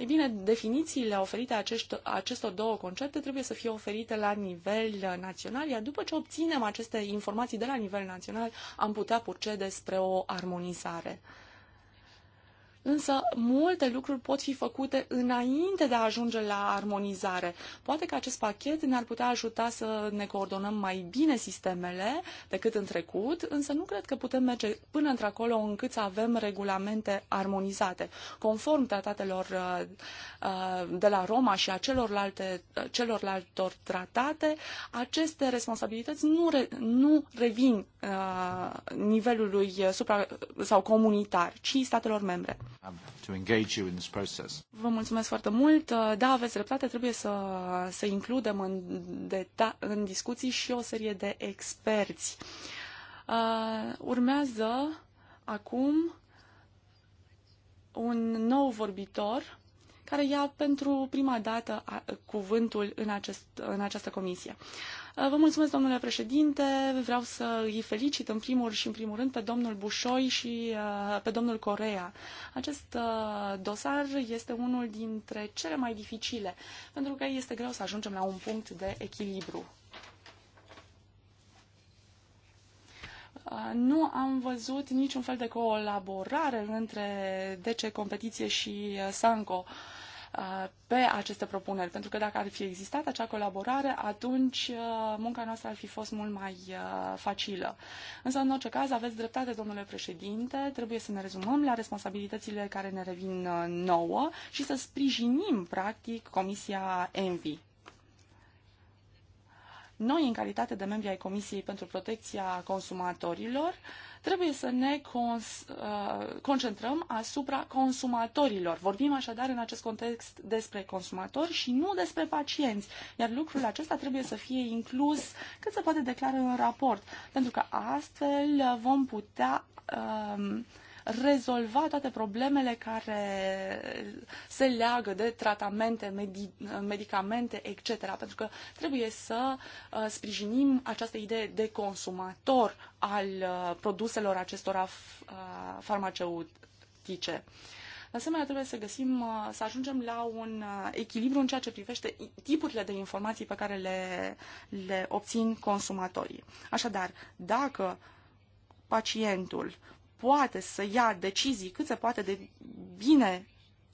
ei bine, definițiile oferite acești, acestor două concepte trebuie să fie oferite la nivel național, iar după ce obținem aceste informații de la nivel național, am putea procede spre o armonizare însă multe lucruri pot fi făcute înainte de a ajunge la armonizare. Poate că acest pachet ne-ar putea ajuta să ne coordonăm mai bine sistemele decât în trecut, însă nu cred că putem merge până într-acolo încât să avem regulamente armonizate. Conform tratatelor uh, uh, de la Roma și a celorlalte, uh, celorlaltor tratate, aceste responsabilități nu, re, nu revin nivelului supra, sau comunitar, ci statelor membre. Um, to engage you in this process. Vă mulțumesc foarte mult. Uh, da, aveți dreptate, trebuie să, să includem în, deta- în discuții și o serie de experți. Uh, urmează acum un nou vorbitor care ia pentru prima dată cuvântul în, acest, în această comisie. Uh, vă mulțumesc, domnule președinte. Vreau să îi felicit în primul și în primul rând pe domnul Bușoi și uh, pe domnul Corea. Acest uh, dosar este unul dintre cele mai dificile, pentru că este greu să ajungem la un punct de echilibru. nu am văzut niciun fel de colaborare între DC Competiție și Sanco. Uh, pe aceste propuneri, pentru că dacă ar fi existat acea colaborare, atunci uh, munca noastră ar fi fost mult mai uh, facilă. Însă, în orice caz, aveți dreptate, domnule președinte, trebuie să ne rezumăm la responsabilitățile care ne revin uh, nouă și să sprijinim, practic, Comisia Envi. Noi, în calitate de membri ai Comisiei pentru Protecția Consumatorilor, trebuie să ne uh, concentrăm asupra consumatorilor. Vorbim așadar în acest context despre consumatori și nu despre pacienți, iar lucrul acesta trebuie să fie inclus cât se poate declară în raport, pentru că astfel vom putea um, rezolva toate problemele care se leagă de tratamente, medi- medicamente, etc. Pentru că trebuie să uh, sprijinim această idee de consumator al uh, produselor acestora uh, farmaceutice. De asemenea, trebuie să găsim, să ajungem la un echilibru în ceea ce privește tipurile de informații pe care le, le obțin consumatorii. Așadar, dacă pacientul poate să ia decizii cât se poate de bine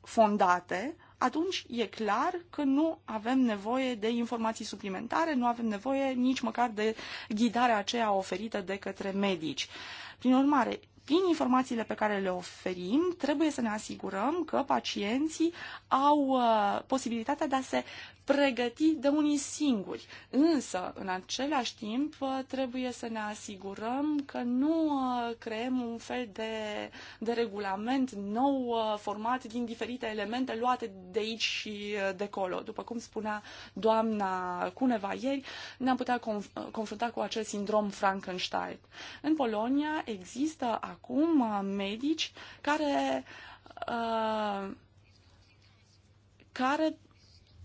fondate, atunci e clar că nu avem nevoie de informații suplimentare, nu avem nevoie nici măcar de ghidarea aceea oferită de către medici. Prin urmare, prin informațiile pe care le oferim, trebuie să ne asigurăm că pacienții au uh, posibilitatea de a se pregăti de unii singuri. Însă, în același timp, trebuie să ne asigurăm că nu uh, creăm un fel de, de regulament nou uh, format din diferite elemente luate de aici și uh, de acolo. După cum spunea doamna Cuneva ieri, ne-am putea conf- confrunta cu acel sindrom Frankenstein. În Polonia există acum medici care uh, care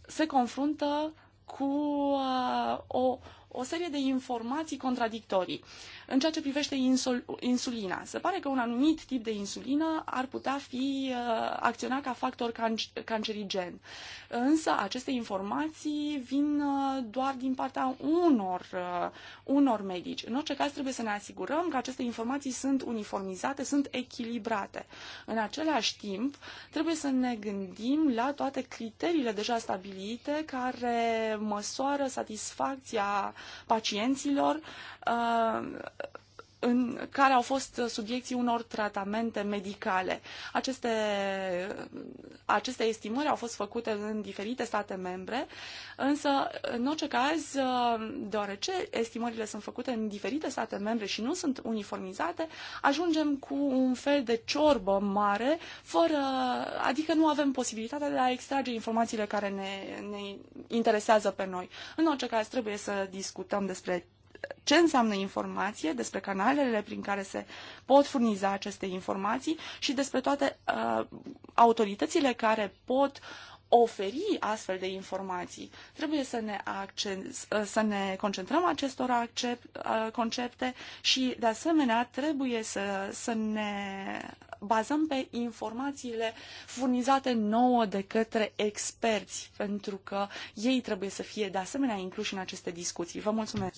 se confruntă cu uh, o, o serie de informații contradictorii. În ceea ce privește insul, insulina, se pare că un anumit tip de insulină ar putea fi uh, acționat ca factor can- cancerigen. Însă aceste informații vin uh, doar din partea unor, uh, unor medici. În orice caz trebuie să ne asigurăm că aceste informații sunt uniformizate, sunt echilibrate. În același timp, trebuie să ne gândim la toate criteriile deja stabilite care măsoară satisfacția pacienților uh, în care au fost subiecții unor tratamente medicale. Aceste, aceste estimări au fost făcute în diferite state membre, însă, în orice caz, deoarece estimările sunt făcute în diferite state membre și nu sunt uniformizate, ajungem cu un fel de ciorbă mare, fără, adică nu avem posibilitatea de a extrage informațiile care ne, ne interesează pe noi. În orice caz, trebuie să discutăm despre ce înseamnă informație, despre canalele prin care se pot furniza aceste informații și despre toate uh, autoritățile care pot oferi astfel de informații. Trebuie să ne, accent, uh, să ne concentrăm acestor accept, uh, concepte și, de asemenea, trebuie să, să ne bazăm pe informațiile furnizate nouă de către experți, pentru că ei trebuie să fie de asemenea incluși în aceste discuții. Vă mulțumesc!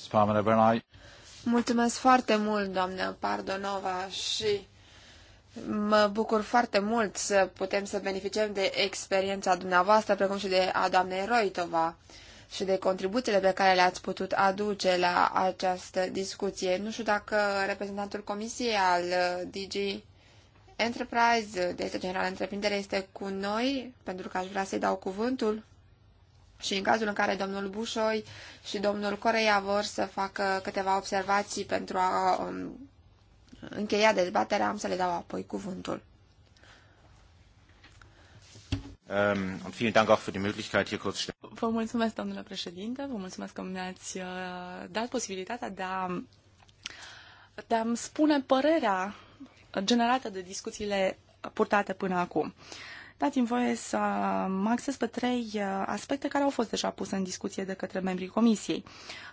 Mulțumesc foarte mult, doamnă Pardonova, și mă bucur foarte mult să putem să beneficiem de experiența dumneavoastră, precum și de a doamnei Roitova și de contribuțiile pe care le-ați putut aduce la această discuție. Nu știu dacă reprezentantul Comisiei al uh, DG Enterprise, director general întreprindere, este cu noi, pentru că aș vrea să-i dau cuvântul. Și în cazul în care domnul Bușoi și domnul Coreia vor să facă câteva observații pentru a um, încheia dezbaterea, am să le dau apoi cuvântul. Um, vă mulțumesc, domnule președinte, vă mulțumesc că mi-ați uh, dat posibilitatea de a, de a-mi spune părerea generată de discuțiile purtate până acum. Dați-mi voie să mă acces pe trei uh, aspecte care au fost deja puse în discuție de către membrii comisiei.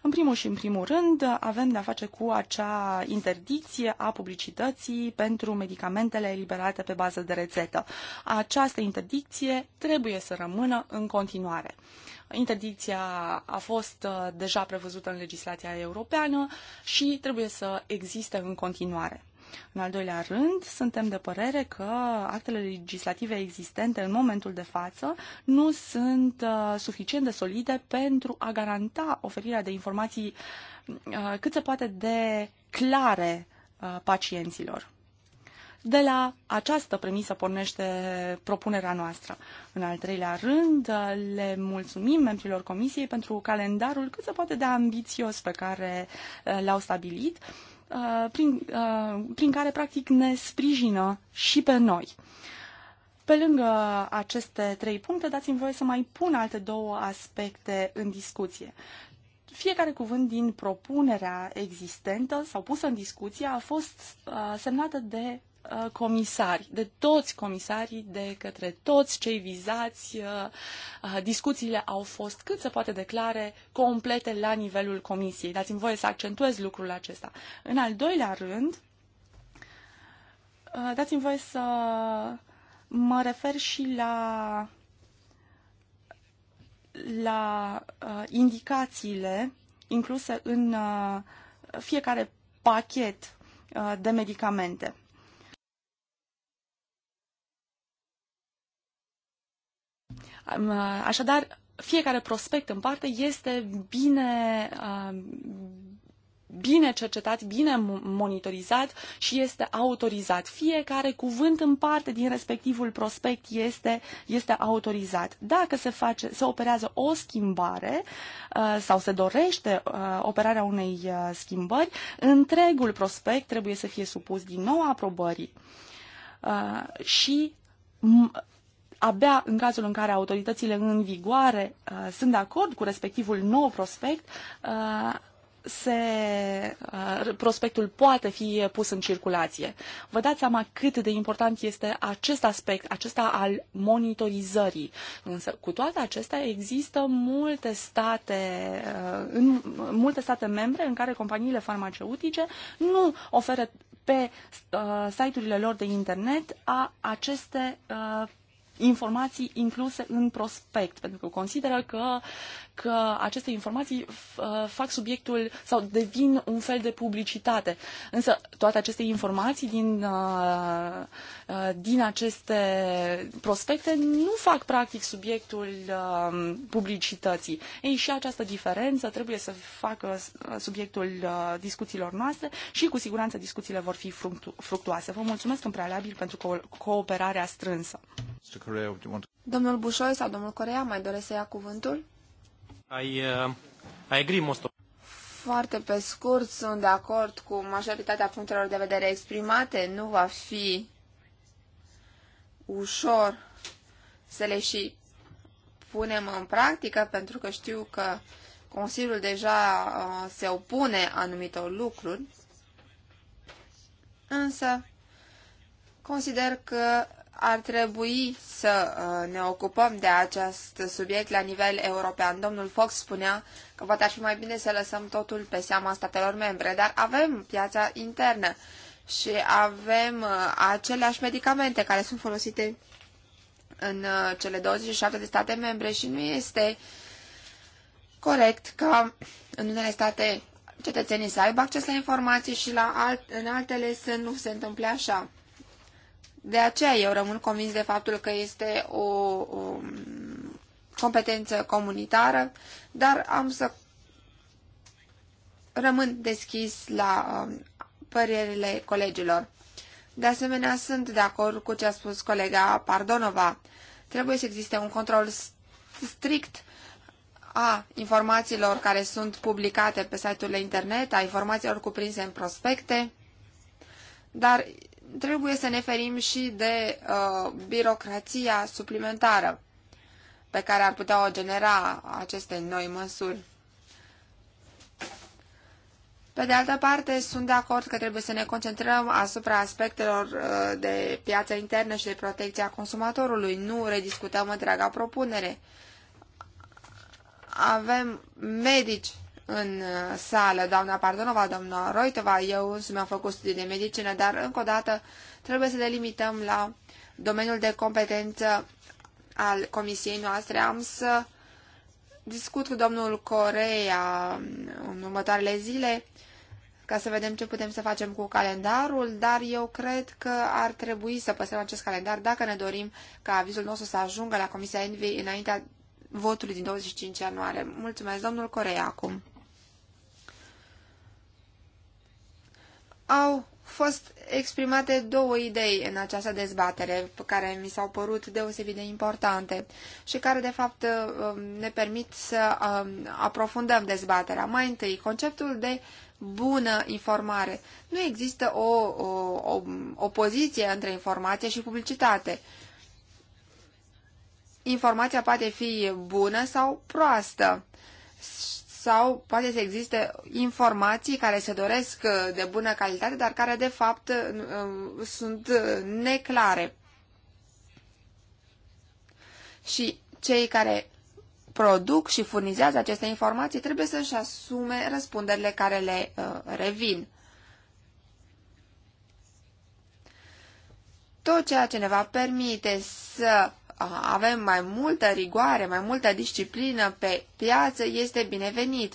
În primul și în primul rând, avem de-a face cu acea interdicție a publicității pentru medicamentele eliberate pe bază de rețetă. Această interdicție trebuie să rămână în continuare. Interdicția a fost uh, deja prevăzută în legislația europeană și trebuie să existe în continuare. În al doilea rând, suntem de părere că actele legislative existente în momentul de față nu sunt uh, suficient de solide pentru a garanta oferirea de informații uh, cât se poate de clare uh, pacienților. De la această premisă pornește propunerea noastră. În al treilea rând, le mulțumim membrilor Comisiei pentru calendarul cât se poate de ambițios pe care l-au stabilit. Uh, prin, uh, prin care practic ne sprijină și pe noi. Pe lângă aceste trei puncte, dați-mi voie să mai pun alte două aspecte în discuție. Fiecare cuvânt din propunerea existentă sau pusă în discuție a fost uh, semnată de Uh, comisari, de toți comisarii, de către toți cei vizați. Uh, uh, discuțiile au fost cât se poate declare complete la nivelul comisiei. Dați-mi voie să accentuez lucrul acesta. În al doilea rând, dați-mi voie să mă refer și la la uh, indicațiile incluse în uh, fiecare pachet uh, de medicamente. Uh, așadar, fiecare prospect în parte este bine, uh, bine cercetat, bine monitorizat și este autorizat. Fiecare cuvânt în parte din respectivul prospect este, este autorizat. Dacă se, face, se operează o schimbare uh, sau se dorește operarea unei schimbări, întregul prospect trebuie să fie supus din nou aprobării. Și abia în cazul în care autoritățile în vigoare uh, sunt de acord cu respectivul nou prospect, uh, se, uh, prospectul poate fi pus în circulație. Vă dați seama cât de important este acest aspect, acesta al monitorizării. Însă, cu toate acestea, există multe state, uh, în, multe state membre în care companiile farmaceutice nu oferă pe uh, site-urile lor de internet a aceste uh, informații incluse în prospect, pentru că consideră că, că aceste informații uh, fac subiectul sau devin un fel de publicitate. Însă toate aceste informații din, uh, uh, din aceste prospecte nu fac practic subiectul publicității. Ei, și această diferență trebuie să facă subiectul discuțiilor noastre și cu siguranță discuțiile vor fi fructuoase. Vă mulțumesc în prealabil pentru co- cooperarea strânsă. Mr you want to... Domnul Bușoi sau domnul Corea mai doresc să ia cuvântul? I, uh, I agree most of... Foarte pe scurt, sunt de acord cu majoritatea punctelor de vedere exprimate. Nu va fi ușor să le și punem în practică, pentru că știu că Consiliul deja uh, se opune anumitor lucruri, însă consider că ar trebui să uh, ne ocupăm de acest subiect la nivel european. Domnul Fox spunea că poate ar fi mai bine să lăsăm totul pe seama statelor membre, dar avem piața internă și avem uh, aceleași medicamente care sunt folosite în uh, cele 27 de state membre și nu este corect ca în unele state cetățenii să aibă acces la informații și la alt, în altele să nu se întâmple așa. De aceea eu rămân convins de faptul că este o, o competență comunitară, dar am să rămân deschis la um, părerile colegilor. De asemenea, sunt de acord cu ce a spus colega Pardonova. Trebuie să existe un control strict a informațiilor care sunt publicate pe site-urile internet, a informațiilor cuprinse în prospecte, dar trebuie să ne ferim și de uh, birocrația suplimentară pe care ar putea o genera aceste noi măsuri. Pe de altă parte, sunt de acord că trebuie să ne concentrăm asupra aspectelor uh, de piață internă și de protecția consumatorului. Nu rediscutăm întreaga propunere. Avem medici în uh, sală, doamna Pardonova, doamna Roitova, eu însumi am făcut studii de medicină, dar încă o dată trebuie să ne limităm la domeniul de competență al comisiei noastre. Am să discut cu domnul Corea um, în următoarele zile ca să vedem ce putem să facem cu calendarul, dar eu cred că ar trebui să păstrăm acest calendar dacă ne dorim ca avizul nostru să ajungă la Comisia Envy înaintea votului din 25 ianuarie. Mulțumesc, domnul Corea, acum. Au fost exprimate două idei în această dezbatere, care mi s-au părut deosebit de importante și care, de fapt, um, ne permit să um, aprofundăm dezbaterea. Mai întâi, conceptul de bună informare. Nu există o, o, opoziție între informație și publicitate. Informația poate fi bună sau proastă sau poate să existe informații care se doresc uh, de bună calitate, dar care de fapt uh, uh, sunt neclare. Și cei care produc și furnizează aceste informații trebuie să-și asume răspunderile care le revin. Tot ceea ce ne va permite să avem mai multă rigoare, mai multă disciplină pe piață este binevenit.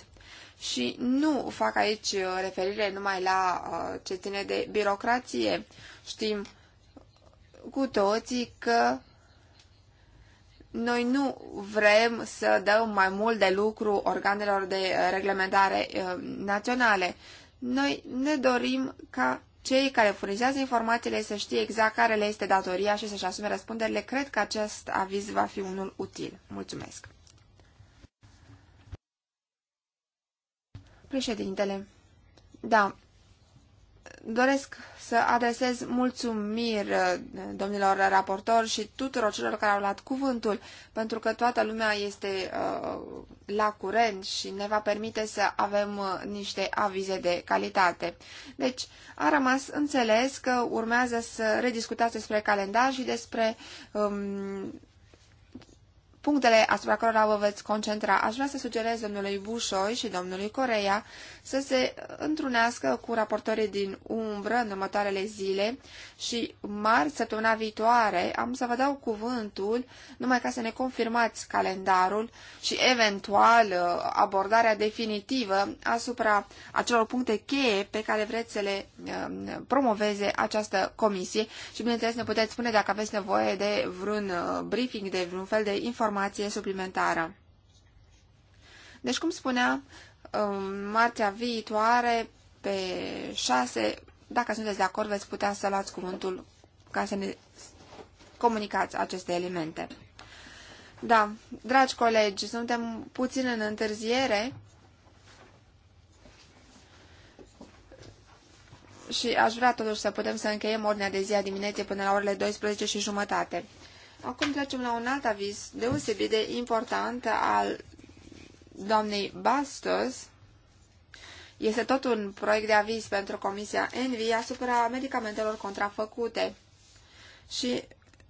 Și nu fac aici uh, referire numai la uh, ce ține de birocrație. Știm cu toții că noi nu vrem să dăm mai mult de lucru organelor de uh, reglementare naționale. Noi ne dorim ca cei care furnizează informațiile să știe exact care le este datoria și să-și asume răspunderile, cred că acest aviz va fi unul util. Mulțumesc! Președintele, da, Doresc să adresez mulțumiri uh, domnilor raportori și tuturor celor care au luat cuvântul, pentru că toată lumea este uh, la curent și ne va permite să avem uh, niște avize de calitate. Deci, a rămas înțeles că urmează să rediscutați despre calendar și despre um, punctele asupra cărora vă veți concentra. Aș vrea să sugerez domnului Bușoi și domnului Corea să se întrunească cu raportorii din umbră în următoarele zile și marți, săptămâna viitoare, am să vă dau cuvântul numai ca să ne confirmați calendarul și eventual uh, abordarea definitivă asupra acelor puncte cheie pe care vreți să le uh, promoveze această comisie și bineînțeles ne puteți spune dacă aveți nevoie de vreun uh, briefing, de vreun fel de informație suplimentară. Deci, cum spunea, marțea viitoare, pe 6, dacă sunteți de acord, veți putea să luați cuvântul ca să ne comunicați aceste elemente. Da, dragi colegi, suntem puțin în întârziere și aș vrea totuși să putem să încheiem ordinea de zi a dimineții până la orele 12 și jumătate. Acum trecem la un alt aviz deosebit de important al doamnei Bastos este tot un proiect de aviz pentru Comisia Envi asupra medicamentelor contrafăcute. Și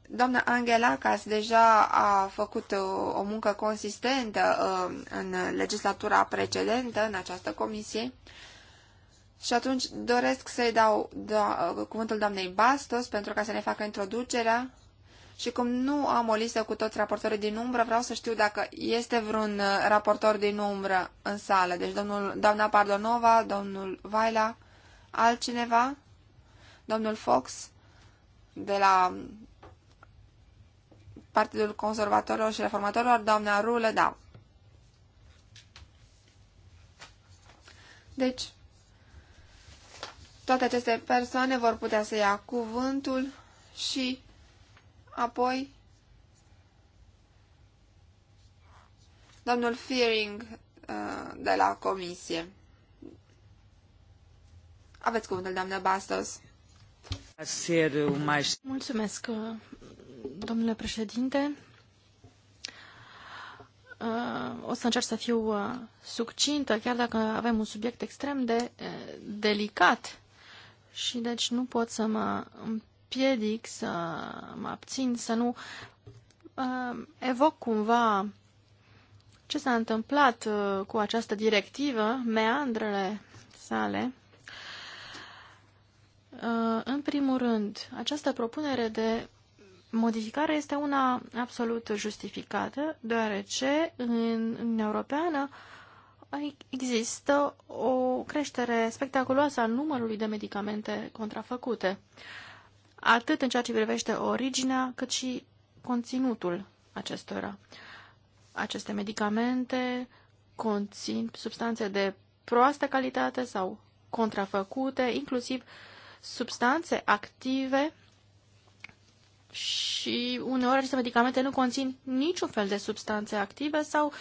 doamna Angela Cas deja a făcut uh, o muncă consistentă uh, în legislatura precedentă, în această comisie, și atunci doresc să-i dau do uh, cuvântul doamnei Bastos pentru ca să ne facă introducerea și cum nu am o listă cu toți raportorii din umbră, vreau să știu dacă este vreun uh, raportor din umbră în sală. Deci domnul, doamna Pardonova, domnul Vaila, altcineva, domnul Fox de la um, Partidul Conservatorilor și Reformatorilor, doamna Rulă, da. Deci, toate aceste persoane vor putea să ia cuvântul și Apoi, domnul Fearing uh, de la comisie. Aveți cuvântul, doamnă Bastos. Mulțumesc, uh, domnule președinte. Uh, o să încerc să fiu succintă, chiar dacă avem un subiect extrem de delicat și deci nu pot să mă împiedic, să mă abțin, să nu uh, evoc cumva ce s-a întâmplat uh, cu această directivă, meandrele sale. Uh, în primul rând, această propunere de modificare este una absolut justificată, deoarece în Uniunea Europeană există o creștere spectaculoasă a numărului de medicamente contrafăcute. Uh, atât în ceea ce privește originea, cât și conținutul acestora. Aceste medicamente conțin substanțe de proastă calitate sau contrafăcute, inclusiv substanțe active și uneori aceste medicamente nu conțin niciun fel de substanțe active sau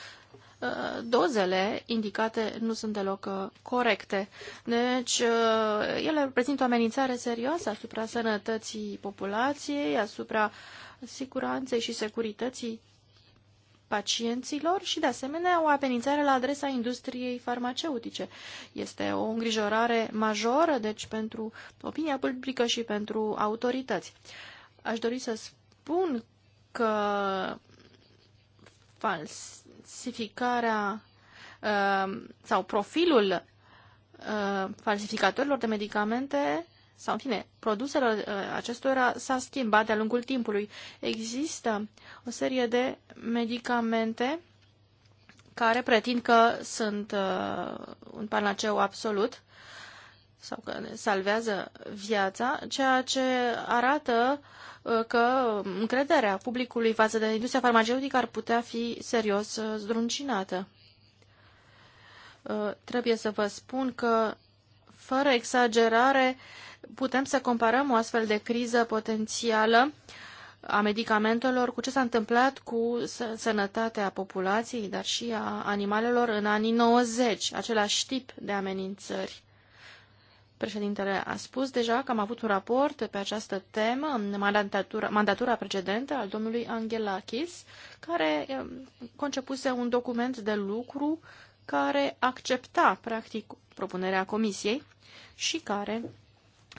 Uh, dozele indicate nu sunt deloc uh, corecte. Deci, uh, ele reprezintă o amenințare serioasă asupra sănătății populației, asupra siguranței și securității pacienților și, de asemenea, o amenințare la adresa industriei farmaceutice. Este o îngrijorare majoră, deci, pentru opinia publică și pentru autorități. Aș dori să spun că fals falsificarea uh, sau profilul uh, falsificatorilor de medicamente sau, în fine, produselor uh, acestora s-a schimbat de-a lungul timpului. Există o serie de medicamente care pretind că sunt un panaceu absolut sau că ne salvează viața, ceea ce arată uh, că încrederea publicului față de industria farmaceutică ar putea fi serios uh, zdruncinată. Uh, trebuie să vă spun că, fără exagerare, putem să comparăm o astfel de criză potențială a medicamentelor cu ce s-a întâmplat cu sănătatea populației, dar și a animalelor în anii 90, același tip de amenințări. Președintele a spus deja că am avut un raport pe această temă în mandatura, mandatura precedentă al domnului Angelakis, care um, concepuse un document de lucru care accepta, practic, propunerea comisiei și care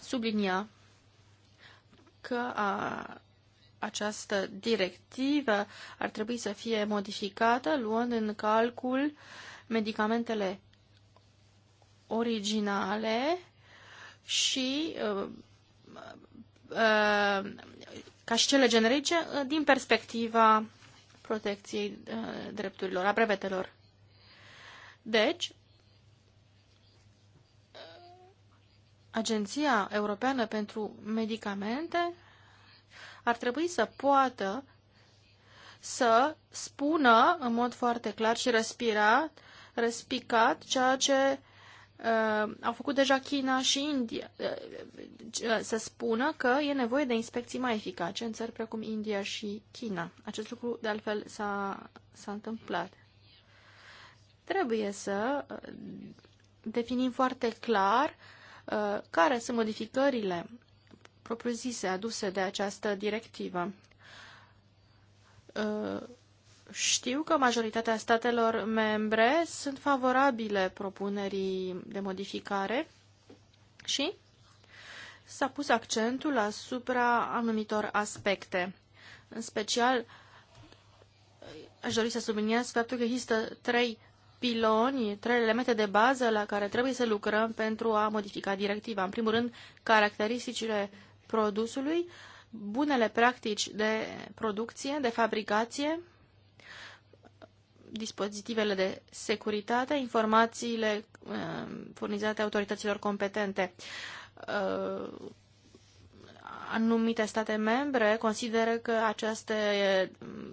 sublinia că a, această directivă ar trebui să fie modificată luând în calcul medicamentele originale și uh, uh, ca și cele generice uh, din perspectiva protecției drepturilor, a brevetelor. Deci, Agenția Europeană pentru Medicamente ar trebui să poată să spună în mod foarte clar și respirat, respicat ceea ce uh, au făcut deja China și India, uh, uh, să spună că e nevoie de inspecții mai eficace în țări precum India și China. Acest lucru, de altfel, s-a, s-a întâmplat. Trebuie să uh, definim foarte clar uh, care sunt modificările propriu-zise aduse de această directivă. Uh, știu că majoritatea statelor membre sunt favorabile propunerii de modificare și s-a pus accentul asupra anumitor aspecte. În special, aș dori să subliniez faptul că există trei piloni, trei elemente de bază la care trebuie să lucrăm pentru a modifica directiva. În primul rând, caracteristicile produsului, bunele practici de producție, de fabricație, dispozitivele de securitate, informațiile uh, furnizate autorităților competente. Uh, anumite state membre consideră că aceste uh,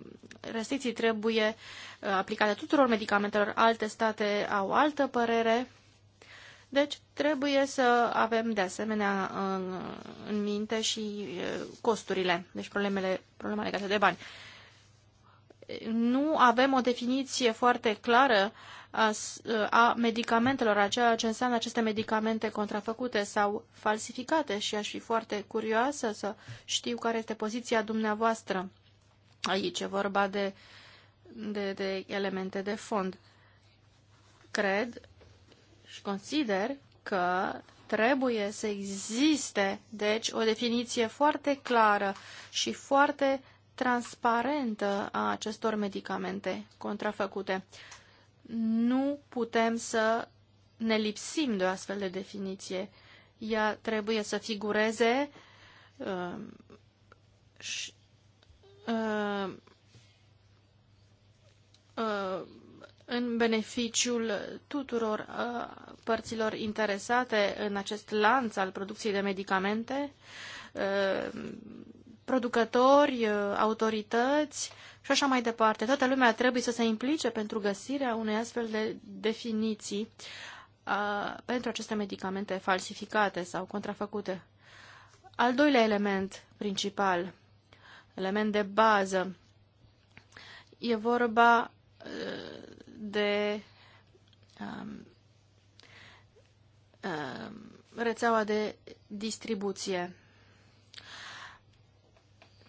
restricții trebuie aplicate tuturor medicamentelor, alte state au altă părere. Deci trebuie să avem de asemenea în, în minte și costurile, deci problemele, problema legată de bani nu avem o definiție foarte clară a, a medicamentelor, a ceea ce înseamnă aceste medicamente contrafăcute sau falsificate și aș fi foarte curioasă să știu care este poziția dumneavoastră. Aici e vorba de, de, de elemente de fond. Cred și consider că trebuie să existe, deci, o definiție foarte clară și foarte transparentă a acestor medicamente contrafăcute. Nu putem să ne lipsim de o astfel de definiție. Ea trebuie să figureze uh, și, uh, uh, în beneficiul tuturor uh, părților interesate în acest lanț al producției de medicamente, uh, producători, uh, autorități și așa mai departe. Toată lumea trebuie să se implice pentru găsirea unei astfel de definiții uh, pentru aceste medicamente falsificate sau contrafăcute. Al doilea element principal, element de bază, e vorba uh, de um, uh, rețeaua de distribuție.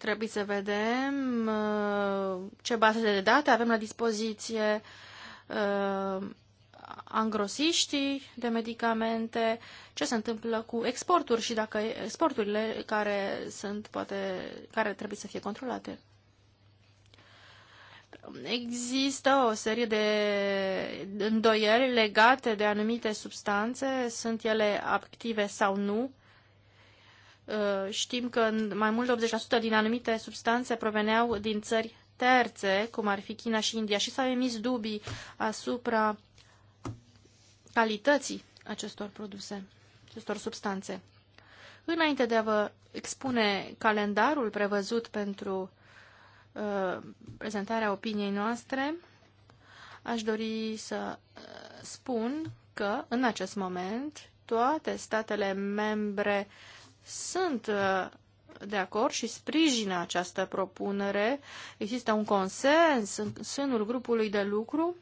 Trebuie să vedem uh, ce baze de date avem la dispoziție, angrosiștii uh, de medicamente, ce se întâmplă cu exporturi și dacă exporturile care sunt poate care trebuie să fie controlate. Există o serie de îndoieli legate de anumite substanțe, sunt ele active sau nu. Uh, știm că mai mult de 80% din anumite substanțe proveneau din țări terțe, cum ar fi China și India, și s-au emis dubii asupra calității acestor produse, acestor substanțe. Înainte de a vă expune calendarul prevăzut pentru uh, prezentarea opiniei noastre, aș dori să uh, spun că, în acest moment, toate statele membre sunt uh, de acord și sprijină această propunere. Există un consens în sânul grupului de lucru.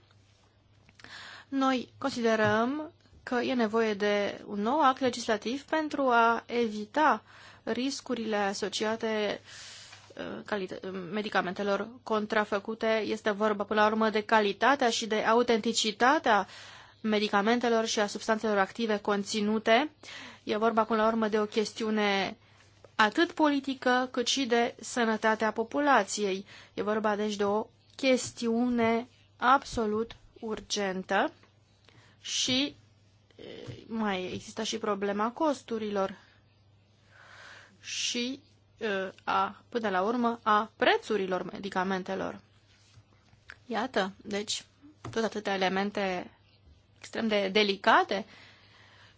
Noi considerăm că e nevoie de un nou act legislativ pentru a evita riscurile asociate uh, medicamentelor contrafăcute. Este vorba, până la urmă, de calitatea și de autenticitatea uh, medicamentelor și a substanțelor active conținute. E vorba până la urmă de o chestiune atât politică cât și de sănătatea populației. E vorba deci de o chestiune absolut urgentă și mai există și problema costurilor și a, până la urmă a prețurilor medicamentelor. Iată, deci, tot atâtea elemente extrem de delicate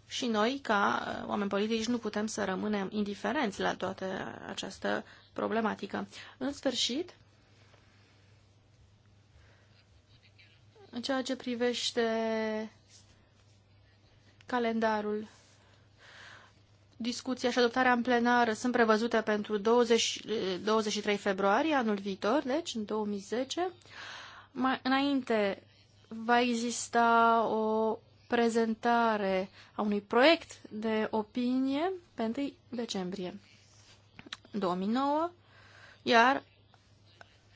și noi, ca uh, oameni politici, nu putem să rămânem indiferenți la toată această problematică. În sfârșit, în ceea ce privește calendarul, discuția și adoptarea în plenară sunt prevăzute pentru 20, 23 februarie anul viitor, deci în 2010. Mai, înainte va exista o prezentare a unui proiect de opinie pe 1 decembrie 2009, iar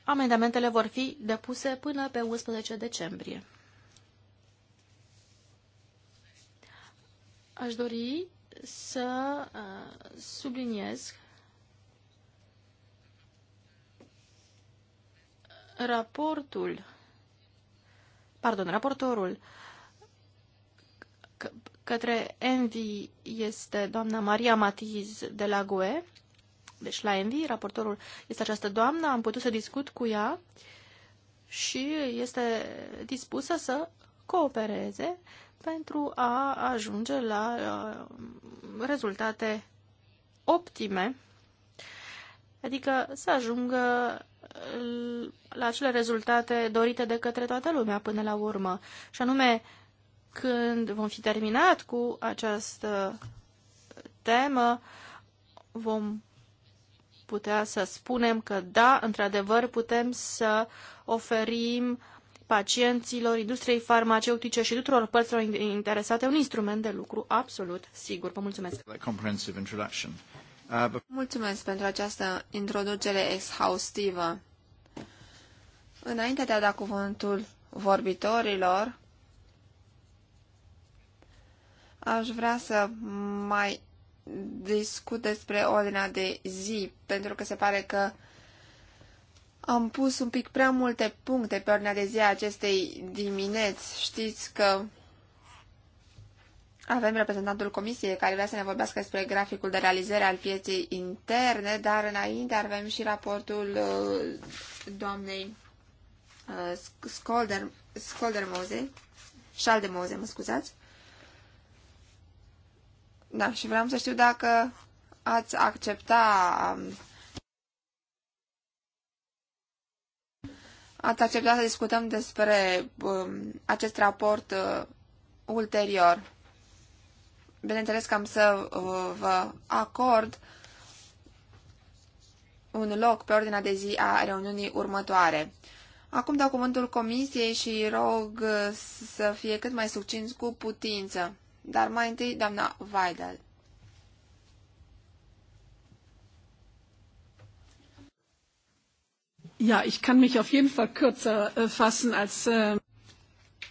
amendamentele vor fi depuse până pe 11 decembrie. Aș dori să uh, subliniez raportul pardon, raportorul către Envi este doamna Maria Matiz de la GUE, deci la Envi, raportorul este această doamnă, am putut să discut cu ea și este dispusă să coopereze pentru a ajunge la uh, rezultate optime Adică să ajungă uh, la acele rezultate dorite de către toată lumea până la urmă. Și anume, când vom fi terminat cu această temă, vom putea să spunem că da, într-adevăr, putem să oferim pacienților, industriei farmaceutice și tuturor părților interesate un instrument de lucru absolut sigur. Vă mulțumesc! Uh, Mulțumesc pentru această introducere exhaustivă. Înainte de a da cuvântul vorbitorilor, aș vrea să mai discut despre ordinea de zi, pentru că se pare că am pus un pic prea multe puncte pe ordinea de zi a acestei dimineți. Știți că avem reprezentantul comisiei care vrea să ne vorbească despre graficul de realizare al pieței interne, dar înainte avem și raportul uh, doamnei uh, Scolder, Scolder Moze, Șalde Moze, mă scuzați. Da, și vreau să știu dacă ați accepta um, ați acceptat să discutăm despre um, acest raport uh, ulterior bineînțeles că am să uh, vă acord un loc pe ordinea de zi a reuniunii următoare. Acum dau cuvântul comisiei și rog uh, să fie cât mai succinți cu putință, dar mai întâi doamna Weidel. Ja, ich kann mich auf jeden Fall kürzer äh, fassen als äh,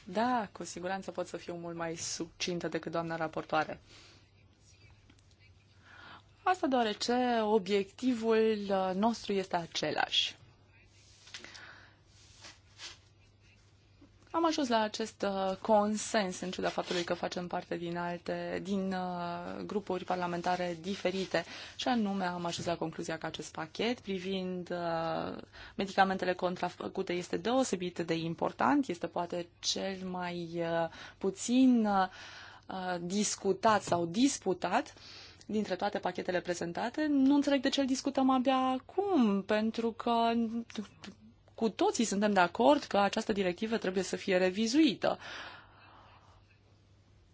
da, cu siguranță pot să fiu mult mai succintă decât doamna raportoare. Asta deoarece obiectivul uh, nostru este același. Am ajuns la acest uh, consens în ciuda faptului că facem parte din alte, din uh, grupuri parlamentare diferite și anume am ajuns la concluzia că acest pachet privind uh, medicamentele contrafăcute este deosebit de important, este poate cel mai uh, puțin uh, discutat sau disputat dintre toate pachetele prezentate. Nu înțeleg de ce îl discutăm abia acum, pentru că cu toții suntem de acord că această directivă trebuie să fie revizuită.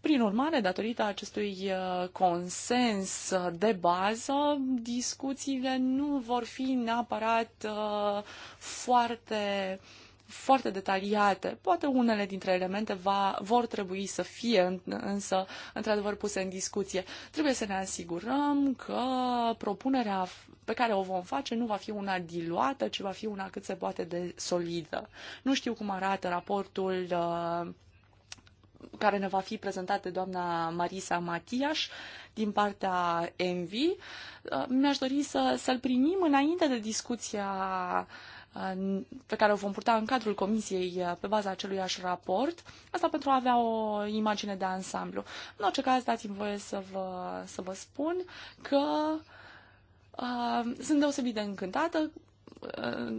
Prin urmare, datorită acestui uh, consens de bază, discuțiile nu vor fi neapărat uh, foarte uh, foarte detaliate. Poate unele dintre elemente va, vor trebui să fie însă într-adevăr puse în discuție. Trebuie să ne asigurăm că propunerea pe care o vom face nu va fi una diluată, ci va fi una cât se poate de solidă. Nu știu cum arată raportul uh, care ne va fi prezentat de doamna Marisa Matias din partea Envi. Uh, mi-aș dori să, să-l primim înainte de discuția uh, pe care o vom purta în cadrul comisiei uh, pe baza aceluiași raport, asta pentru a avea o imagine de ansamblu. În orice caz, dați-mi voie să vă, să vă spun că uh, sunt deosebit de încântată uh,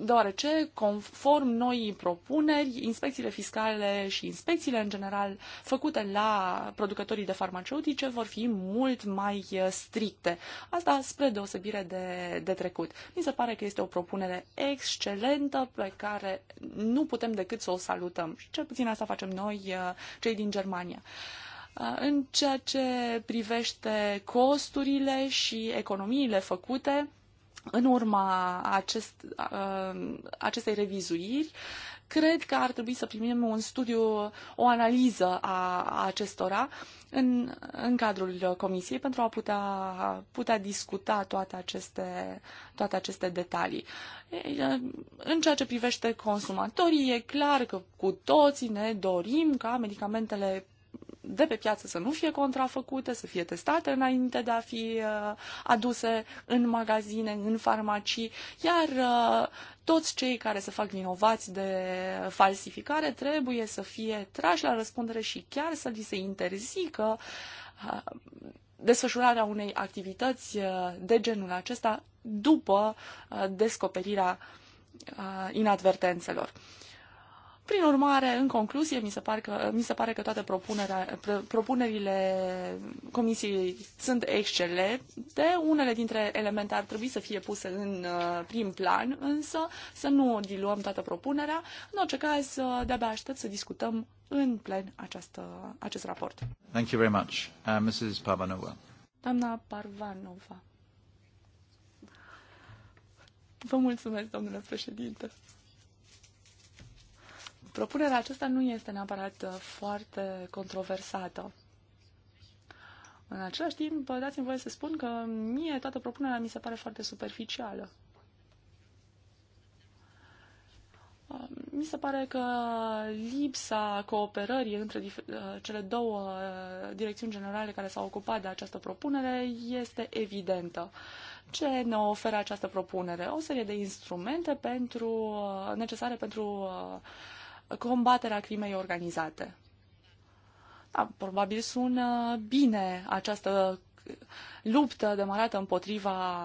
deoarece, conform noii propuneri, inspecțiile fiscale și inspecțiile în general făcute la producătorii de farmaceutice vor fi mult mai uh, stricte. Asta spre deosebire de, de trecut. Mi se pare că este o propunere excelentă pe care nu putem decât să o salutăm și cel puțin asta facem noi, uh, cei din Germania. Uh, în ceea ce privește costurile și economiile făcute, în urma acest, uh, acestei revizuiri, cred că ar trebui să primim un studiu, o analiză a acestora în, în cadrul comisiei pentru a putea, putea discuta toate aceste, toate aceste detalii. În ceea ce privește consumatorii, e clar că cu toții ne dorim ca medicamentele de pe piață să nu fie contrafăcute, să fie testate înainte de a fi uh, aduse în magazine, în farmacii, iar uh, toți cei care se fac vinovați de falsificare trebuie să fie trași la răspundere și chiar să li se interzică uh, desfășurarea unei activități de genul acesta după descoperirea inadvertențelor. Prin urmare, în concluzie, mi se, par că, mi se pare că toate propunerile comisiei sunt excelente. Unele dintre elemente ar trebui să fie puse în uh, prim plan, însă să nu diluăm toată propunerea. În orice caz, uh, de-abia aștept să discutăm în plen această, acest raport. Thank you very much. Uh, Mrs. Parvanova. Doamna Parvanova. Vă mulțumesc, domnule președinte. Propunerea aceasta nu este neapărat uh, foarte controversată. În același timp, uh, dați-mi voie să spun că mie toată propunerea mi se pare foarte superficială. Uh, mi se pare că lipsa cooperării între cele două direcțiuni generale care s-au ocupat de această propunere este evidentă. Ce ne oferă această propunere? O serie de instrumente pentru, necesare pentru uh, combaterea crimei organizate. Da, probabil sună bine această luptă demarată împotriva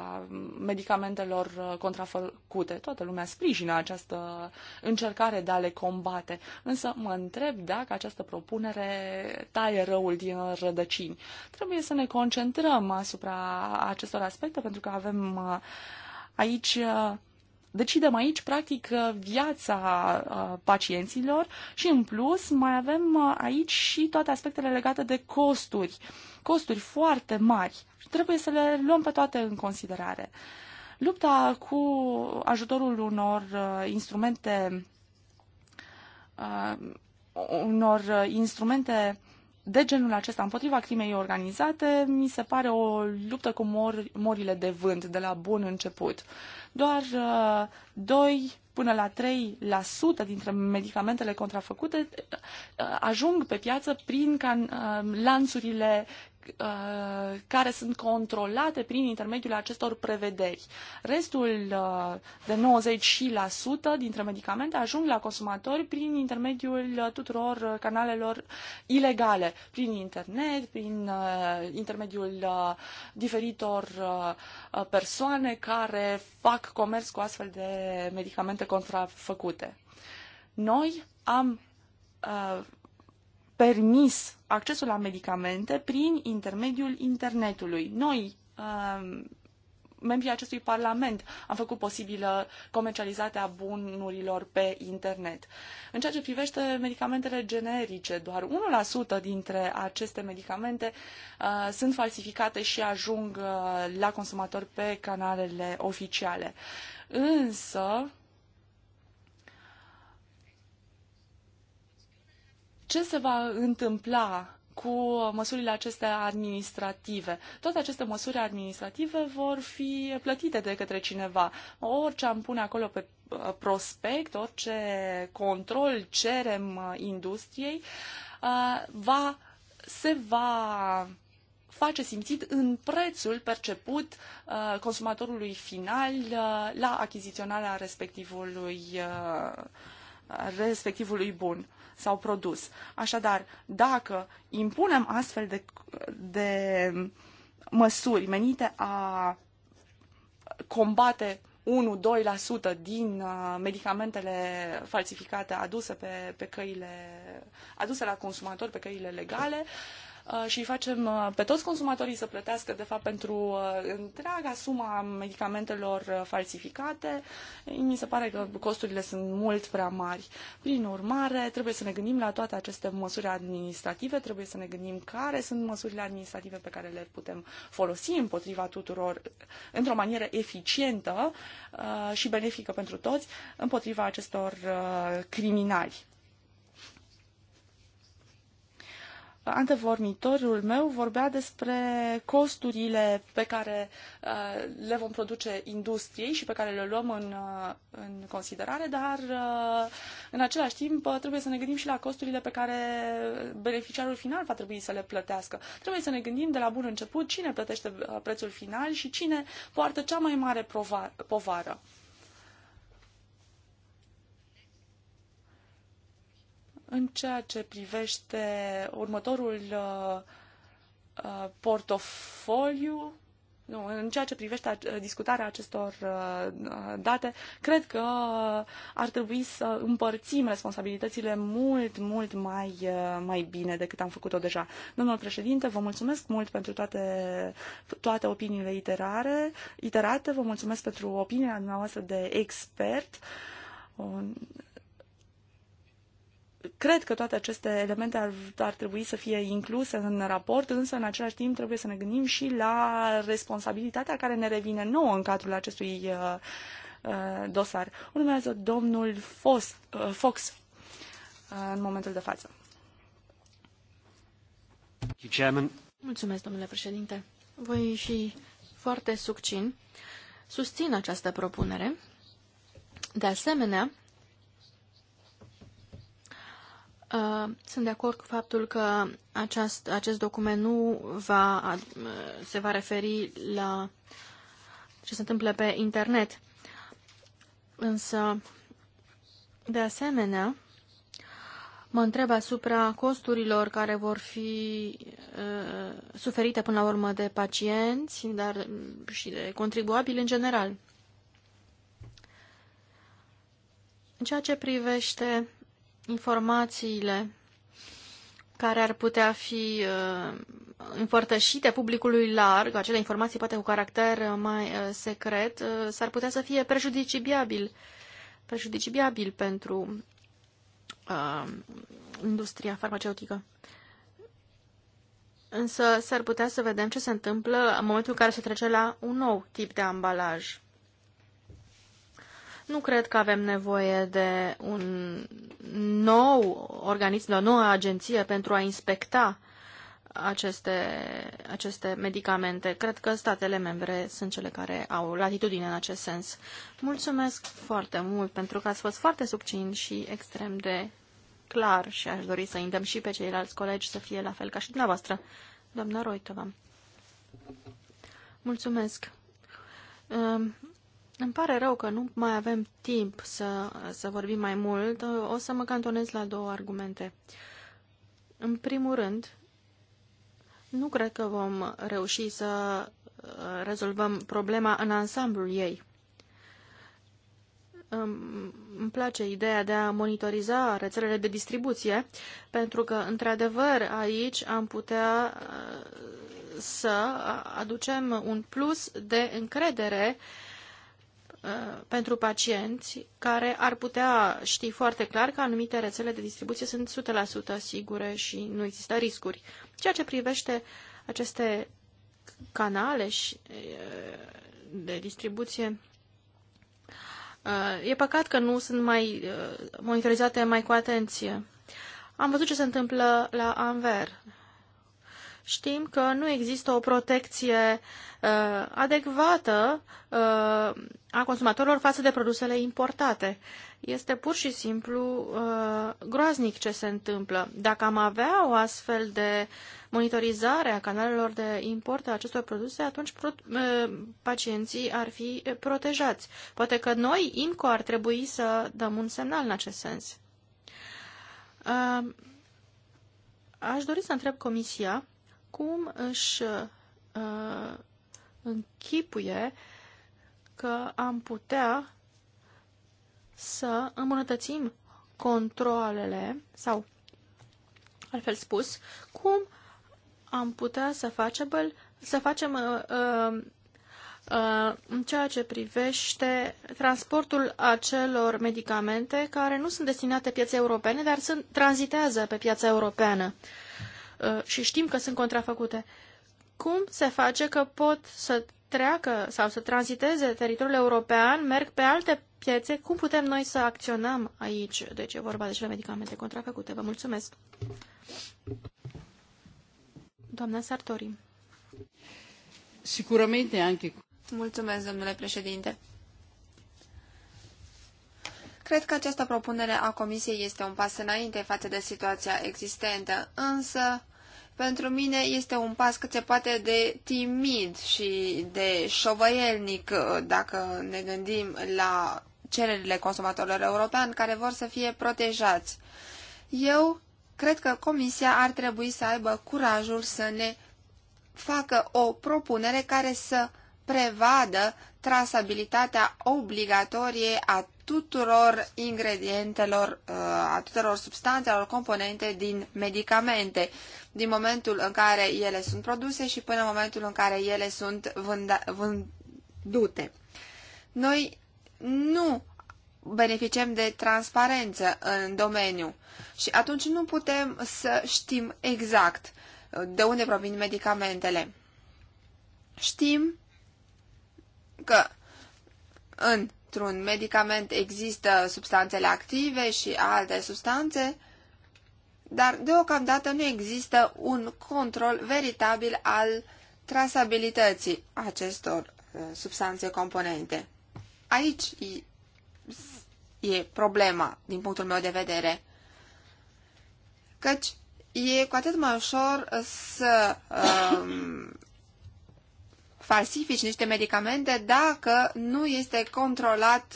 medicamentelor contrafăcute. Toată lumea sprijină această încercare de a le combate, însă mă întreb dacă această propunere taie răul din rădăcini. Trebuie să ne concentrăm asupra acestor aspecte pentru că avem uh, aici uh, decidem aici, practic, uh, viața uh, pacienților și, în plus, mai avem uh, aici și toate aspectele legate de costuri, costuri foarte mari și trebuie să le luăm pe toate în considerare. Lupta cu ajutorul unor instrumente unor instrumente de genul acesta împotriva crimei organizate mi se pare o luptă cu mor, morile de vânt de la bun început. Doar uh, 2 până la 3% dintre medicamentele contrafăcute uh, ajung pe piață prin can, uh, lanțurile Uh, care sunt controlate prin intermediul acestor prevederi. Restul uh, de 90% dintre medicamente ajung la consumatori prin intermediul uh, tuturor canalelor ilegale, prin internet, prin intermediul diferitor persoane care fac comerț cu astfel de medicamente contrafăcute. Noi am permis accesul la medicamente prin intermediul internetului. Noi, um, membrii acestui parlament, am făcut posibilă comercializarea bunurilor pe internet. În ceea ce privește medicamentele generice, doar 1% dintre aceste medicamente uh, sunt falsificate și ajung uh, la consumatori pe canalele oficiale. Însă, Ce se va întâmpla cu măsurile acestea administrative. Toate aceste măsuri administrative vor fi plătite de către cineva. Orice am pune acolo pe uh, prospect, orice control cerem uh, industriei, uh, va, se va face simțit în prețul perceput consumatorului final la achiziționarea respectivului, respectivului bun s-au produs. Așadar, dacă impunem astfel de, de măsuri menite a combate 1-2% din uh, medicamentele falsificate aduse pe, pe căile, aduse la consumatori pe căile legale, uh, Uh, și îi facem uh, pe toți consumatorii să plătească, de fapt, pentru uh, întreaga suma medicamentelor falsificate, mi se pare că costurile sunt mult prea mari. Prin urmare, trebuie să ne gândim la toate aceste măsuri administrative, trebuie să ne gândim care sunt măsurile administrative pe care le putem folosi împotriva tuturor într-o manieră eficientă și benefică pentru toți împotriva acestor criminali. antevormitorul meu vorbea despre costurile pe care uh, le vom produce industriei și pe care le luăm în, uh, în considerare, dar uh, în același timp trebuie să ne gândim și la costurile pe care beneficiarul final va trebui să le plătească. Trebuie să ne gândim de la bun început cine plătește prețul final și cine poartă cea mai mare povară. În ceea ce privește următorul uh, uh, portofoliu, nu, în ceea ce privește uh, discutarea acestor date, cred că ar trebui să împărțim responsabilitățile mult, mult mai, mai bine decât am făcut-o deja. Domnul președinte, vă mulțumesc mult pentru toate, toate opiniile iterare, iterate, vă mulțumesc pentru opinia dumneavoastră de expert Cred că toate aceste elemente ar, ar trebui să fie incluse în raport, însă în același timp trebuie să ne gândim și la responsabilitatea care ne revine nouă în cadrul acestui uh, uh, dosar. Urmează domnul Fos, uh, Fox uh, în momentul de față. Mulțumesc, domnule președinte. Voi și foarte succin susțin această propunere. De asemenea, Uh, sunt de acord cu faptul că aceast, acest document nu va, uh, se va referi la ce se întâmplă pe internet. Însă, de asemenea, mă întreb asupra costurilor care vor fi uh, suferite până la urmă de pacienți, dar și de contribuabili în general. În ceea ce privește informațiile care ar putea fi uh, publicului larg, acele informații poate cu caracter uh, mai uh, secret, uh, s-ar putea să fie prejudiciabil, prejudiciabil pentru uh, industria farmaceutică. Însă s-ar putea să vedem ce se întâmplă în momentul în care se trece la un nou tip de ambalaj. Nu cred că avem nevoie de un nou organism, de o nouă agenție pentru a inspecta aceste, aceste medicamente. Cred că statele membre sunt cele care au latitudine în acest sens. Mulțumesc foarte mult pentru că ați fost foarte succint și extrem de clar și aș dori să îndemn și pe ceilalți colegi să fie la fel ca și dumneavoastră. Doamna Roitova. Mulțumesc. Îmi pare rău că nu mai avem timp să, să vorbim mai mult. O să mă cantonez la două argumente. În primul rând, nu cred că vom reuși să uh, rezolvăm problema în ansamblul ei. Îmi place ideea de a monitoriza rețelele de distribuție, pentru că, într-adevăr, aici am putea uh, să aducem un plus de încredere uh, Uh, pentru pacienți care ar putea ști foarte clar că anumite rețele de distribuție sunt 100% sigure și nu există riscuri. Ceea ce privește aceste canale și, uh, de distribuție, uh, e păcat că nu sunt mai monitorizate mai cu atenție. Am văzut ce se întâmplă la Anver știm că nu există o protecție uh, adecvată uh, a consumatorilor față de produsele importate. Este pur și simplu uh, groaznic ce se întâmplă. Dacă am avea o astfel de monitorizare a canalelor de import a acestor produse, atunci pro- uh, pacienții ar fi protejați. Poate că noi, IMCO, ar trebui să dăm un semnal în acest sens. Uh, aș dori să întreb Comisia cum își uh, închipuie că am putea să îmbunătățim controlele sau, altfel spus, cum am putea să facem, să facem uh, uh, uh în ceea ce privește transportul acelor medicamente care nu sunt destinate pieței europene, dar sunt, tranzitează pe piața europeană. Uh, Uh, și știm că sunt contrafăcute. Cum se face că pot să treacă sau să tranziteze teritoriul european, merg pe alte piețe, cum putem noi să acționăm aici? Deci e vorba de cele medicamente contrafăcute. Vă mulțumesc. Doamna Sartori. Sicuramente anche... Mulțumesc, domnule președinte. Cred că această propunere a Comisiei este un pas înainte față de situația existentă, însă pentru mine este un pas cât se poate de timid și de șovăielnic uh, dacă ne gândim la cererile consumatorilor europeni care vor să fie protejați. Eu cred că Comisia ar trebui să aibă curajul să ne facă o propunere care să prevadă trasabilitatea obligatorie a tuturor ingredientelor, uh, a tuturor substanțelor, componente din medicamente din momentul în care ele sunt produse și până în momentul în care ele sunt vândute. Noi nu beneficiem de transparență în domeniu și atunci nu putem să știm exact uh, de unde provin medicamentele. Știm că într-un medicament există substanțele active și alte substanțe dar deocamdată nu există un control veritabil al trasabilității acestor uh, substanțe componente. Aici e problema, din punctul meu de vedere. Căci e cu atât mai ușor să um, falsifici niște medicamente dacă nu este controlat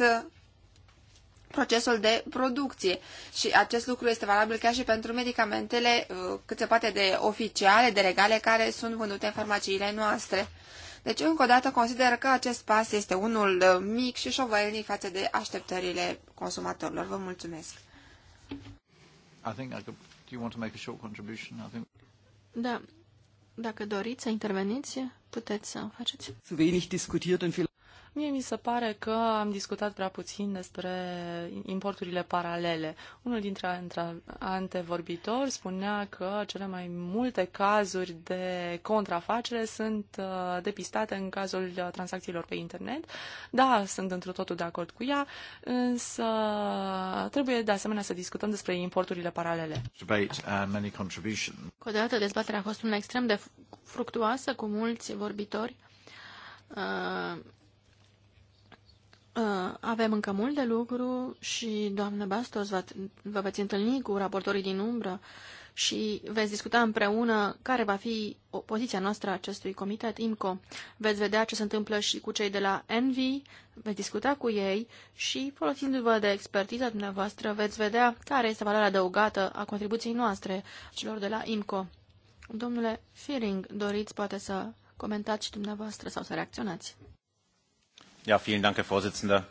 procesul de producție și acest lucru este valabil chiar și pentru medicamentele uh, cât se poate de oficiale, de legale, care sunt vândute în farmaciile noastre. Deci, încă o dată, consider că acest pas este unul uh, mic și șovăielnic față de așteptările consumatorilor. Vă mulțumesc! Da. Dacă doriți să interveniți, puteți să o faceți. Zu wenig diskutiert în viel Mie mi se pare că am discutat prea puțin despre importurile paralele. Unul dintre antevorbitori spunea că cele mai multe cazuri de contrafacere sunt uh, depistate în cazul uh, tranzacțiilor pe internet. Da, sunt într totul de acord cu ea, însă trebuie de asemenea să discutăm despre importurile paralele. Uh, cu odată, dezbaterea a fost una extrem de fructuoasă cu mulți vorbitori Uh, avem încă mult de lucru și, doamnă Bastos, vă veți întâlni cu raportorii din umbră și veți discuta împreună care va fi poziția noastră a acestui comitet IMCO. Veți vedea ce se întâmplă și cu cei de la Envy, veți discuta cu ei și, folosindu-vă de expertiza dumneavoastră, veți vedea care este valoarea adăugată a contribuției noastre celor de la IMCO. Domnule Firing, doriți poate să comentați și dumneavoastră sau să reacționați. Ja, vielen Dank, Herr Vorsitzender.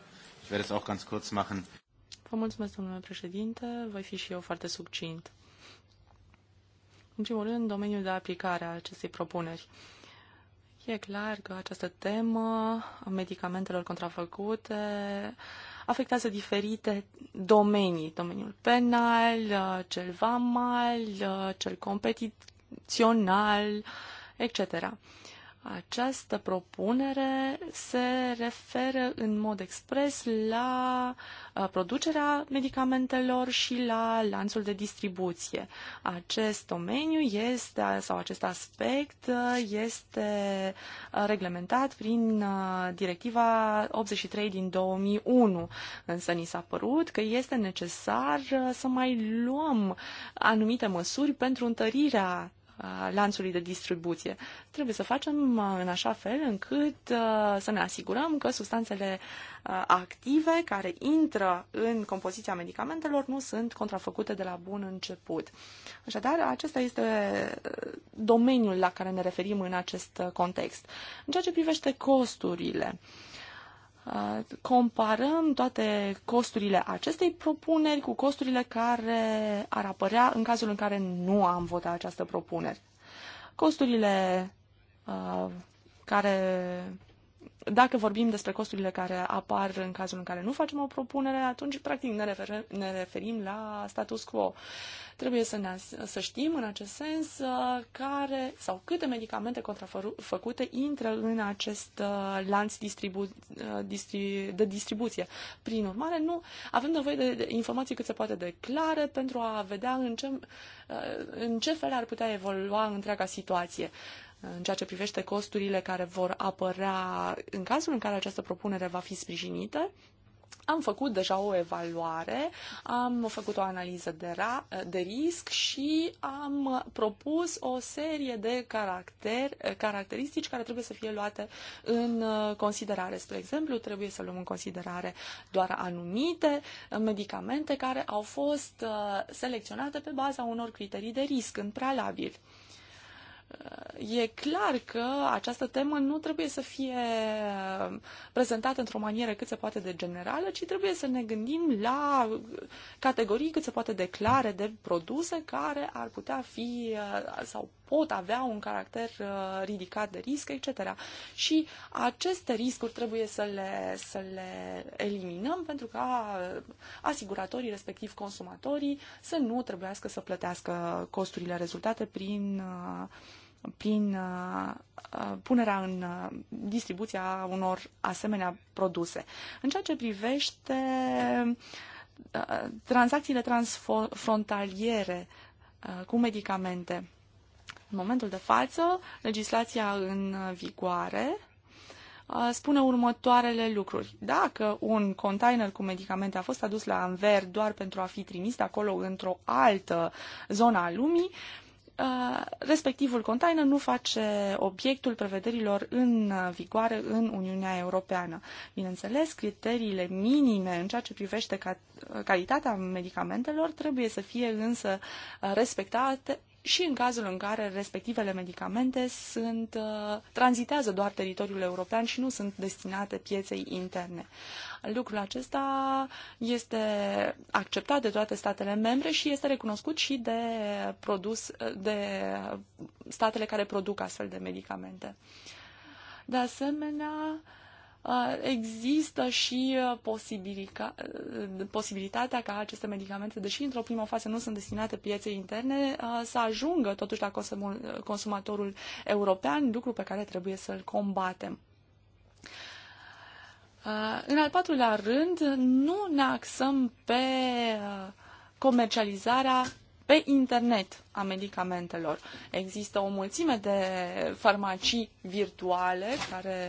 Ich werde es auch ganz kurz machen. Vă mulțumesc, domnule președinte. Voi fi și eu foarte succint. În primul rând, domeniul de aplicare a acestei propuneri. E clar că această temă a medicamentelor contrafăcute afectează diferite domenii. Domeniul penal, cel vamal, cel competițional, etc. Această propunere se referă în mod expres la producerea medicamentelor și la lanțul de distribuție. Acest domeniu este, sau acest aspect este reglementat prin directiva 83 din 2001, însă ni s-a părut că este necesar să mai luăm anumite măsuri pentru întărirea lanțului de distribuție. Trebuie să facem uh, în așa fel încât uh, să ne asigurăm că substanțele uh, active care intră în compoziția medicamentelor nu sunt contrafăcute de la bun început. Așadar, acesta este domeniul la care ne referim în acest context. În ceea ce privește costurile, uh, Uh, comparăm toate costurile acestei propuneri cu costurile care ar apărea în cazul în care nu am votat această propunere. Costurile uh, care dacă vorbim despre costurile care apar în cazul în care nu facem o propunere, atunci, practic, ne, refer, ne referim la status quo. Trebuie să, ne, să știm, în acest sens, uh, care sau câte medicamente contrafăcute intră în acest uh, lanț distribu, uh, distri, de distribuție. Prin urmare, nu avem nevoie de informații cât se poate de clare pentru a vedea în ce, în ce fel ar putea evolua întreaga situație în ceea ce privește costurile care vor apărea în cazul în care această propunere va fi sprijinită, am făcut deja o evaluare, am făcut o analiză de, ra- de risc și am propus o serie de caracter- caracteristici care trebuie să fie luate în considerare. Spre exemplu, trebuie să luăm în considerare doar anumite medicamente care au fost uh, selecționate pe baza unor criterii de risc în prealabil e clar că această temă nu trebuie să fie prezentată într-o manieră cât se poate de generală, ci trebuie să ne gândim la categorii cât se poate de clare de produse care ar putea fi sau pot avea un caracter uh, ridicat de risc, etc. Și aceste riscuri trebuie să le, să le eliminăm pentru ca asiguratorii, respectiv consumatorii, să nu trebuiască să plătească costurile rezultate prin uh, prin uh, uh, punerea în uh, distribuția unor asemenea produse. În ceea ce privește tranzacțiile transfrontaliere cu medicamente, în momentul de față, legislația în vigoare spune următoarele lucruri. Dacă un container cu medicamente a fost adus la Anver doar pentru a fi trimis acolo într-o altă zonă a lumii, respectivul container nu face obiectul prevederilor în vigoare în Uniunea Europeană. Bineînțeles, criteriile minime în ceea ce privește calitatea medicamentelor trebuie să fie însă respectate și în cazul în care respectivele medicamente sunt, uh, tranzitează doar teritoriul european și nu sunt destinate pieței interne. Lucrul acesta este acceptat de toate statele membre și este recunoscut și de, produs, de statele care produc astfel de medicamente. De asemenea, uh, Uh, există și uh, uh, posibilitatea ca aceste medicamente, deși într-o primă fază nu sunt destinate pieței interne, să ajungă totuși la consumatorul european, lucru pe care trebuie să-l combatem. În al patrulea rând, nu ne axăm pe comercializarea pe internet a medicamentelor. Există o mulțime de farmacii virtuale care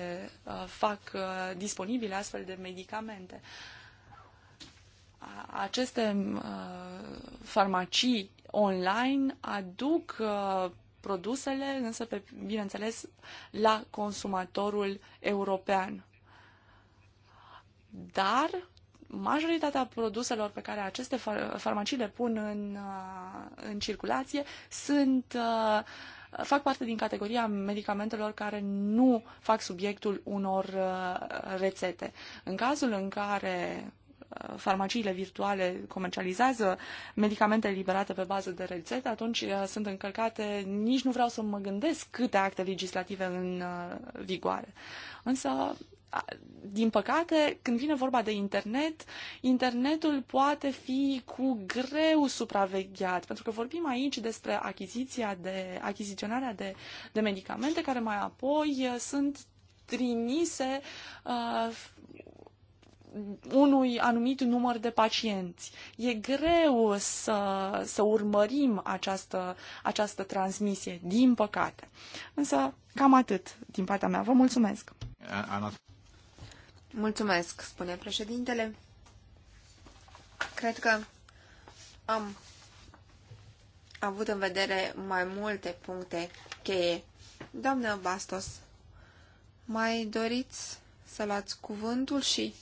uh, fac uh, disponibile astfel de medicamente. Aceste uh, farmacii online aduc produsele, însă, pe, bineînțeles, la consumatorul european. Dar majoritatea produselor pe care aceste far- farmacii le pun în, uh, în circulație sunt uh, fac parte din categoria medicamentelor care nu fac subiectul unor uh, rețete. În cazul în care farmaciile virtuale comercializează medicamente liberate pe bază de rețete, atunci sunt încălcate, nici nu vreau să mă gândesc câte acte legislative în vigoare. Însă din păcate, când vine vorba de internet, internetul poate fi cu greu supravegheat, pentru că vorbim aici despre achiziția de, achiziționarea de, de medicamente care mai apoi uh, sunt trimise uh, unui anumit număr de pacienți. E greu să, să urmărim această, această transmisie, din păcate. Însă, cam atât din partea mea. Vă mulțumesc! Mulțumesc, spune președintele. Cred că am avut în vedere mai multe puncte cheie. Doamnă Bastos, mai doriți să luați cuvântul și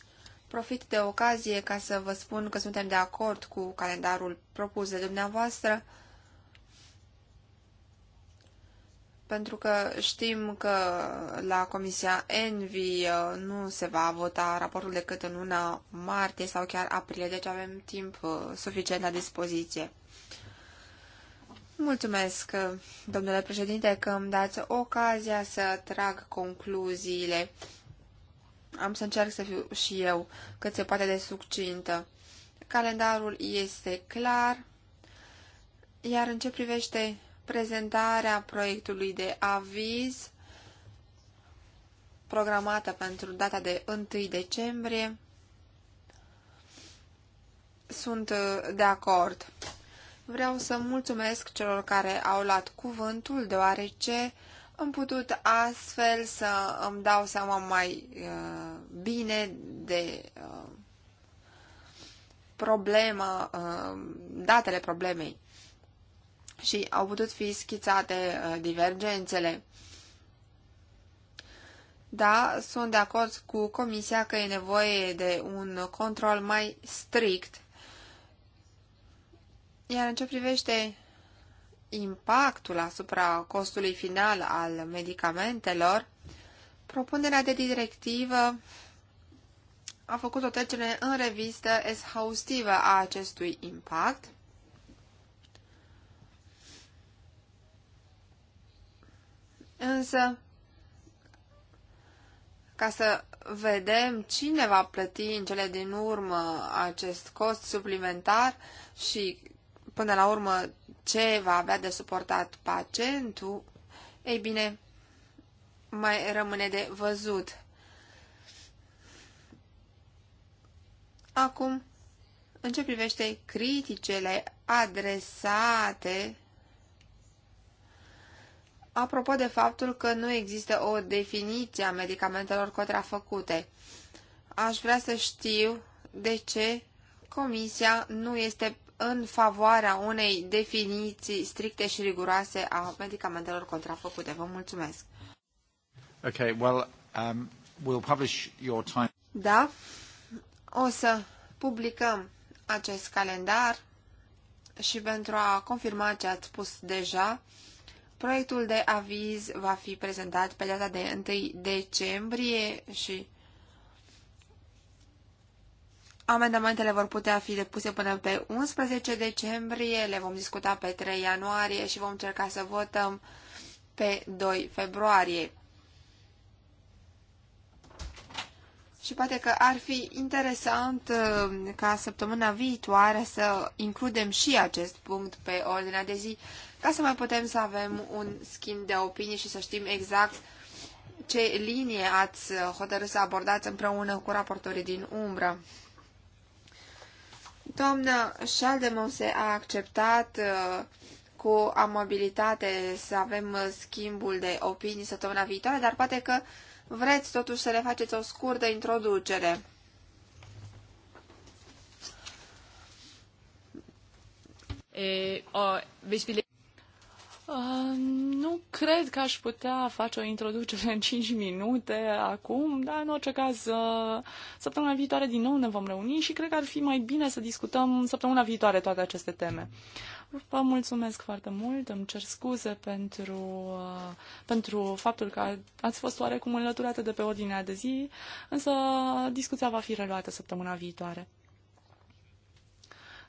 profit de ocazie ca să vă spun că suntem de acord cu calendarul propus de dumneavoastră pentru că știm că la Comisia Envi uh, nu se va vota raportul decât în luna martie sau chiar aprilie, deci avem timp uh, suficient la dispoziție. Mulțumesc, uh, domnule președinte, că îmi dați ocazia să trag concluziile. Am să încerc să fiu și eu cât se poate de succintă. Calendarul este clar, iar în ce privește prezentarea proiectului de aviz programată pentru data de 1 decembrie. Sunt uh, de acord. Vreau să mulțumesc celor care au luat cuvântul, deoarece am putut astfel să îmi dau seama mai uh, bine de uh, problemă, uh, datele problemei și au putut fi schițate uh, divergențele. Da, sunt de acord cu Comisia că e nevoie de un control mai strict. Iar în ce privește impactul asupra costului final al medicamentelor, propunerea de directivă a făcut o trecere în revistă exhaustivă a acestui impact Însă, ca să vedem cine va plăti în cele din urmă acest cost suplimentar și până la urmă ce va avea de suportat pacientul, ei bine, mai rămâne de văzut. Acum, în ce privește criticele adresate Apropo de faptul că nu există o definiție a medicamentelor contrafăcute, aș vrea să știu de ce Comisia nu este în favoarea unei definiții stricte și riguroase a medicamentelor contrafăcute. Vă mulțumesc. Okay, well, um, we'll publish your time. Da, o să publicăm acest calendar și pentru a confirma ce ați spus deja, Proiectul de aviz va fi prezentat pe data de 1 decembrie și amendamentele vor putea fi depuse până pe 11 decembrie, le vom discuta pe 3 ianuarie și vom încerca să votăm pe 2 februarie. Și poate că ar fi interesant uh, ca săptămâna viitoare să includem și acest punct pe ordinea de zi, ca să mai putem să avem un schimb de opinie și să știm exact ce linie ați hotărât să abordați împreună cu raportorii din umbră. Doamna se a acceptat uh, cu amabilitate să avem uh, schimbul de opinii săptămâna viitoare, dar poate că vreți totuși să le faceți o scurtă introducere. E, eh, o, Uh, nu cred că aș putea face o introducere în 5 minute acum, dar în orice caz uh, săptămâna viitoare din nou ne vom reuni și cred că ar fi mai bine să discutăm săptămâna viitoare toate aceste teme. Vă mulțumesc foarte mult, îmi cer scuze pentru, uh, pentru faptul că ați fost oarecum înlăturate de pe ordinea de zi, însă discuția va fi reluată săptămâna viitoare.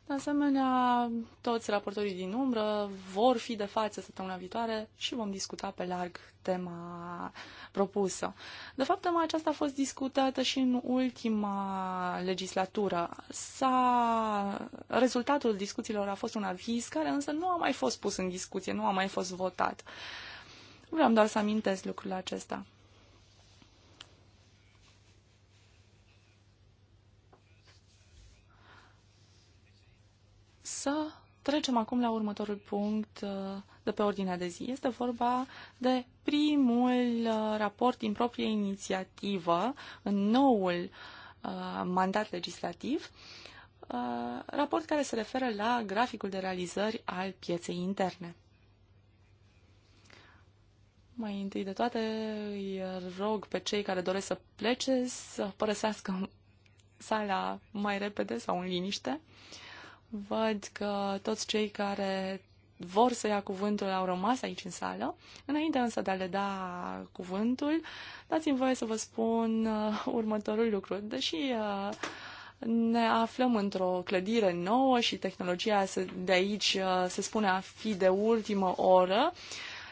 De asemenea, toți raportorii din umbră vor fi de față săptămâna viitoare și vom discuta pe larg tema propusă. De fapt, tema aceasta a fost discutată și în ultima legislatură. S-a... Rezultatul discuțiilor a fost un aviz care însă nu a mai fost pus în discuție, nu a mai fost votat. Vreau doar să amintesc lucrul acesta. să trecem acum la următorul punct uh, de pe ordinea de zi. Este vorba de primul uh, raport din proprie inițiativă în noul uh, mandat legislativ, raport care se referă la graficul de realizări al pieței interne. Mai întâi de toate îi rog pe cei care doresc să plece să părăsească sala mai repede sau în liniște. Uh, Văd că toți cei care vor să ia cuvântul au rămas aici în sală. Înainte însă de a le da cuvântul, dați-mi voie să vă spun uh, următorul lucru. Deși uh, ne aflăm într-o clădire nouă și tehnologia de aici uh, se spune a fi de ultimă oră,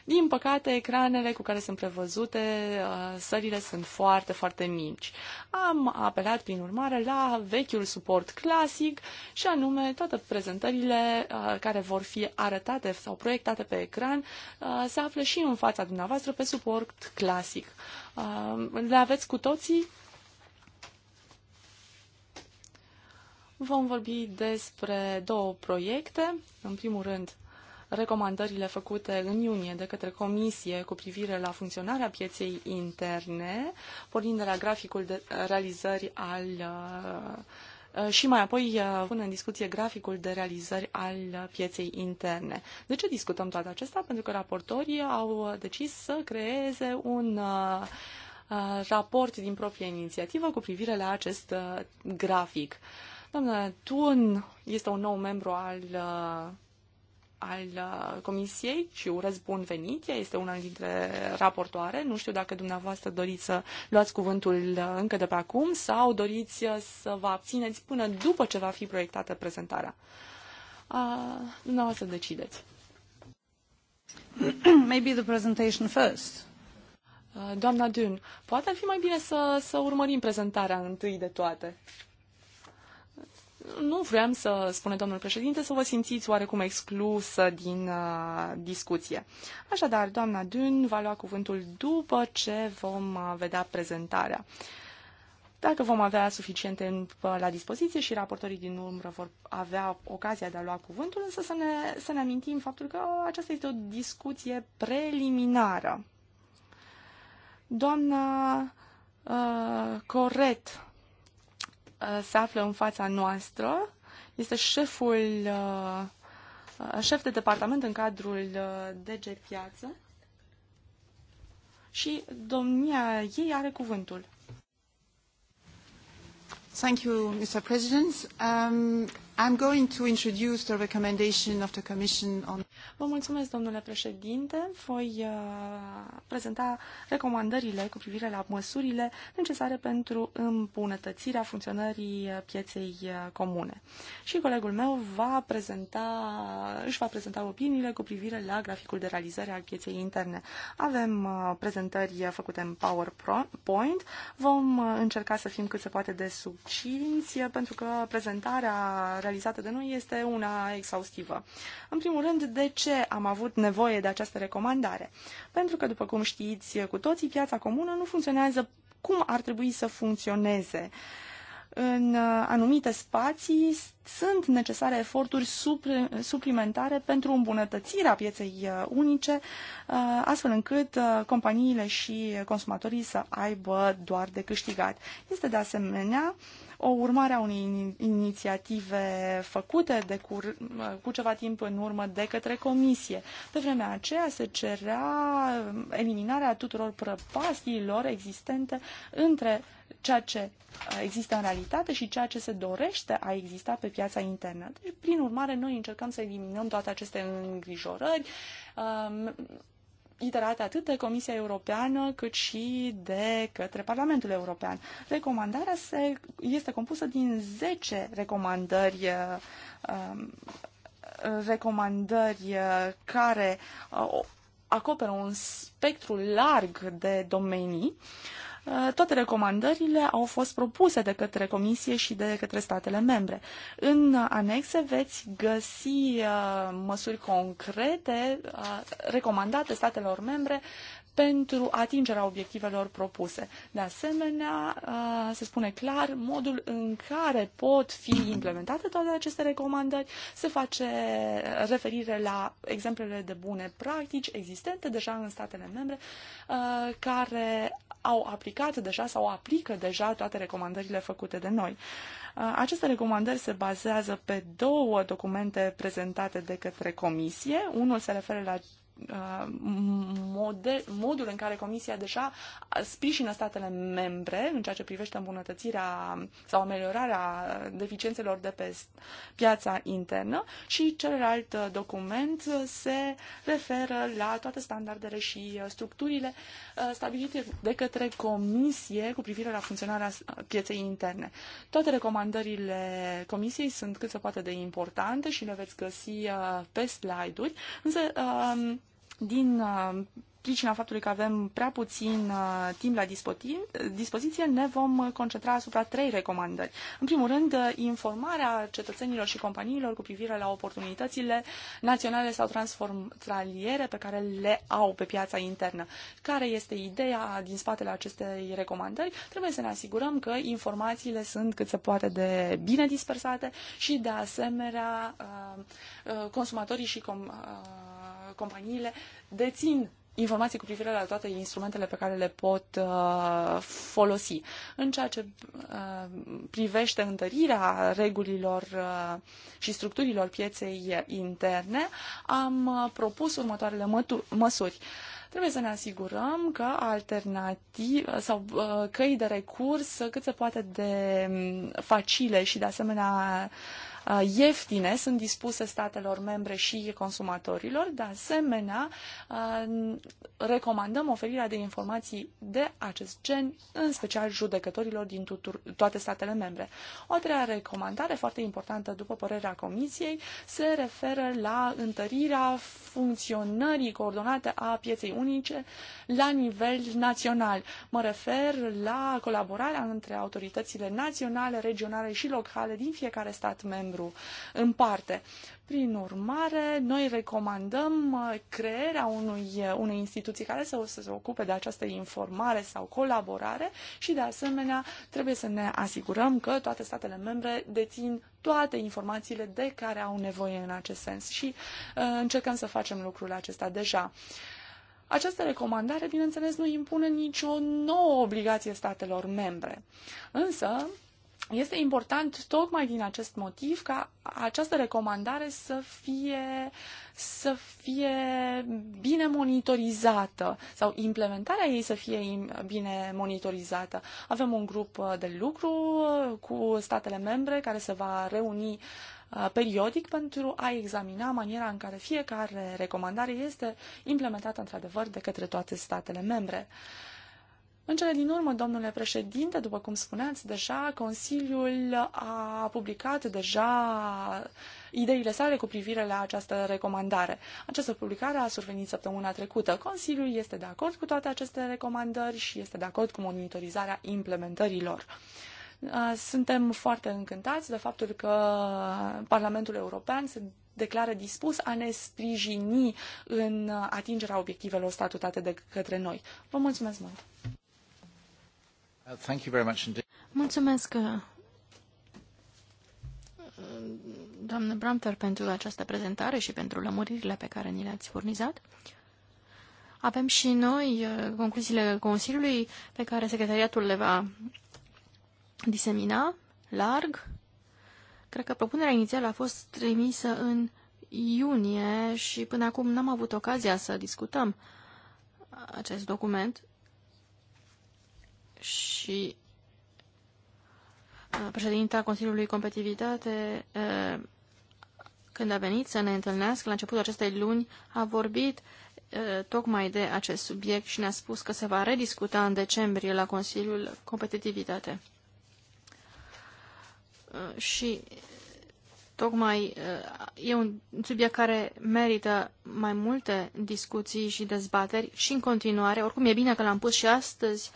din păcate, ecranele cu care sunt prevăzute uh, sările sunt foarte, foarte mici. Am apelat, prin urmare, la vechiul suport clasic și anume toate prezentările uh, care vor fi arătate sau proiectate pe ecran uh, se află și în fața dumneavoastră pe suport clasic. Le aveți cu toții? Vom vorbi despre două proiecte. În primul rând, recomandările făcute în iunie de către Comisie cu privire la funcționarea pieței interne, pornind de la graficul de realizări al uh, și mai apoi uh, pune în discuție graficul de realizări al pieței interne. De ce discutăm toate acestea? Pentru că raportorii au decis să creeze un uh, raport din proprie inițiativă cu privire la acest grafic. Doamna Tun este un nou membru al al uh, Comisiei și urez bun venit. Ea este una dintre raportoare. Nu știu dacă dumneavoastră doriți să luați cuvântul uh, încă de pe acum sau doriți uh, să vă abțineți până după ce va fi proiectată prezentarea. A, dumneavoastră decideți. Maybe the presentation first. Doamna Dun, poate ar fi mai bine să, să urmărim prezentarea întâi de toate. Nu vreau să, spune domnul președinte, să vă simțiți oarecum exclusă din uh, discuție. Așadar, doamna Dun va lua cuvântul după ce vom uh, vedea prezentarea. Dacă vom avea suficiente uh, la dispoziție și raportorii din urmă vor avea ocazia de a lua cuvântul, însă să ne, să ne amintim faptul că aceasta este o discuție preliminară. Doamna uh, Coret Uh, se află în fața noastră. Este șeful, uh, uh, șef de departament în cadrul DG Piață și domnia ei are cuvântul. Thank you, Mr. President. Um... I'm going to introduce the recommendation of the Commission on... Vă mulțumesc, domnule președinte. Voi uh, prezenta recomandările cu privire la măsurile necesare pentru îmbunătățirea funcționării pieței uh, comune. Și colegul meu va prezenta, își va prezenta opiniile cu privire la graficul de realizare al pieței interne. Avem uh, prezentări făcute în PowerPoint. Vom uh, încerca să fim cât se poate de subcinți uh, pentru că prezentarea realizată de noi este una exhaustivă. În primul rând, de ce am avut nevoie de această recomandare? Pentru că, după cum știți cu toții, piața comună nu funcționează cum ar trebui să funcționeze în uh, anumite spații sunt necesare eforturi suplimentare pentru îmbunătățirea pieței uh, unice, uh, astfel încât companiile și consumatorii să aibă doar de câștigat. Este de asemenea o urmare a unei inițiative făcute de cur- cu ceva timp în urmă de către comisie. Pe vremea aceea se cerea eliminarea tuturor prăpastiilor existente între ceea ce există în realitate și ceea ce se dorește a exista pe piața internă. Deci, prin urmare, noi încercăm să eliminăm toate aceste îngrijorări, um, iterate atât de Comisia Europeană cât și de către Parlamentul European. Recomandarea se, este compusă din 10 recomandări uh, um, recomandări uh, care uh, acoperă un spectru larg de domenii. Uh, Eh, toate recomandările au fost propuse de către Comisie și de către statele membre. În anexe veți găsi eh, măsuri concrete eh, recomandate statelor membre pentru atingerea obiectivelor propuse. De asemenea, se spune clar modul în care pot fi implementate toate aceste recomandări, se face referire la exemplele de bune practici existente deja în statele membre care au aplicat deja sau aplică deja toate recomandările făcute de noi. Aceste recomandări se bazează pe două documente prezentate de către Comisie. Unul se referă la Uh, model, modul în care Comisia deja sprijină statele membre în ceea ce privește îmbunătățirea sau ameliorarea deficiențelor de pe piața internă și celălalt uh, document se referă la toate standardele și structurile uh, stabilite de către Comisie cu privire la funcționarea pieței interne. Toate recomandările Comisiei sunt cât se poate de importante și le veți găsi pe slide-uri, însă um, din uh, pricina faptului că avem prea puțin uh, timp la dispoziție, ne vom concentra asupra trei recomandări. În primul rând, uh, informarea cetățenilor și companiilor cu privire la oportunitățile naționale sau transfrontaliere pe care le au pe piața internă. Care este ideea din spatele acestei recomandări? Trebuie să ne asigurăm că informațiile sunt cât se poate de bine dispersate și, de asemenea, consumatorii și com- companiile dețin informații cu privire la toate instrumentele pe care le pot uh, folosi. În ceea ce uh, privește întărirea regulilor uh, și structurilor pieței interne, am uh, propus următoarele măsuri. Trebuie să ne asigurăm că alternative uh, sau uh, căi de recurs cât se poate de um, facile și de asemenea uh, Uh, ieftine sunt dispuse statelor membre și consumatorilor. De asemenea, uh, recomandăm oferirea de informații de acest gen, în special judecătorilor din toate statele membre. O treia recomandare foarte importantă, după părerea Comisiei, se referă la întărirea funcționării coordonate a pieței unice la nivel național. Mă refer la colaborarea între autoritățile naționale, regionale și locale din fiecare stat membru membru în parte. Prin urmare, noi recomandăm uh, crearea unui, uh, unei instituții care să, să se ocupe de această informare sau colaborare și, de asemenea, trebuie să ne asigurăm că toate statele membre dețin toate informațiile de care au nevoie în acest sens și uh, încercăm să facem lucrul acesta deja. Această recomandare, bineînțeles, nu impune nicio nouă obligație statelor membre. Însă, este important tocmai din acest motiv ca această recomandare să fie, să fie bine monitorizată sau implementarea ei să fie bine monitorizată. Avem un grup uh, de lucru uh, cu statele membre care se va reuni uh, periodic pentru a examina maniera în care fiecare recomandare este implementată într-adevăr de către toate statele membre. Uh, în cele din urmă, domnule președinte, după cum spuneați deja, Consiliul a publicat deja ideile sale cu privire la această recomandare. Această publicare a survenit săptămâna trecută. Consiliul este de acord cu toate aceste recomandări și este de acord cu monitorizarea implementărilor. Uh, suntem foarte încântați de faptul că Parlamentul European se declară dispus a ne sprijini în atingerea obiectivelor statutate de către noi. Vă mulțumesc mult! Uh, thank you very much indeed. Mulțumesc, uh, doamnă Bramter, pentru această prezentare și pentru lămuririle pe care ni le-ați furnizat. Avem și noi uh, concluziile Consiliului pe care secretariatul le va disemina larg. Cred că propunerea inițială a fost trimisă în iunie și până acum n-am avut ocazia să discutăm acest document și uh, președinta Consiliului Competitivitate, uh, când a venit să ne întâlnească la începutul acestei luni, a vorbit uh, tocmai de acest subiect și ne-a spus că se va rediscuta în decembrie la Consiliul Competitivitate. Și tocmai e un subiect care merită mai multe discuții și dezbateri și în continuare. Oricum e bine că l-am pus și astăzi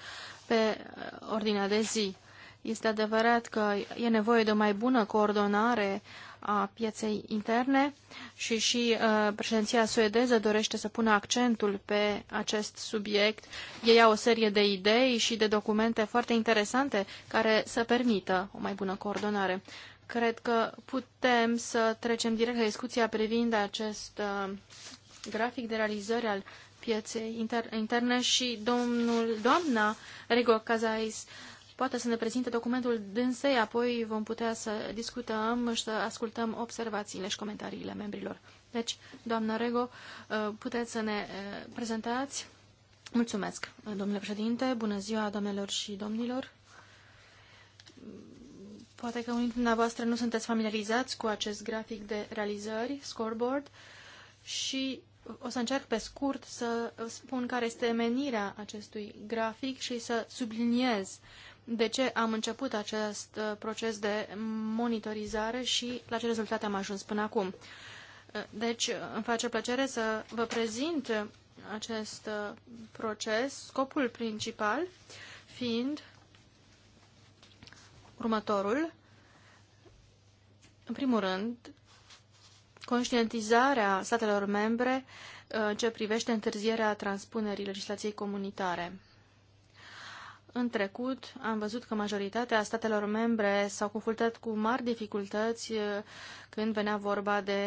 pe uh, ordinea de zi. Este adevărat că e nevoie de o mai bună coordonare a pieței interne și și uh, președinția suedeză dorește să pună accentul pe acest subiect. Ei au o serie de idei și de documente foarte interesante care să permită o mai bună coordonare. Cred că putem să trecem direct la discuția privind acest uh, grafic de realizări al pieței interne și domnul, doamna Rego Cazais poate să ne prezinte documentul dânsei, apoi vom putea să discutăm și să ascultăm observațiile și comentariile membrilor. Deci, doamna Rego, uh, puteți să ne uh, prezentați. Mulțumesc, domnule președinte, bună ziua, doamnelor și domnilor. Poate că unii dintre dumneavoastră nu sunteți familiarizați cu acest grafic de realizări, scoreboard, și o să încerc pe scurt să spun care este menirea acestui grafic și să subliniez de ce am început acest uh, proces de monitorizare și la ce rezultate am ajuns până acum. Uh, deci, uh, îmi face plăcere să vă prezint acest proces, scopul principal fiind următorul. În primul rând, conștientizarea statelor membre uh, în ce privește întârzierea transpunerii legislației comunitare. În trecut, am văzut că majoritatea statelor membre s-au confruntat cu mari dificultăți uh, când venea vorba de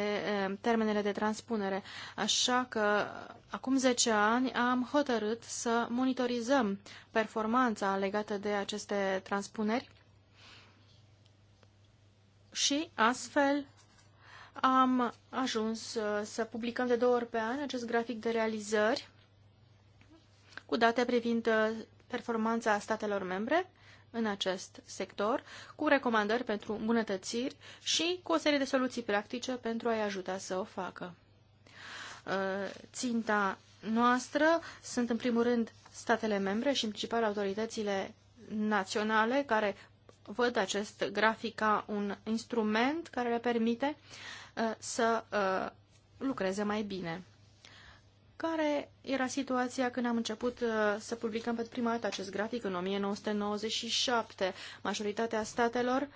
uh, termenele de transpunere, așa că acum 10 ani am hotărât să monitorizăm performanța legată de aceste transpuneri și astfel am ajuns uh, să publicăm de două ori pe an acest grafic de realizări cu date privind uh, performanța statelor membre în acest sector, cu recomandări pentru îmbunătățiri și cu o serie de soluții practice pentru a-i ajuta să o facă. Uh, ținta noastră sunt în primul rând statele membre și în principal autoritățile naționale care văd acest grafic ca un instrument care le permite Uh, să uh, lucreze mai bine. Care era situația când am început uh, să publicăm pentru prima dată acest grafic în 1997? Majoritatea statelor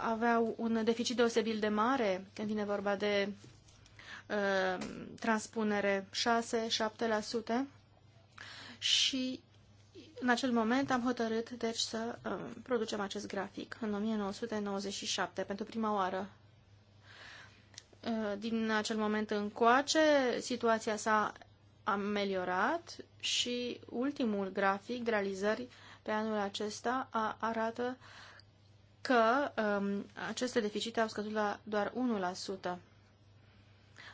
aveau un deficit deosebit de mare când vine vorba de transpunere 6-7% și în acel moment am hotărât deci să producem acest grafic în 1997 pentru prima oară Uh, din acel moment încoace, situația s-a ameliorat și ultimul grafic, de realizări pe anul acesta, a, arată că um, aceste deficite au scăzut la doar 1%.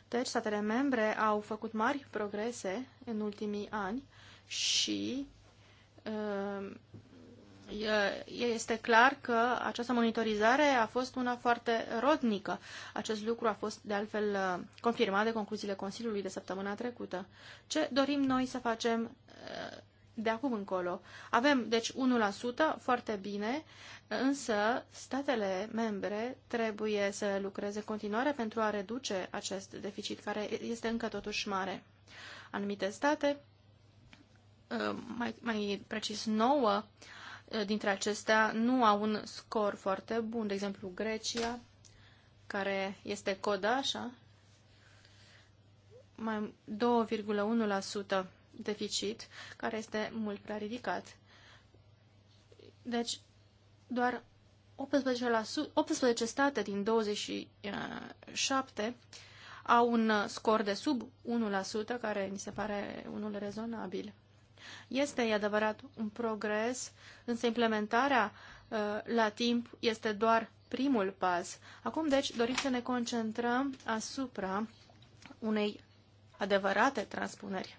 Deci, statele membre au făcut mari progrese în ultimii ani și um, este clar că această monitorizare a fost una foarte rodnică. Acest lucru a fost de altfel uh, confirmat de concluziile Consiliului de săptămâna trecută. Ce dorim noi să facem uh, de acum încolo? Avem, deci, 1%, foarte bine, însă statele membre trebuie să lucreze în continuare pentru a reduce acest deficit, care este încă totuși mare. Anumite state, uh, mai, mai precis nouă, Eh, dintre acestea nu au un scor foarte bun. De exemplu, Grecia, care este coda, așa, mai 2,1% deficit, care este mult prea ridicat. Deci, doar 18, 18 state din 27 au un scor de sub 1%, care mi se pare unul rezonabil. Este, e adevărat, un progres, însă implementarea uh, la timp este doar primul pas. Acum, deci, dorim să ne concentrăm asupra unei adevărate transpuneri.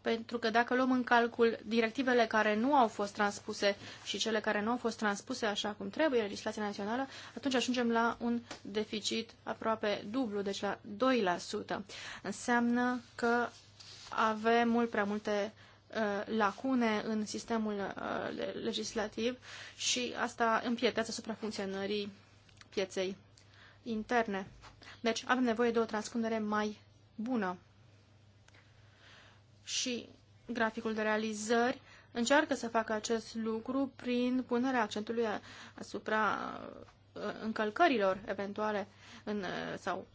Pentru că dacă luăm în calcul directivele care nu au fost transpuse și cele care nu au fost transpuse așa cum trebuie, legislația națională, atunci ajungem la un deficit aproape dublu, deci la 2%. Înseamnă că avem mult prea multe uh, lacune în sistemul uh, legislativ și asta împietează asupra funcționării pieței interne. Deci avem nevoie de o transpunere mai bună. Și graficul de realizări încearcă să facă acest lucru prin punerea accentului asupra uh, încălcărilor eventuale în, sau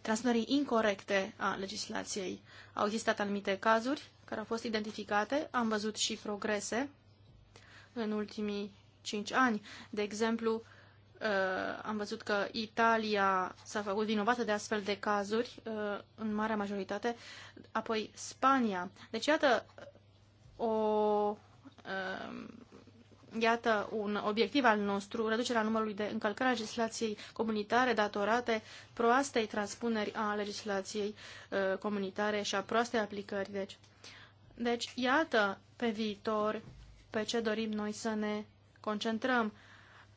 transpunerii incorrecte a legislației. Au existat anumite cazuri care au fost identificate, am văzut și progrese în ultimii cinci ani. De exemplu, uh, am văzut că Italia s-a făcut vinovată de astfel de cazuri, uh, în marea majoritate, apoi Spania. Deci, iată, o uh, Iată un obiectiv al nostru, reducerea numărului de încălcări a legislației comunitare datorate proastei transpuneri a legislației uh, comunitare și a proastei aplicări. Deci. deci, iată pe viitor pe ce dorim noi să ne concentrăm.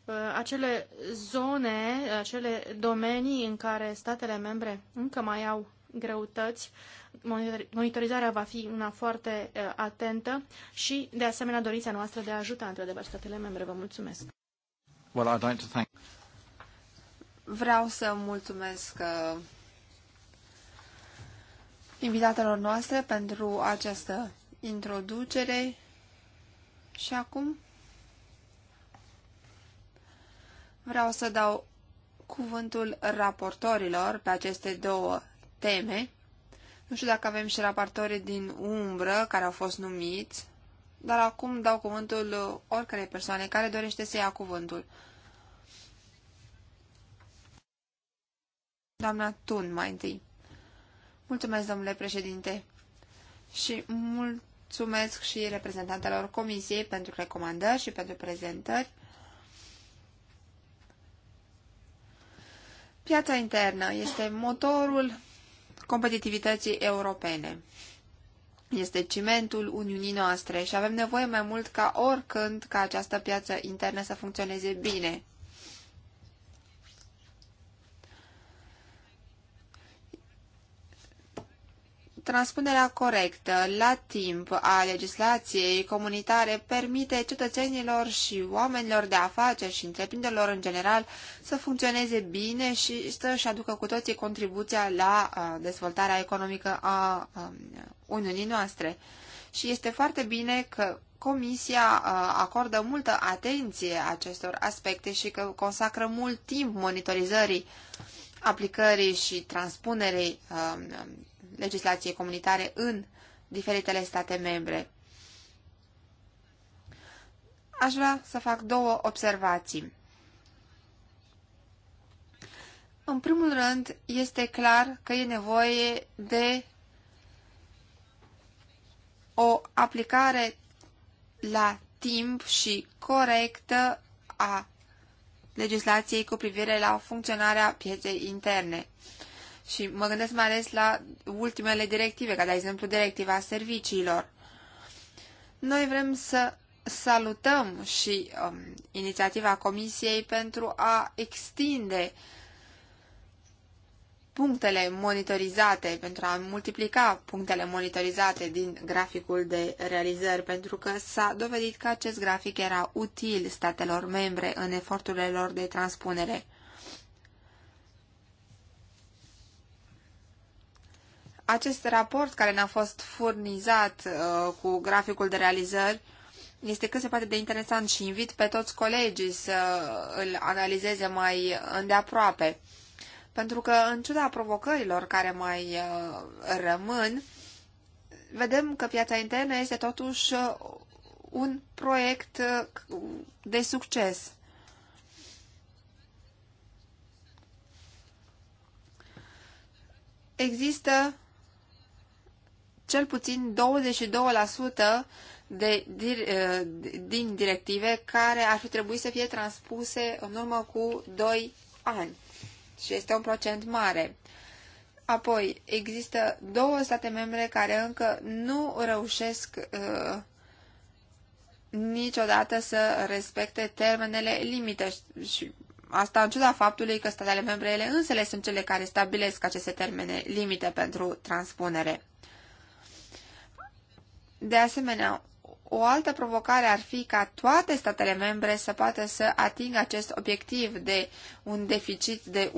Uh, acele zone, acele domenii în care statele membre încă mai au greutăți. Monitorizarea va fi una foarte atentă și, de asemenea, dorința noastră de a ajuta, într-adevăr, statele membre. Vă mulțumesc! Well, I'd like to thank... Vreau să mulțumesc uh, invitatelor noastre pentru această introducere și acum vreau să dau cuvântul raportorilor pe aceste două teme. Nu știu dacă avem și raportori din umbră care au fost numiți, dar acum dau cuvântul oricărei persoane care dorește să ia cuvântul. Doamna Tun, mai întâi. Mulțumesc, domnule președinte, și mulțumesc și reprezentantelor comisiei pentru recomandări și pentru prezentări. Piața internă este motorul competitivității europene. Este cimentul Uniunii noastre și avem nevoie mai mult ca oricând ca această piață internă să funcționeze bine. Transpunerea corectă la timp a legislației comunitare permite cetățenilor și oamenilor de afaceri și întreprinderilor în general să funcționeze bine și să-și aducă cu toții contribuția la uh, dezvoltarea economică a um, Uniunii noastre. Și este foarte bine că Comisia uh, acordă multă atenție acestor aspecte și că consacră mult timp monitorizării aplicării și transpunerei um, legislației comunitare în diferitele state membre. Aș vrea să fac două observații. În primul rând, este clar că e nevoie de o aplicare la timp și corectă a legislației cu privire la funcționarea pieței interne. Și mă gândesc mai ales la ultimele directive, ca de exemplu directiva serviciilor. Noi vrem să salutăm și um, inițiativa Comisiei pentru a extinde punctele monitorizate, pentru a multiplica punctele monitorizate din graficul de realizări, pentru că s-a dovedit că acest grafic era util statelor membre în eforturile lor de transpunere. Acest raport care ne-a fost furnizat uh, cu graficul de realizări este cât se poate de interesant și invit pe toți colegii să îl analizeze mai îndeaproape. Pentru că, în ciuda provocărilor care mai uh, rămân, vedem că piața internă este totuși uh, un proiect uh, de succes. Există cel puțin 22% de, eh, din directive care ar fi trebuit să fie transpuse în urmă cu 2 ani. Și este un procent mare. Apoi, există două state membre care încă nu reușesc uh, niciodată să respecte termenele limite. și asta în ciuda faptului că statele membre ele însele sunt cele care stabilesc aceste termene limite pentru transpunere. De asemenea, o altă provocare ar fi ca toate statele membre să poată să atingă acest obiectiv de un deficit de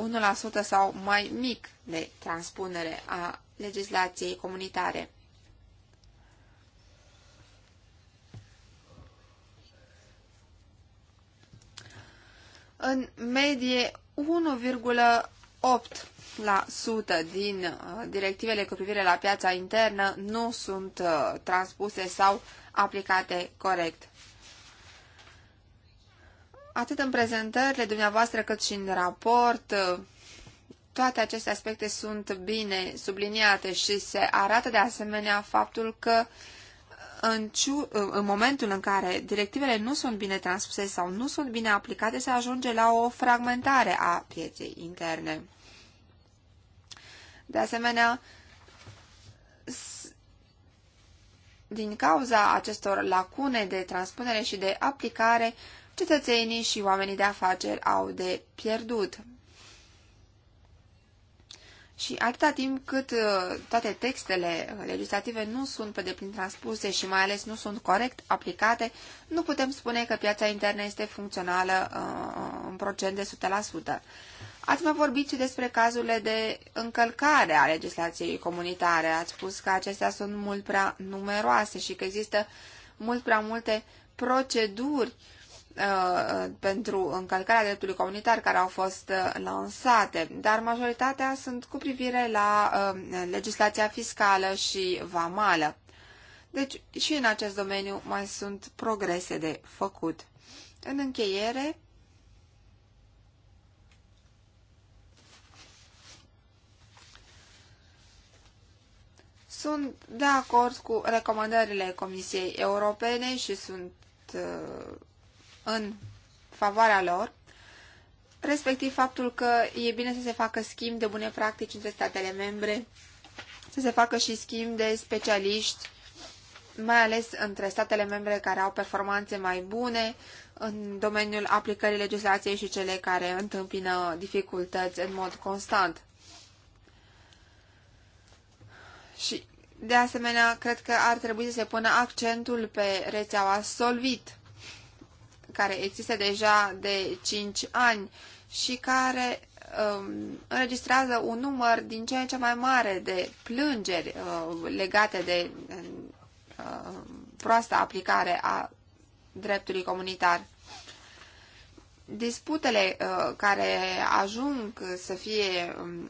1% sau mai mic de transpunere a legislației comunitare. În medie, 8% din uh, directivele cu privire la piața internă nu sunt uh, transpuse sau aplicate corect. Atât în prezentările dumneavoastră cât și în raport, uh, toate aceste aspecte sunt bine subliniate și se arată de asemenea faptul că uh, în, ciu, în momentul în care directivele nu sunt bine transpuse sau nu sunt bine aplicate, se ajunge la o fragmentare a pieței interne. De asemenea, din cauza acestor lacune de transpunere și de aplicare, cetățenii și oamenii de afaceri au de pierdut și atâta timp cât uh, toate textele uh, legislative nu sunt pe deplin transpuse și mai ales nu sunt corect aplicate, nu putem spune că piața internă este funcțională uh, în procent de 100%. Ați mai vorbit și despre cazurile de încălcare a legislației comunitare. Ați spus că acestea sunt mult prea numeroase și că există mult prea multe proceduri uh, Uh, uh, pentru încălcarea dreptului comunitar care au fost uh, lansate, dar majoritatea sunt cu privire la legislația fiscală și vamală. Deci și în acest domeniu mai sunt progrese de făcut. În încheiere, sunt de acord cu recomandările Comisiei Europene și sunt în favoarea lor, respectiv faptul că e bine să se facă schimb de bune practici între statele membre, să se facă și schimb de specialiști, mai ales între statele membre care au performanțe mai bune în domeniul aplicării legislației și cele care întâmpină dificultăți în mod constant. Și, de asemenea, cred că ar trebui să se pună accentul pe rețeaua Solvit, care există deja de 5 ani și care um, înregistrează un număr din ce în ce mai mare de plângeri uh, legate de uh, proasta aplicare a dreptului comunitar. Disputele uh, care ajung să fie um,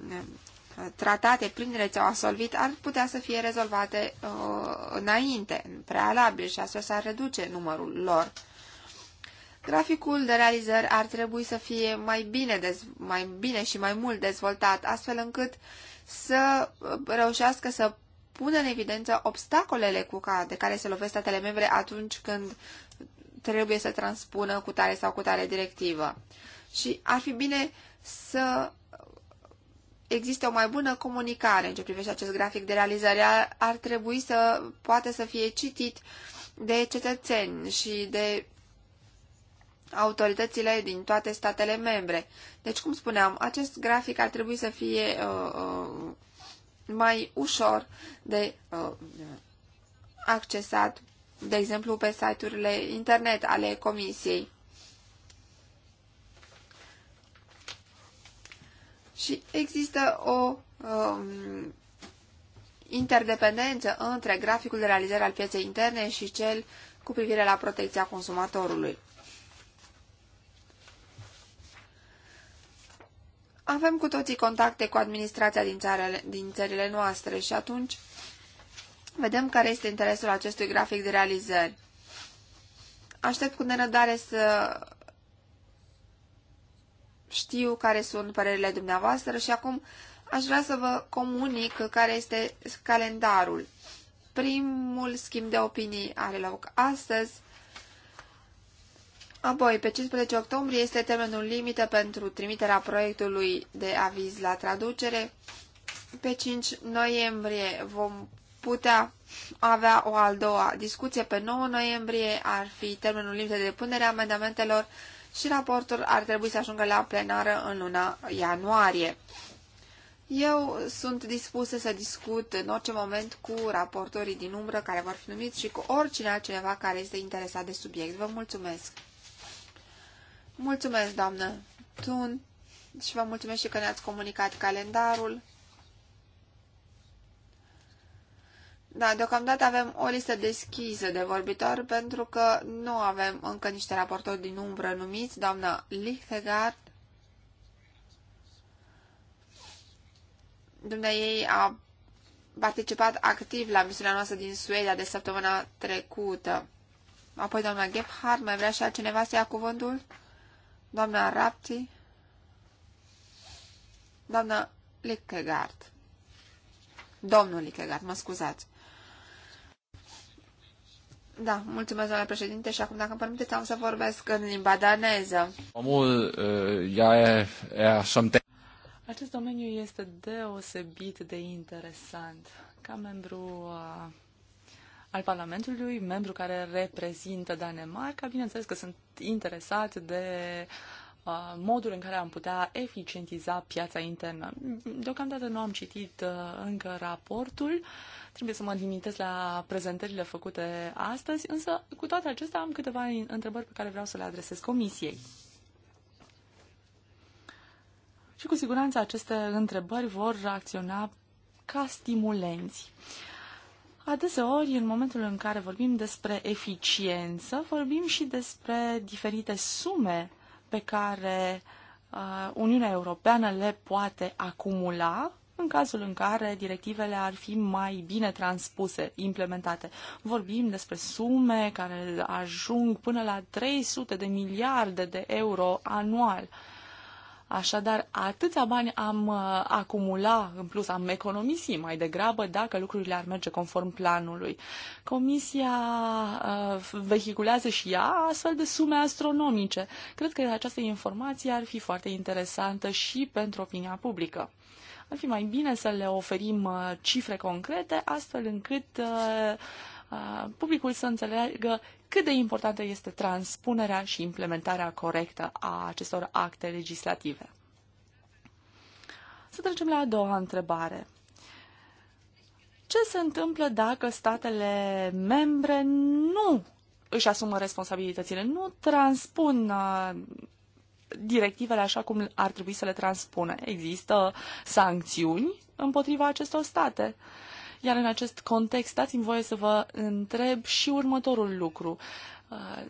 tratate prin rețeaua Solvit ar putea să fie rezolvate uh, înainte, în prealabil și astfel s-ar reduce numărul lor. Graficul de realizări ar trebui să fie mai bine, mai bine și mai mult dezvoltat, astfel încât să reușească să pună în evidență obstacolele cu ca, de care se lovesc statele membre atunci când trebuie să transpună cu tare sau cu tare directivă. Și ar fi bine să existe o mai bună comunicare în ce privește acest grafic de realizare. Ar, ar trebui să poate să fie citit de cetățeni și de autoritățile din toate statele membre. Deci, cum spuneam, acest grafic ar trebui să fie uh, uh, mai ușor de uh, accesat, de exemplu, pe site-urile internet ale Comisiei. Și există o um, interdependență între graficul de realizare al pieței interne și cel cu privire la protecția consumatorului. Avem cu toții contacte cu administrația din, țarele, din țările noastre și atunci vedem care este interesul acestui grafic de realizări. Aștept cu nerăbdare să știu care sunt părerile dumneavoastră și acum aș vrea să vă comunic care este calendarul. Primul schimb de opinii are loc astăzi, Apoi, pe 15 octombrie este termenul limită pentru trimiterea proiectului de aviz la traducere. Pe 5 noiembrie vom putea avea o al doua discuție. Pe 9 noiembrie ar fi termenul limită de depunere a amendamentelor și raportul ar trebui să ajungă la plenară în luna ianuarie. Eu sunt dispusă să discut în orice moment cu raportorii din umbră care vor fi numiți și cu oricine altcineva care este interesat de subiect. Vă mulțumesc! Mulțumesc, doamnă Tun, și vă mulțumesc și că ne-ați comunicat calendarul. Da, deocamdată avem o listă deschisă de vorbitori pentru că nu avem încă niște raportori din umbră numiți, doamna Lichtegard. Dumnea ei a participat activ la misiunea noastră din Suedia de săptămâna trecută. Apoi doamna Gebhardt, mai vrea și altcineva să ia cuvântul? doamna Rapti, doamna Lickegaard. Domnul Lickegaard, mă scuzați. Da, mulțumesc, domnule președinte, și acum, dacă îmi permiteți, am să vorbesc în limba daneză. Omul, uh, ea e, ea, Acest domeniu este deosebit de interesant. Ca membru a uh, al Parlamentului, membru care reprezintă Danemarca, bineînțeles că sunt interesat de uh, modul în care am putea eficientiza piața internă. Deocamdată nu am citit uh, încă raportul, trebuie să mă limitez la prezentările făcute astăzi, însă cu toate acestea am câteva întrebări pe care vreau să le adresez Comisiei. Și cu siguranță aceste întrebări vor reacționa ca stimulenți. Uh, Adeseori, în momentul în care vorbim despre eficiență, vorbim și despre diferite sume pe care uh, Uniunea Europeană le poate acumula în cazul în care directivele ar fi mai bine transpuse, implementate. Vorbim despre sume care ajung până la 300 de miliarde de euro anual. Uh, Așadar, atâția bani am uh, acumula, în plus am economisi mai degrabă dacă lucrurile ar merge conform planului. Comisia uh, vehiculează și ea astfel de sume astronomice. Cred că această informație ar fi foarte interesantă și pentru opinia publică. Ar fi mai bine să le oferim uh, cifre concrete, astfel încât publicul să înțeleagă cât de importantă este transpunerea și implementarea corectă a acestor acte legislative. Să trecem la a doua întrebare. Ce se întâmplă dacă statele membre nu își asumă responsabilitățile, nu transpun uh, directivele așa cum ar trebui să le transpună? Există sancțiuni împotriva acestor state? Uh, iar în acest context, dați-mi voie să vă întreb și următorul lucru. Uh,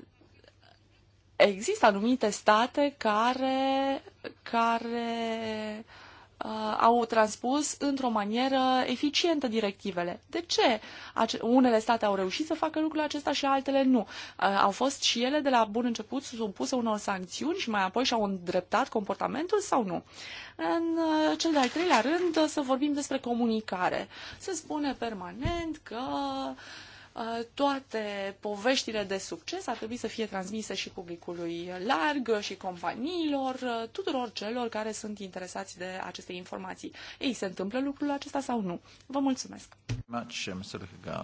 există anumite state care, care Uh, au transpus într-o manieră eficientă directivele. De ce unele state au reușit să facă lucrul acesta și altele nu? Uh, au fost și ele de la bun început supuse unor sancțiuni și mai apoi și-au îndreptat comportamentul sau nu? În uh, cel de-al treilea rând să vorbim despre comunicare. Se spune permanent că uh, Uh, toate poveștile de succes ar trebui să fie transmise și publicului larg, și companiilor, uh, tuturor celor care sunt interesați de aceste informații. Ei, se întâmplă lucrul acesta sau nu? Vă mulțumesc! Uh,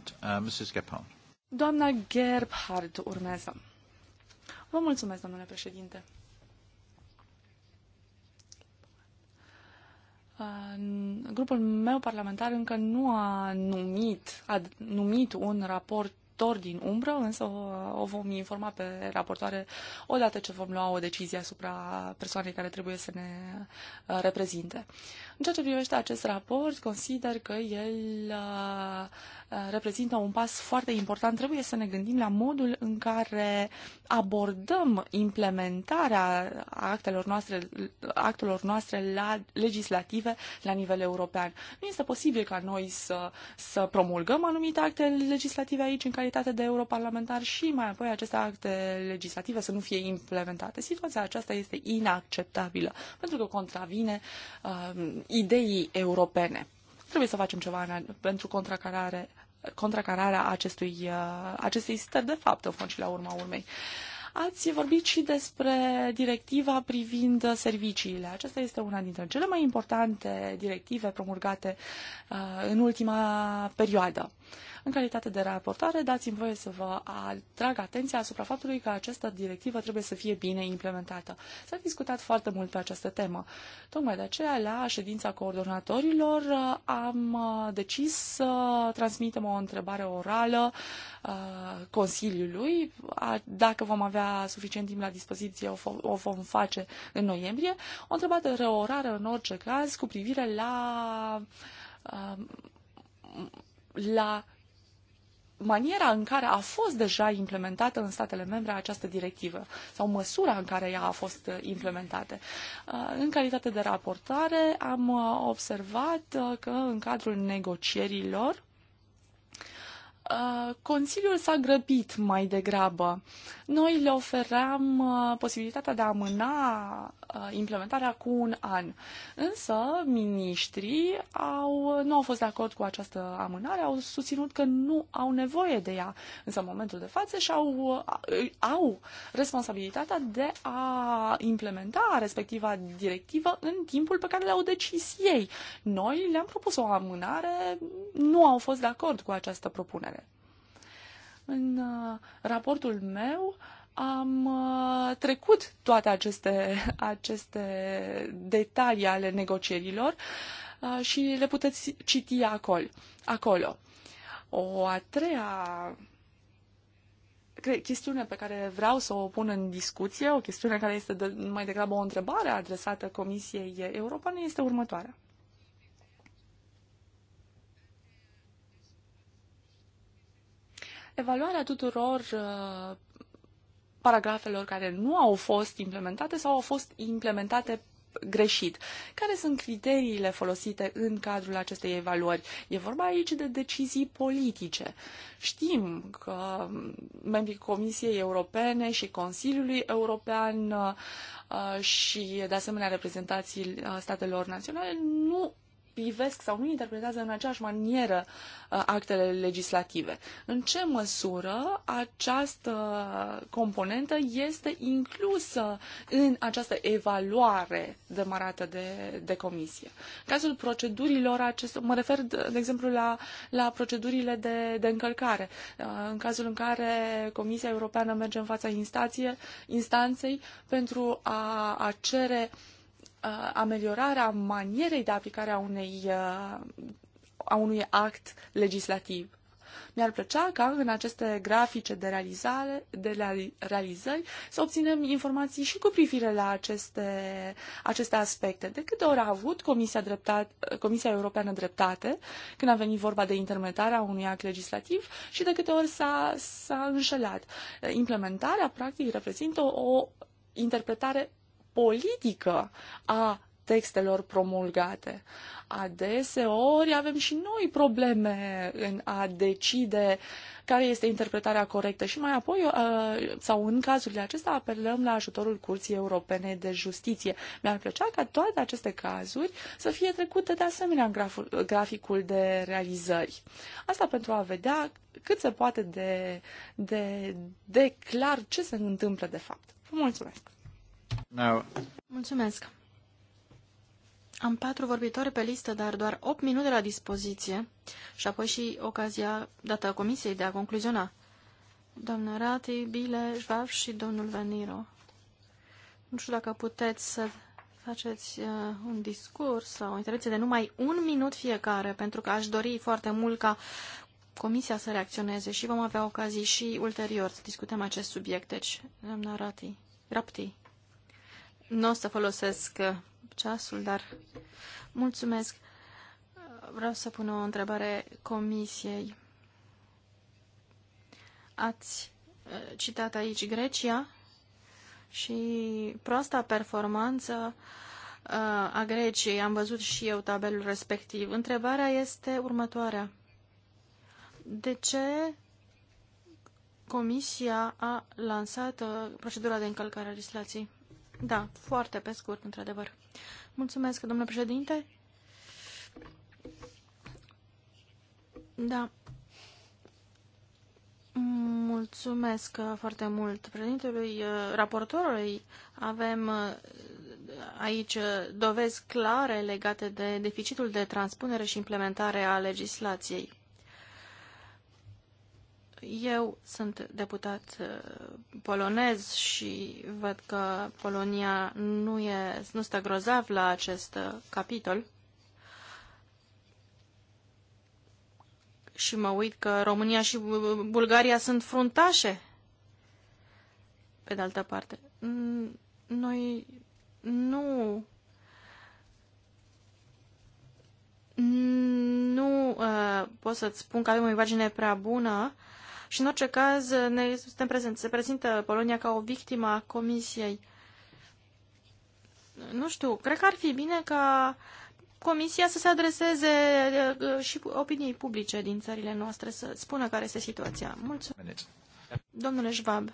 Doamna Gerbhardt urmează. Vă mulțumesc, domnule președinte. grupul meu parlamentar încă nu a numit, a numit un raport din umbră, însă o, o vom informa pe raportoare odată ce vom lua o decizie asupra persoanei care trebuie să ne uh, reprezinte. În ceea ce privește acest raport, consider că el uh, Uh, reprezintă un pas foarte important. Trebuie să ne gândim la modul în care abordăm implementarea actelor noastre, actelor noastre la, legislative la nivel european. Nu este posibil ca noi să, să promulgăm anumite acte legislative aici în calitate de europarlamentar și mai apoi aceste acte legislative să nu fie implementate. Situația aceasta este inacceptabilă pentru că contravine uh, ideii europene. Trebuie să facem ceva în, pentru contracarare contracararea acestui, uh, acestei stări de fapt în fond și la urma urmei. Ați vorbit și despre directiva privind serviciile. Aceasta este una dintre cele mai importante directive promulgate uh, în ultima perioadă. În calitate de raportare, dați-mi voie să vă atrag atenția asupra faptului că această directivă trebuie să fie bine implementată. S-a discutat foarte mult pe această temă. Tocmai de aceea, la ședința coordonatorilor, uh, am uh, decis să transmitem o întrebare orală uh, Consiliului. Dacă vom avea suficient timp la dispoziție, o vom face în noiembrie. O întrebare orară, în orice caz, cu privire la la maniera în care a fost deja implementată în statele membre această directivă sau măsura în care ea a fost uh, implementată. Uh, în calitate de raportare am uh, observat că în cadrul negocierilor Consiliul s-a grăbit mai degrabă. Noi le ofeream posibilitatea de a amâna Uh, implementarea cu un an. Însă, miniștrii au, nu au fost de acord cu această amânare, au susținut că nu au nevoie de ea. Însă, în momentul de față, și-au, uh, au responsabilitatea de a implementa respectiva directivă în timpul pe care le-au decis ei. Noi le-am propus o amânare, nu au fost de acord cu această propunere. În uh, raportul meu, uh, am uh, trecut toate aceste, aceste detalii ale negocierilor uh, și le puteți citi acolo. acolo. O a treia chestiune pe care vreau să o pun în discuție, o chestiune care este de, mai degrabă o întrebare adresată Comisiei Europene, este următoarea. Evaluarea tuturor uh, paragrafelor care nu au fost implementate sau au fost implementate greșit. Care sunt criteriile folosite în cadrul acestei evaluări? E vorba aici de decizii politice. Știm că membrii Comisiei Europene și Consiliului European uh, și, de asemenea, reprezentații uh, statelor naționale nu privesc sau nu interpretează în aceeași manieră uh, actele legislative. În ce măsură această componentă este inclusă în această evaluare demarată de, de comisie? În cazul procedurilor acestor, mă refer, de exemplu, la, la procedurile de, de încălcare. Uh, în cazul în care Comisia Europeană merge în fața instanței pentru a, a cere uh, Uh, ameliorarea manierei de aplicare a, unei, uh, a unui act legislativ. Mi-ar plăcea ca în aceste grafice de, realizare, de realizări să obținem informații și cu privire la aceste, aceste aspecte. De câte ori a avut Comisia, Dreptat, Comisia Europeană Dreptate când a venit vorba de implementarea unui act legislativ și de câte ori s-a, s-a înșelat. Implementarea, practic, reprezintă o interpretare politică a textelor promulgate. Adeseori avem și noi probleme în a decide care este interpretarea corectă și mai apoi, uh, sau în cazurile acestea, apelăm la ajutorul Curții Europene de Justiție. Mi-ar plăcea ca toate aceste cazuri să fie trecute de asemenea în graficul de realizări. Asta pentru a vedea cât se poate de, de, de clar ce se întâmplă de fapt. Vă mulțumesc! Mulțumesc. Am patru vorbitori pe listă, dar doar 8 minute la dispoziție și apoi și ocazia dată a Comisiei de a concluziona. Doamnă Rati, Bile, Jvav și domnul Veniro. Nu știu dacă puteți să faceți uh, un discurs sau o intervenție de numai un minut fiecare, pentru că aș dori foarte mult ca Comisia să reacționeze și vom avea ocazii și ulterior să discutăm acest subiect. Deci, doamnă Rati, Rapti. Nu o să folosesc uh, ceasul, dar mulțumesc. Vreau să pun o întrebare comisiei. Ați uh, citat aici Grecia și proasta performanță uh, a Greciei. Am văzut și eu tabelul respectiv. Întrebarea este următoarea. De ce Comisia a lansat procedura de încălcare a legislației? Da, foarte pe scurt, într-adevăr. Mulțumesc, domnule președinte. Da. Mulțumesc foarte mult președintelui, raportorului. Avem uh, aici dovezi clare legate de deficitul de transpunere și implementare a legislației. Eu sunt deputat uh, polonez și văd că Polonia nu, e, nu stă grozav la acest uh, capitol. Și mă uit că România și Bulgaria sunt fruntașe. Pe de altă parte, noi nu nu uh, pot să-ți spun că avem o imagine prea bună și în orice caz ne suntem prezenți. Se prezintă Polonia ca o victimă a Comisiei. Nu știu, cred că ar fi bine ca Comisia să se adreseze uh, și opiniei publice din țările noastre, să spună care este situația. Mulțumesc. Domnule Schwab.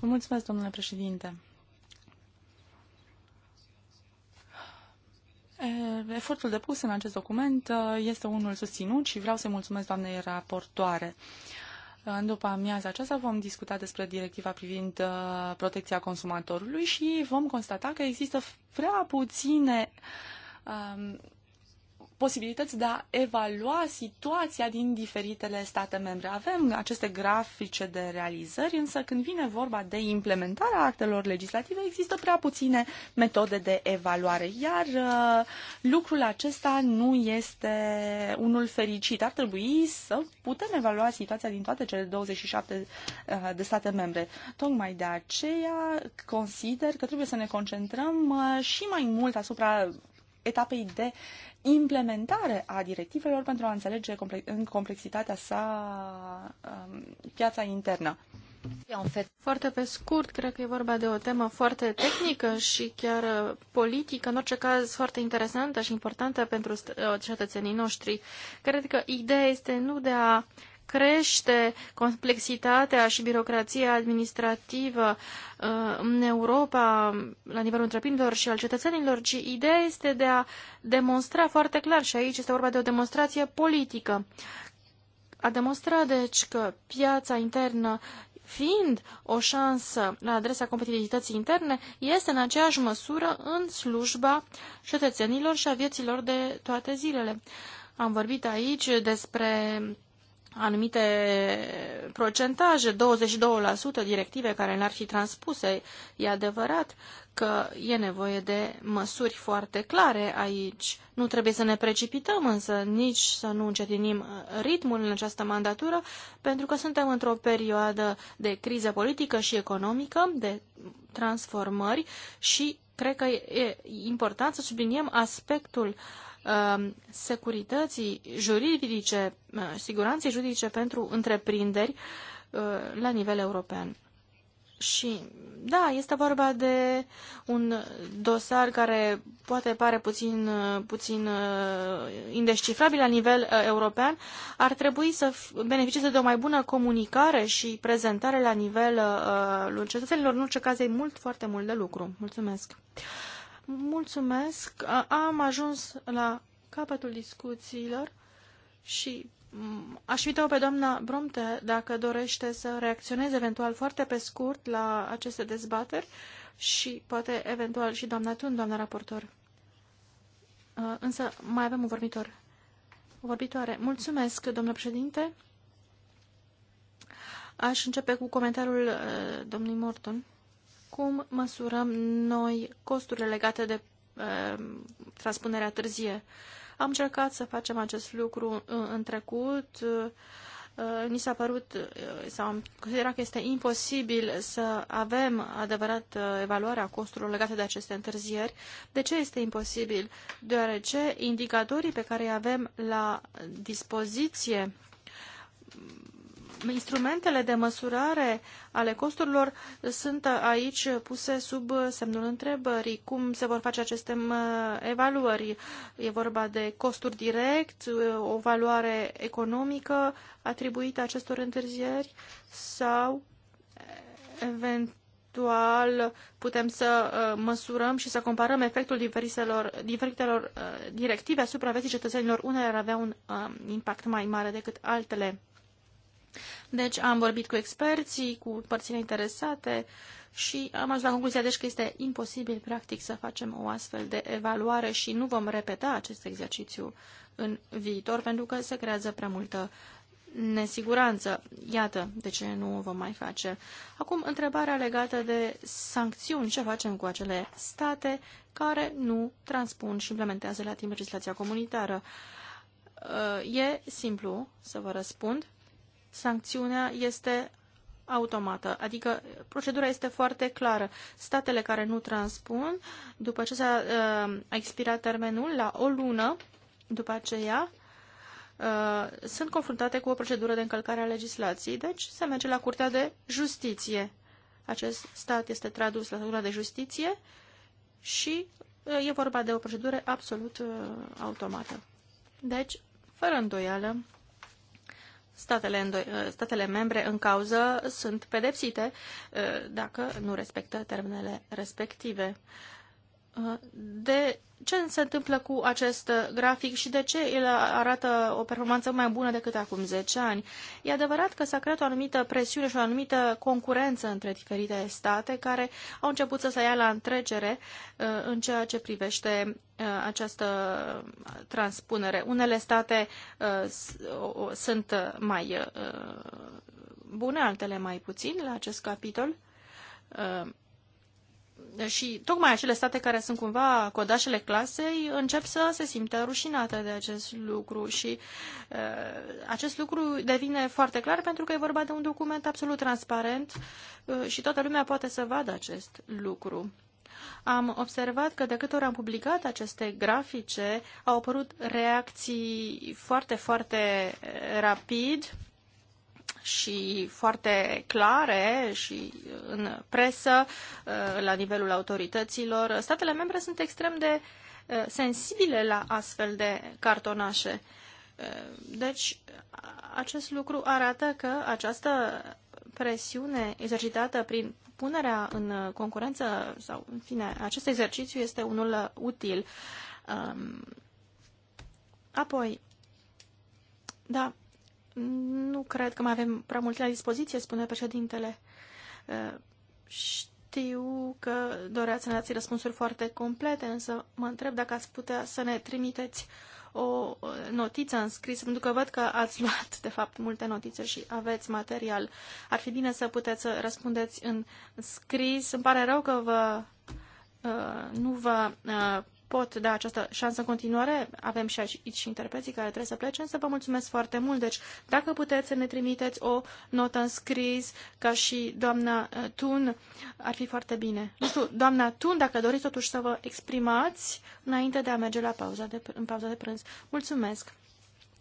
Vă mulțumesc, domnule președinte. Efortul depus în acest document uh, este unul susținut și vreau să-i mulțumesc doamnei raportoare. Uh, în după amiaza aceasta vom discuta despre directiva privind uh, protecția consumatorului și vom constata că există prea puține um, posibilități de a evalua situația din diferitele state membre. Avem aceste grafice de realizări, însă când vine vorba de implementarea actelor legislative, există prea puține metode de evaluare, iar uh, lucrul acesta nu este unul fericit. Ar trebui să putem evalua situația din toate cele 27 uh, de state membre. Tocmai de aceea consider că trebuie să ne concentrăm uh, și mai mult asupra etapei de implementare a directivelor pentru a înțelege comple- în complexitatea sa um, piața internă. Foarte pe scurt, cred că e vorba de o temă foarte tehnică și chiar uh, politică, în orice caz foarte interesantă și importantă pentru uh, cetățenii noștri. Cred că ideea este nu de a crește complexitatea și birocrația administrativă uh, în Europa, la nivelul întreprinderilor și al cetățenilor, ci ideea este de a demonstra foarte clar, și aici este vorba de o demonstrație politică, a demonstra, deci, că piața internă fiind o șansă la adresa competitivității interne, este în aceeași măsură în slujba cetățenilor și a vieților de toate zilele. Am vorbit aici despre anumite procentaje, 22% directive care n-ar fi transpuse. E adevărat că e nevoie de măsuri foarte clare aici. Nu trebuie să ne precipităm însă, nici să nu încetinim ritmul în această mandatură, pentru că suntem într-o perioadă de criză politică și economică, de transformări și cred că e important să subliniem aspectul uh, Um, securității juridice, uh, siguranței juridice pentru întreprinderi uh, la nivel european. Și da, este vorba de un dosar care poate pare puțin, uh, puțin indescifrabil la nivel european. Ar trebui să beneficieze de o mai bună comunicare și prezentare la nivelul cetățenilor. În orice caz, e mult, foarte mult de lucru. Mulțumesc! Mulțumesc. Am ajuns la capătul discuțiilor și mm, aș uita pe doamna Bromte dacă dorește să reacționeze eventual foarte pe scurt la aceste dezbateri și poate eventual și doamna Tun, doamna raportor. Însă mai avem un vorbitor. O vorbitoare. Mulțumesc, domnule președinte. Aș începe cu comentariul eh, domnului Morton cum măsurăm noi costurile legate de uh, transpunerea târzie. Am încercat să facem acest lucru în, în trecut. Uh, ni s-a părut eh, sau am considerat că este imposibil să avem adevărat evaluarea costurilor legate de aceste întârzieri. De ce este imposibil? Deoarece indicatorii pe care îi avem la dispoziție instrumentele de măsurare ale costurilor sunt aici puse sub semnul întrebării. Cum se vor face aceste evaluări? E vorba de costuri direct, o valoare economică atribuită acestor întârzieri sau eventual putem să uh, măsurăm și să comparăm efectul diferitelor, diferitelor uh, directive asupra vieții cetățenilor. Unele ar avea un uh, impact mai mare decât altele. Deci am vorbit cu experții, cu părțile interesate și am ajuns la concluzia deci că este imposibil practic să facem o astfel de evaluare și nu vom repeta acest exercițiu în viitor pentru că se creează prea multă nesiguranță. Iată de ce nu o vom mai face. Acum, întrebarea legată de sancțiuni. Ce facem cu acele state care nu transpun și implementează la timp legislația comunitară? Uh, e simplu să vă răspund sancțiunea este automată, adică procedura este foarte clară. Statele care nu transpun, după ce s-a uh, expirat termenul, la o lună după aceea, uh, sunt confruntate cu o procedură de încălcare a legislației, deci se merge la Curtea de Justiție. Acest stat este tradus la Curtea de Justiție și uh, e vorba de o procedură absolut uh, automată. Deci, fără îndoială, statele, ă, statele membre în cauză sunt pedepsite ă, dacă nu respectă termenele respective de ce se întâmplă cu acest grafic și de ce el arată o performanță mai bună decât acum 10 ani. E adevărat că s-a creat o anumită presiune și o anumită concurență între diferite state care au început să se ia la întrecere uh, în ceea ce privește uh, această transpunere. Unele state uh, sunt mai bune, altele mai puțin la acest capitol și tocmai acele state care sunt cumva codașele clasei încep să se simtă rușinate de acest lucru și uh, acest lucru devine foarte clar pentru că e vorba de un document absolut transparent uh, și toată lumea poate să vadă acest lucru. Am observat că de câte ori am publicat aceste grafice, au apărut reacții foarte, foarte uh, rapid și foarte clare și uh, în presă, uh, la nivelul autorităților, statele membre sunt extrem de uh, sensibile la astfel de cartonașe. Deci, acest lucru arată că această presiune exercitată prin punerea în concurență sau, în fine, acest exercițiu este unul util. Um, apoi, da, nu cred că mai avem prea mult la dispoziție, spune președintele. Știu că doreați să ne dați răspunsuri foarte complete, însă mă întreb dacă ați putea să ne trimiteți o notiță scris, pentru că văd că ați luat, de fapt, multe notițe și aveți material. Ar fi bine să puteți să răspundeți în scris. Îmi pare rău că vă, nu vă pot da această șansă în continuare. Avem și aici interpreții care trebuie să plece, însă vă mulțumesc foarte mult. Deci, dacă puteți să ne trimiteți o notă în scris, ca și doamna uh, Tun, ar fi foarte bine. Nu știu, doamna Tun, dacă doriți totuși să vă exprimați înainte de a merge la pauza de, în pauza de prânz. Mulțumesc!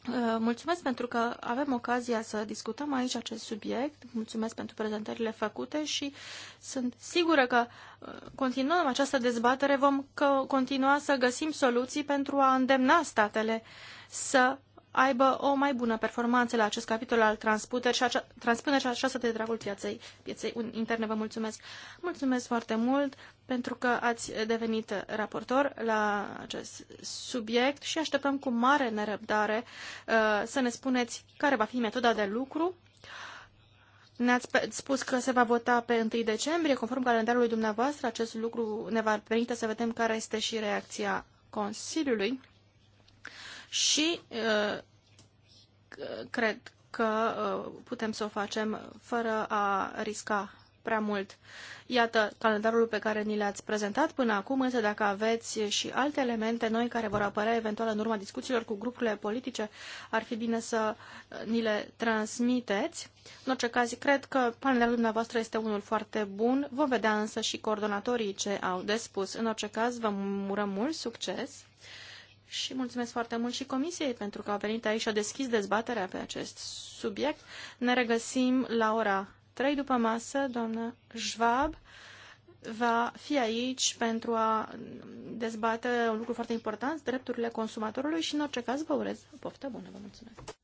Uh, mulțumesc pentru că avem ocazia să discutăm aici acest subiect. Mulțumesc pentru prezentările făcute și sunt sigură că uh, continuăm această dezbatere, vom continua să găsim soluții pentru a îndemna statele să aibă o mai bună performanță la acest capitol al transputer și, acea, transpuneri și să de dragul piaței, piaței interne. Vă mulțumesc! Mulțumesc foarte mult pentru că ați devenit raportor la acest subiect și așteptăm cu mare nerăbdare uh, să ne spuneți care va fi metoda de lucru. Ne-ați spus că se va vota pe 1 decembrie, conform calendarului dumneavoastră. Acest lucru ne va permite să vedem care este și reacția Consiliului și uh, cred că uh, putem să o facem fără a risca prea mult. Iată calendarul pe care ni l-ați prezentat până acum, însă dacă aveți și alte elemente noi care vor apărea eventual în urma discuțiilor cu grupurile politice, ar fi bine să uh, ni le transmiteți. În orice caz, cred că panelul dumneavoastră este unul foarte bun. Vom vedea însă și coordonatorii ce au de spus. În orice caz, vă urăm mult succes și mulțumesc foarte mult și Comisiei pentru că au venit aici și au deschis dezbaterea pe acest subiect. Ne regăsim la ora 3 după masă, Doamna Schwab va fi aici pentru a dezbate un lucru foarte important, drepturile consumatorului și în orice caz vă urez poftă bună. Vă mulțumesc!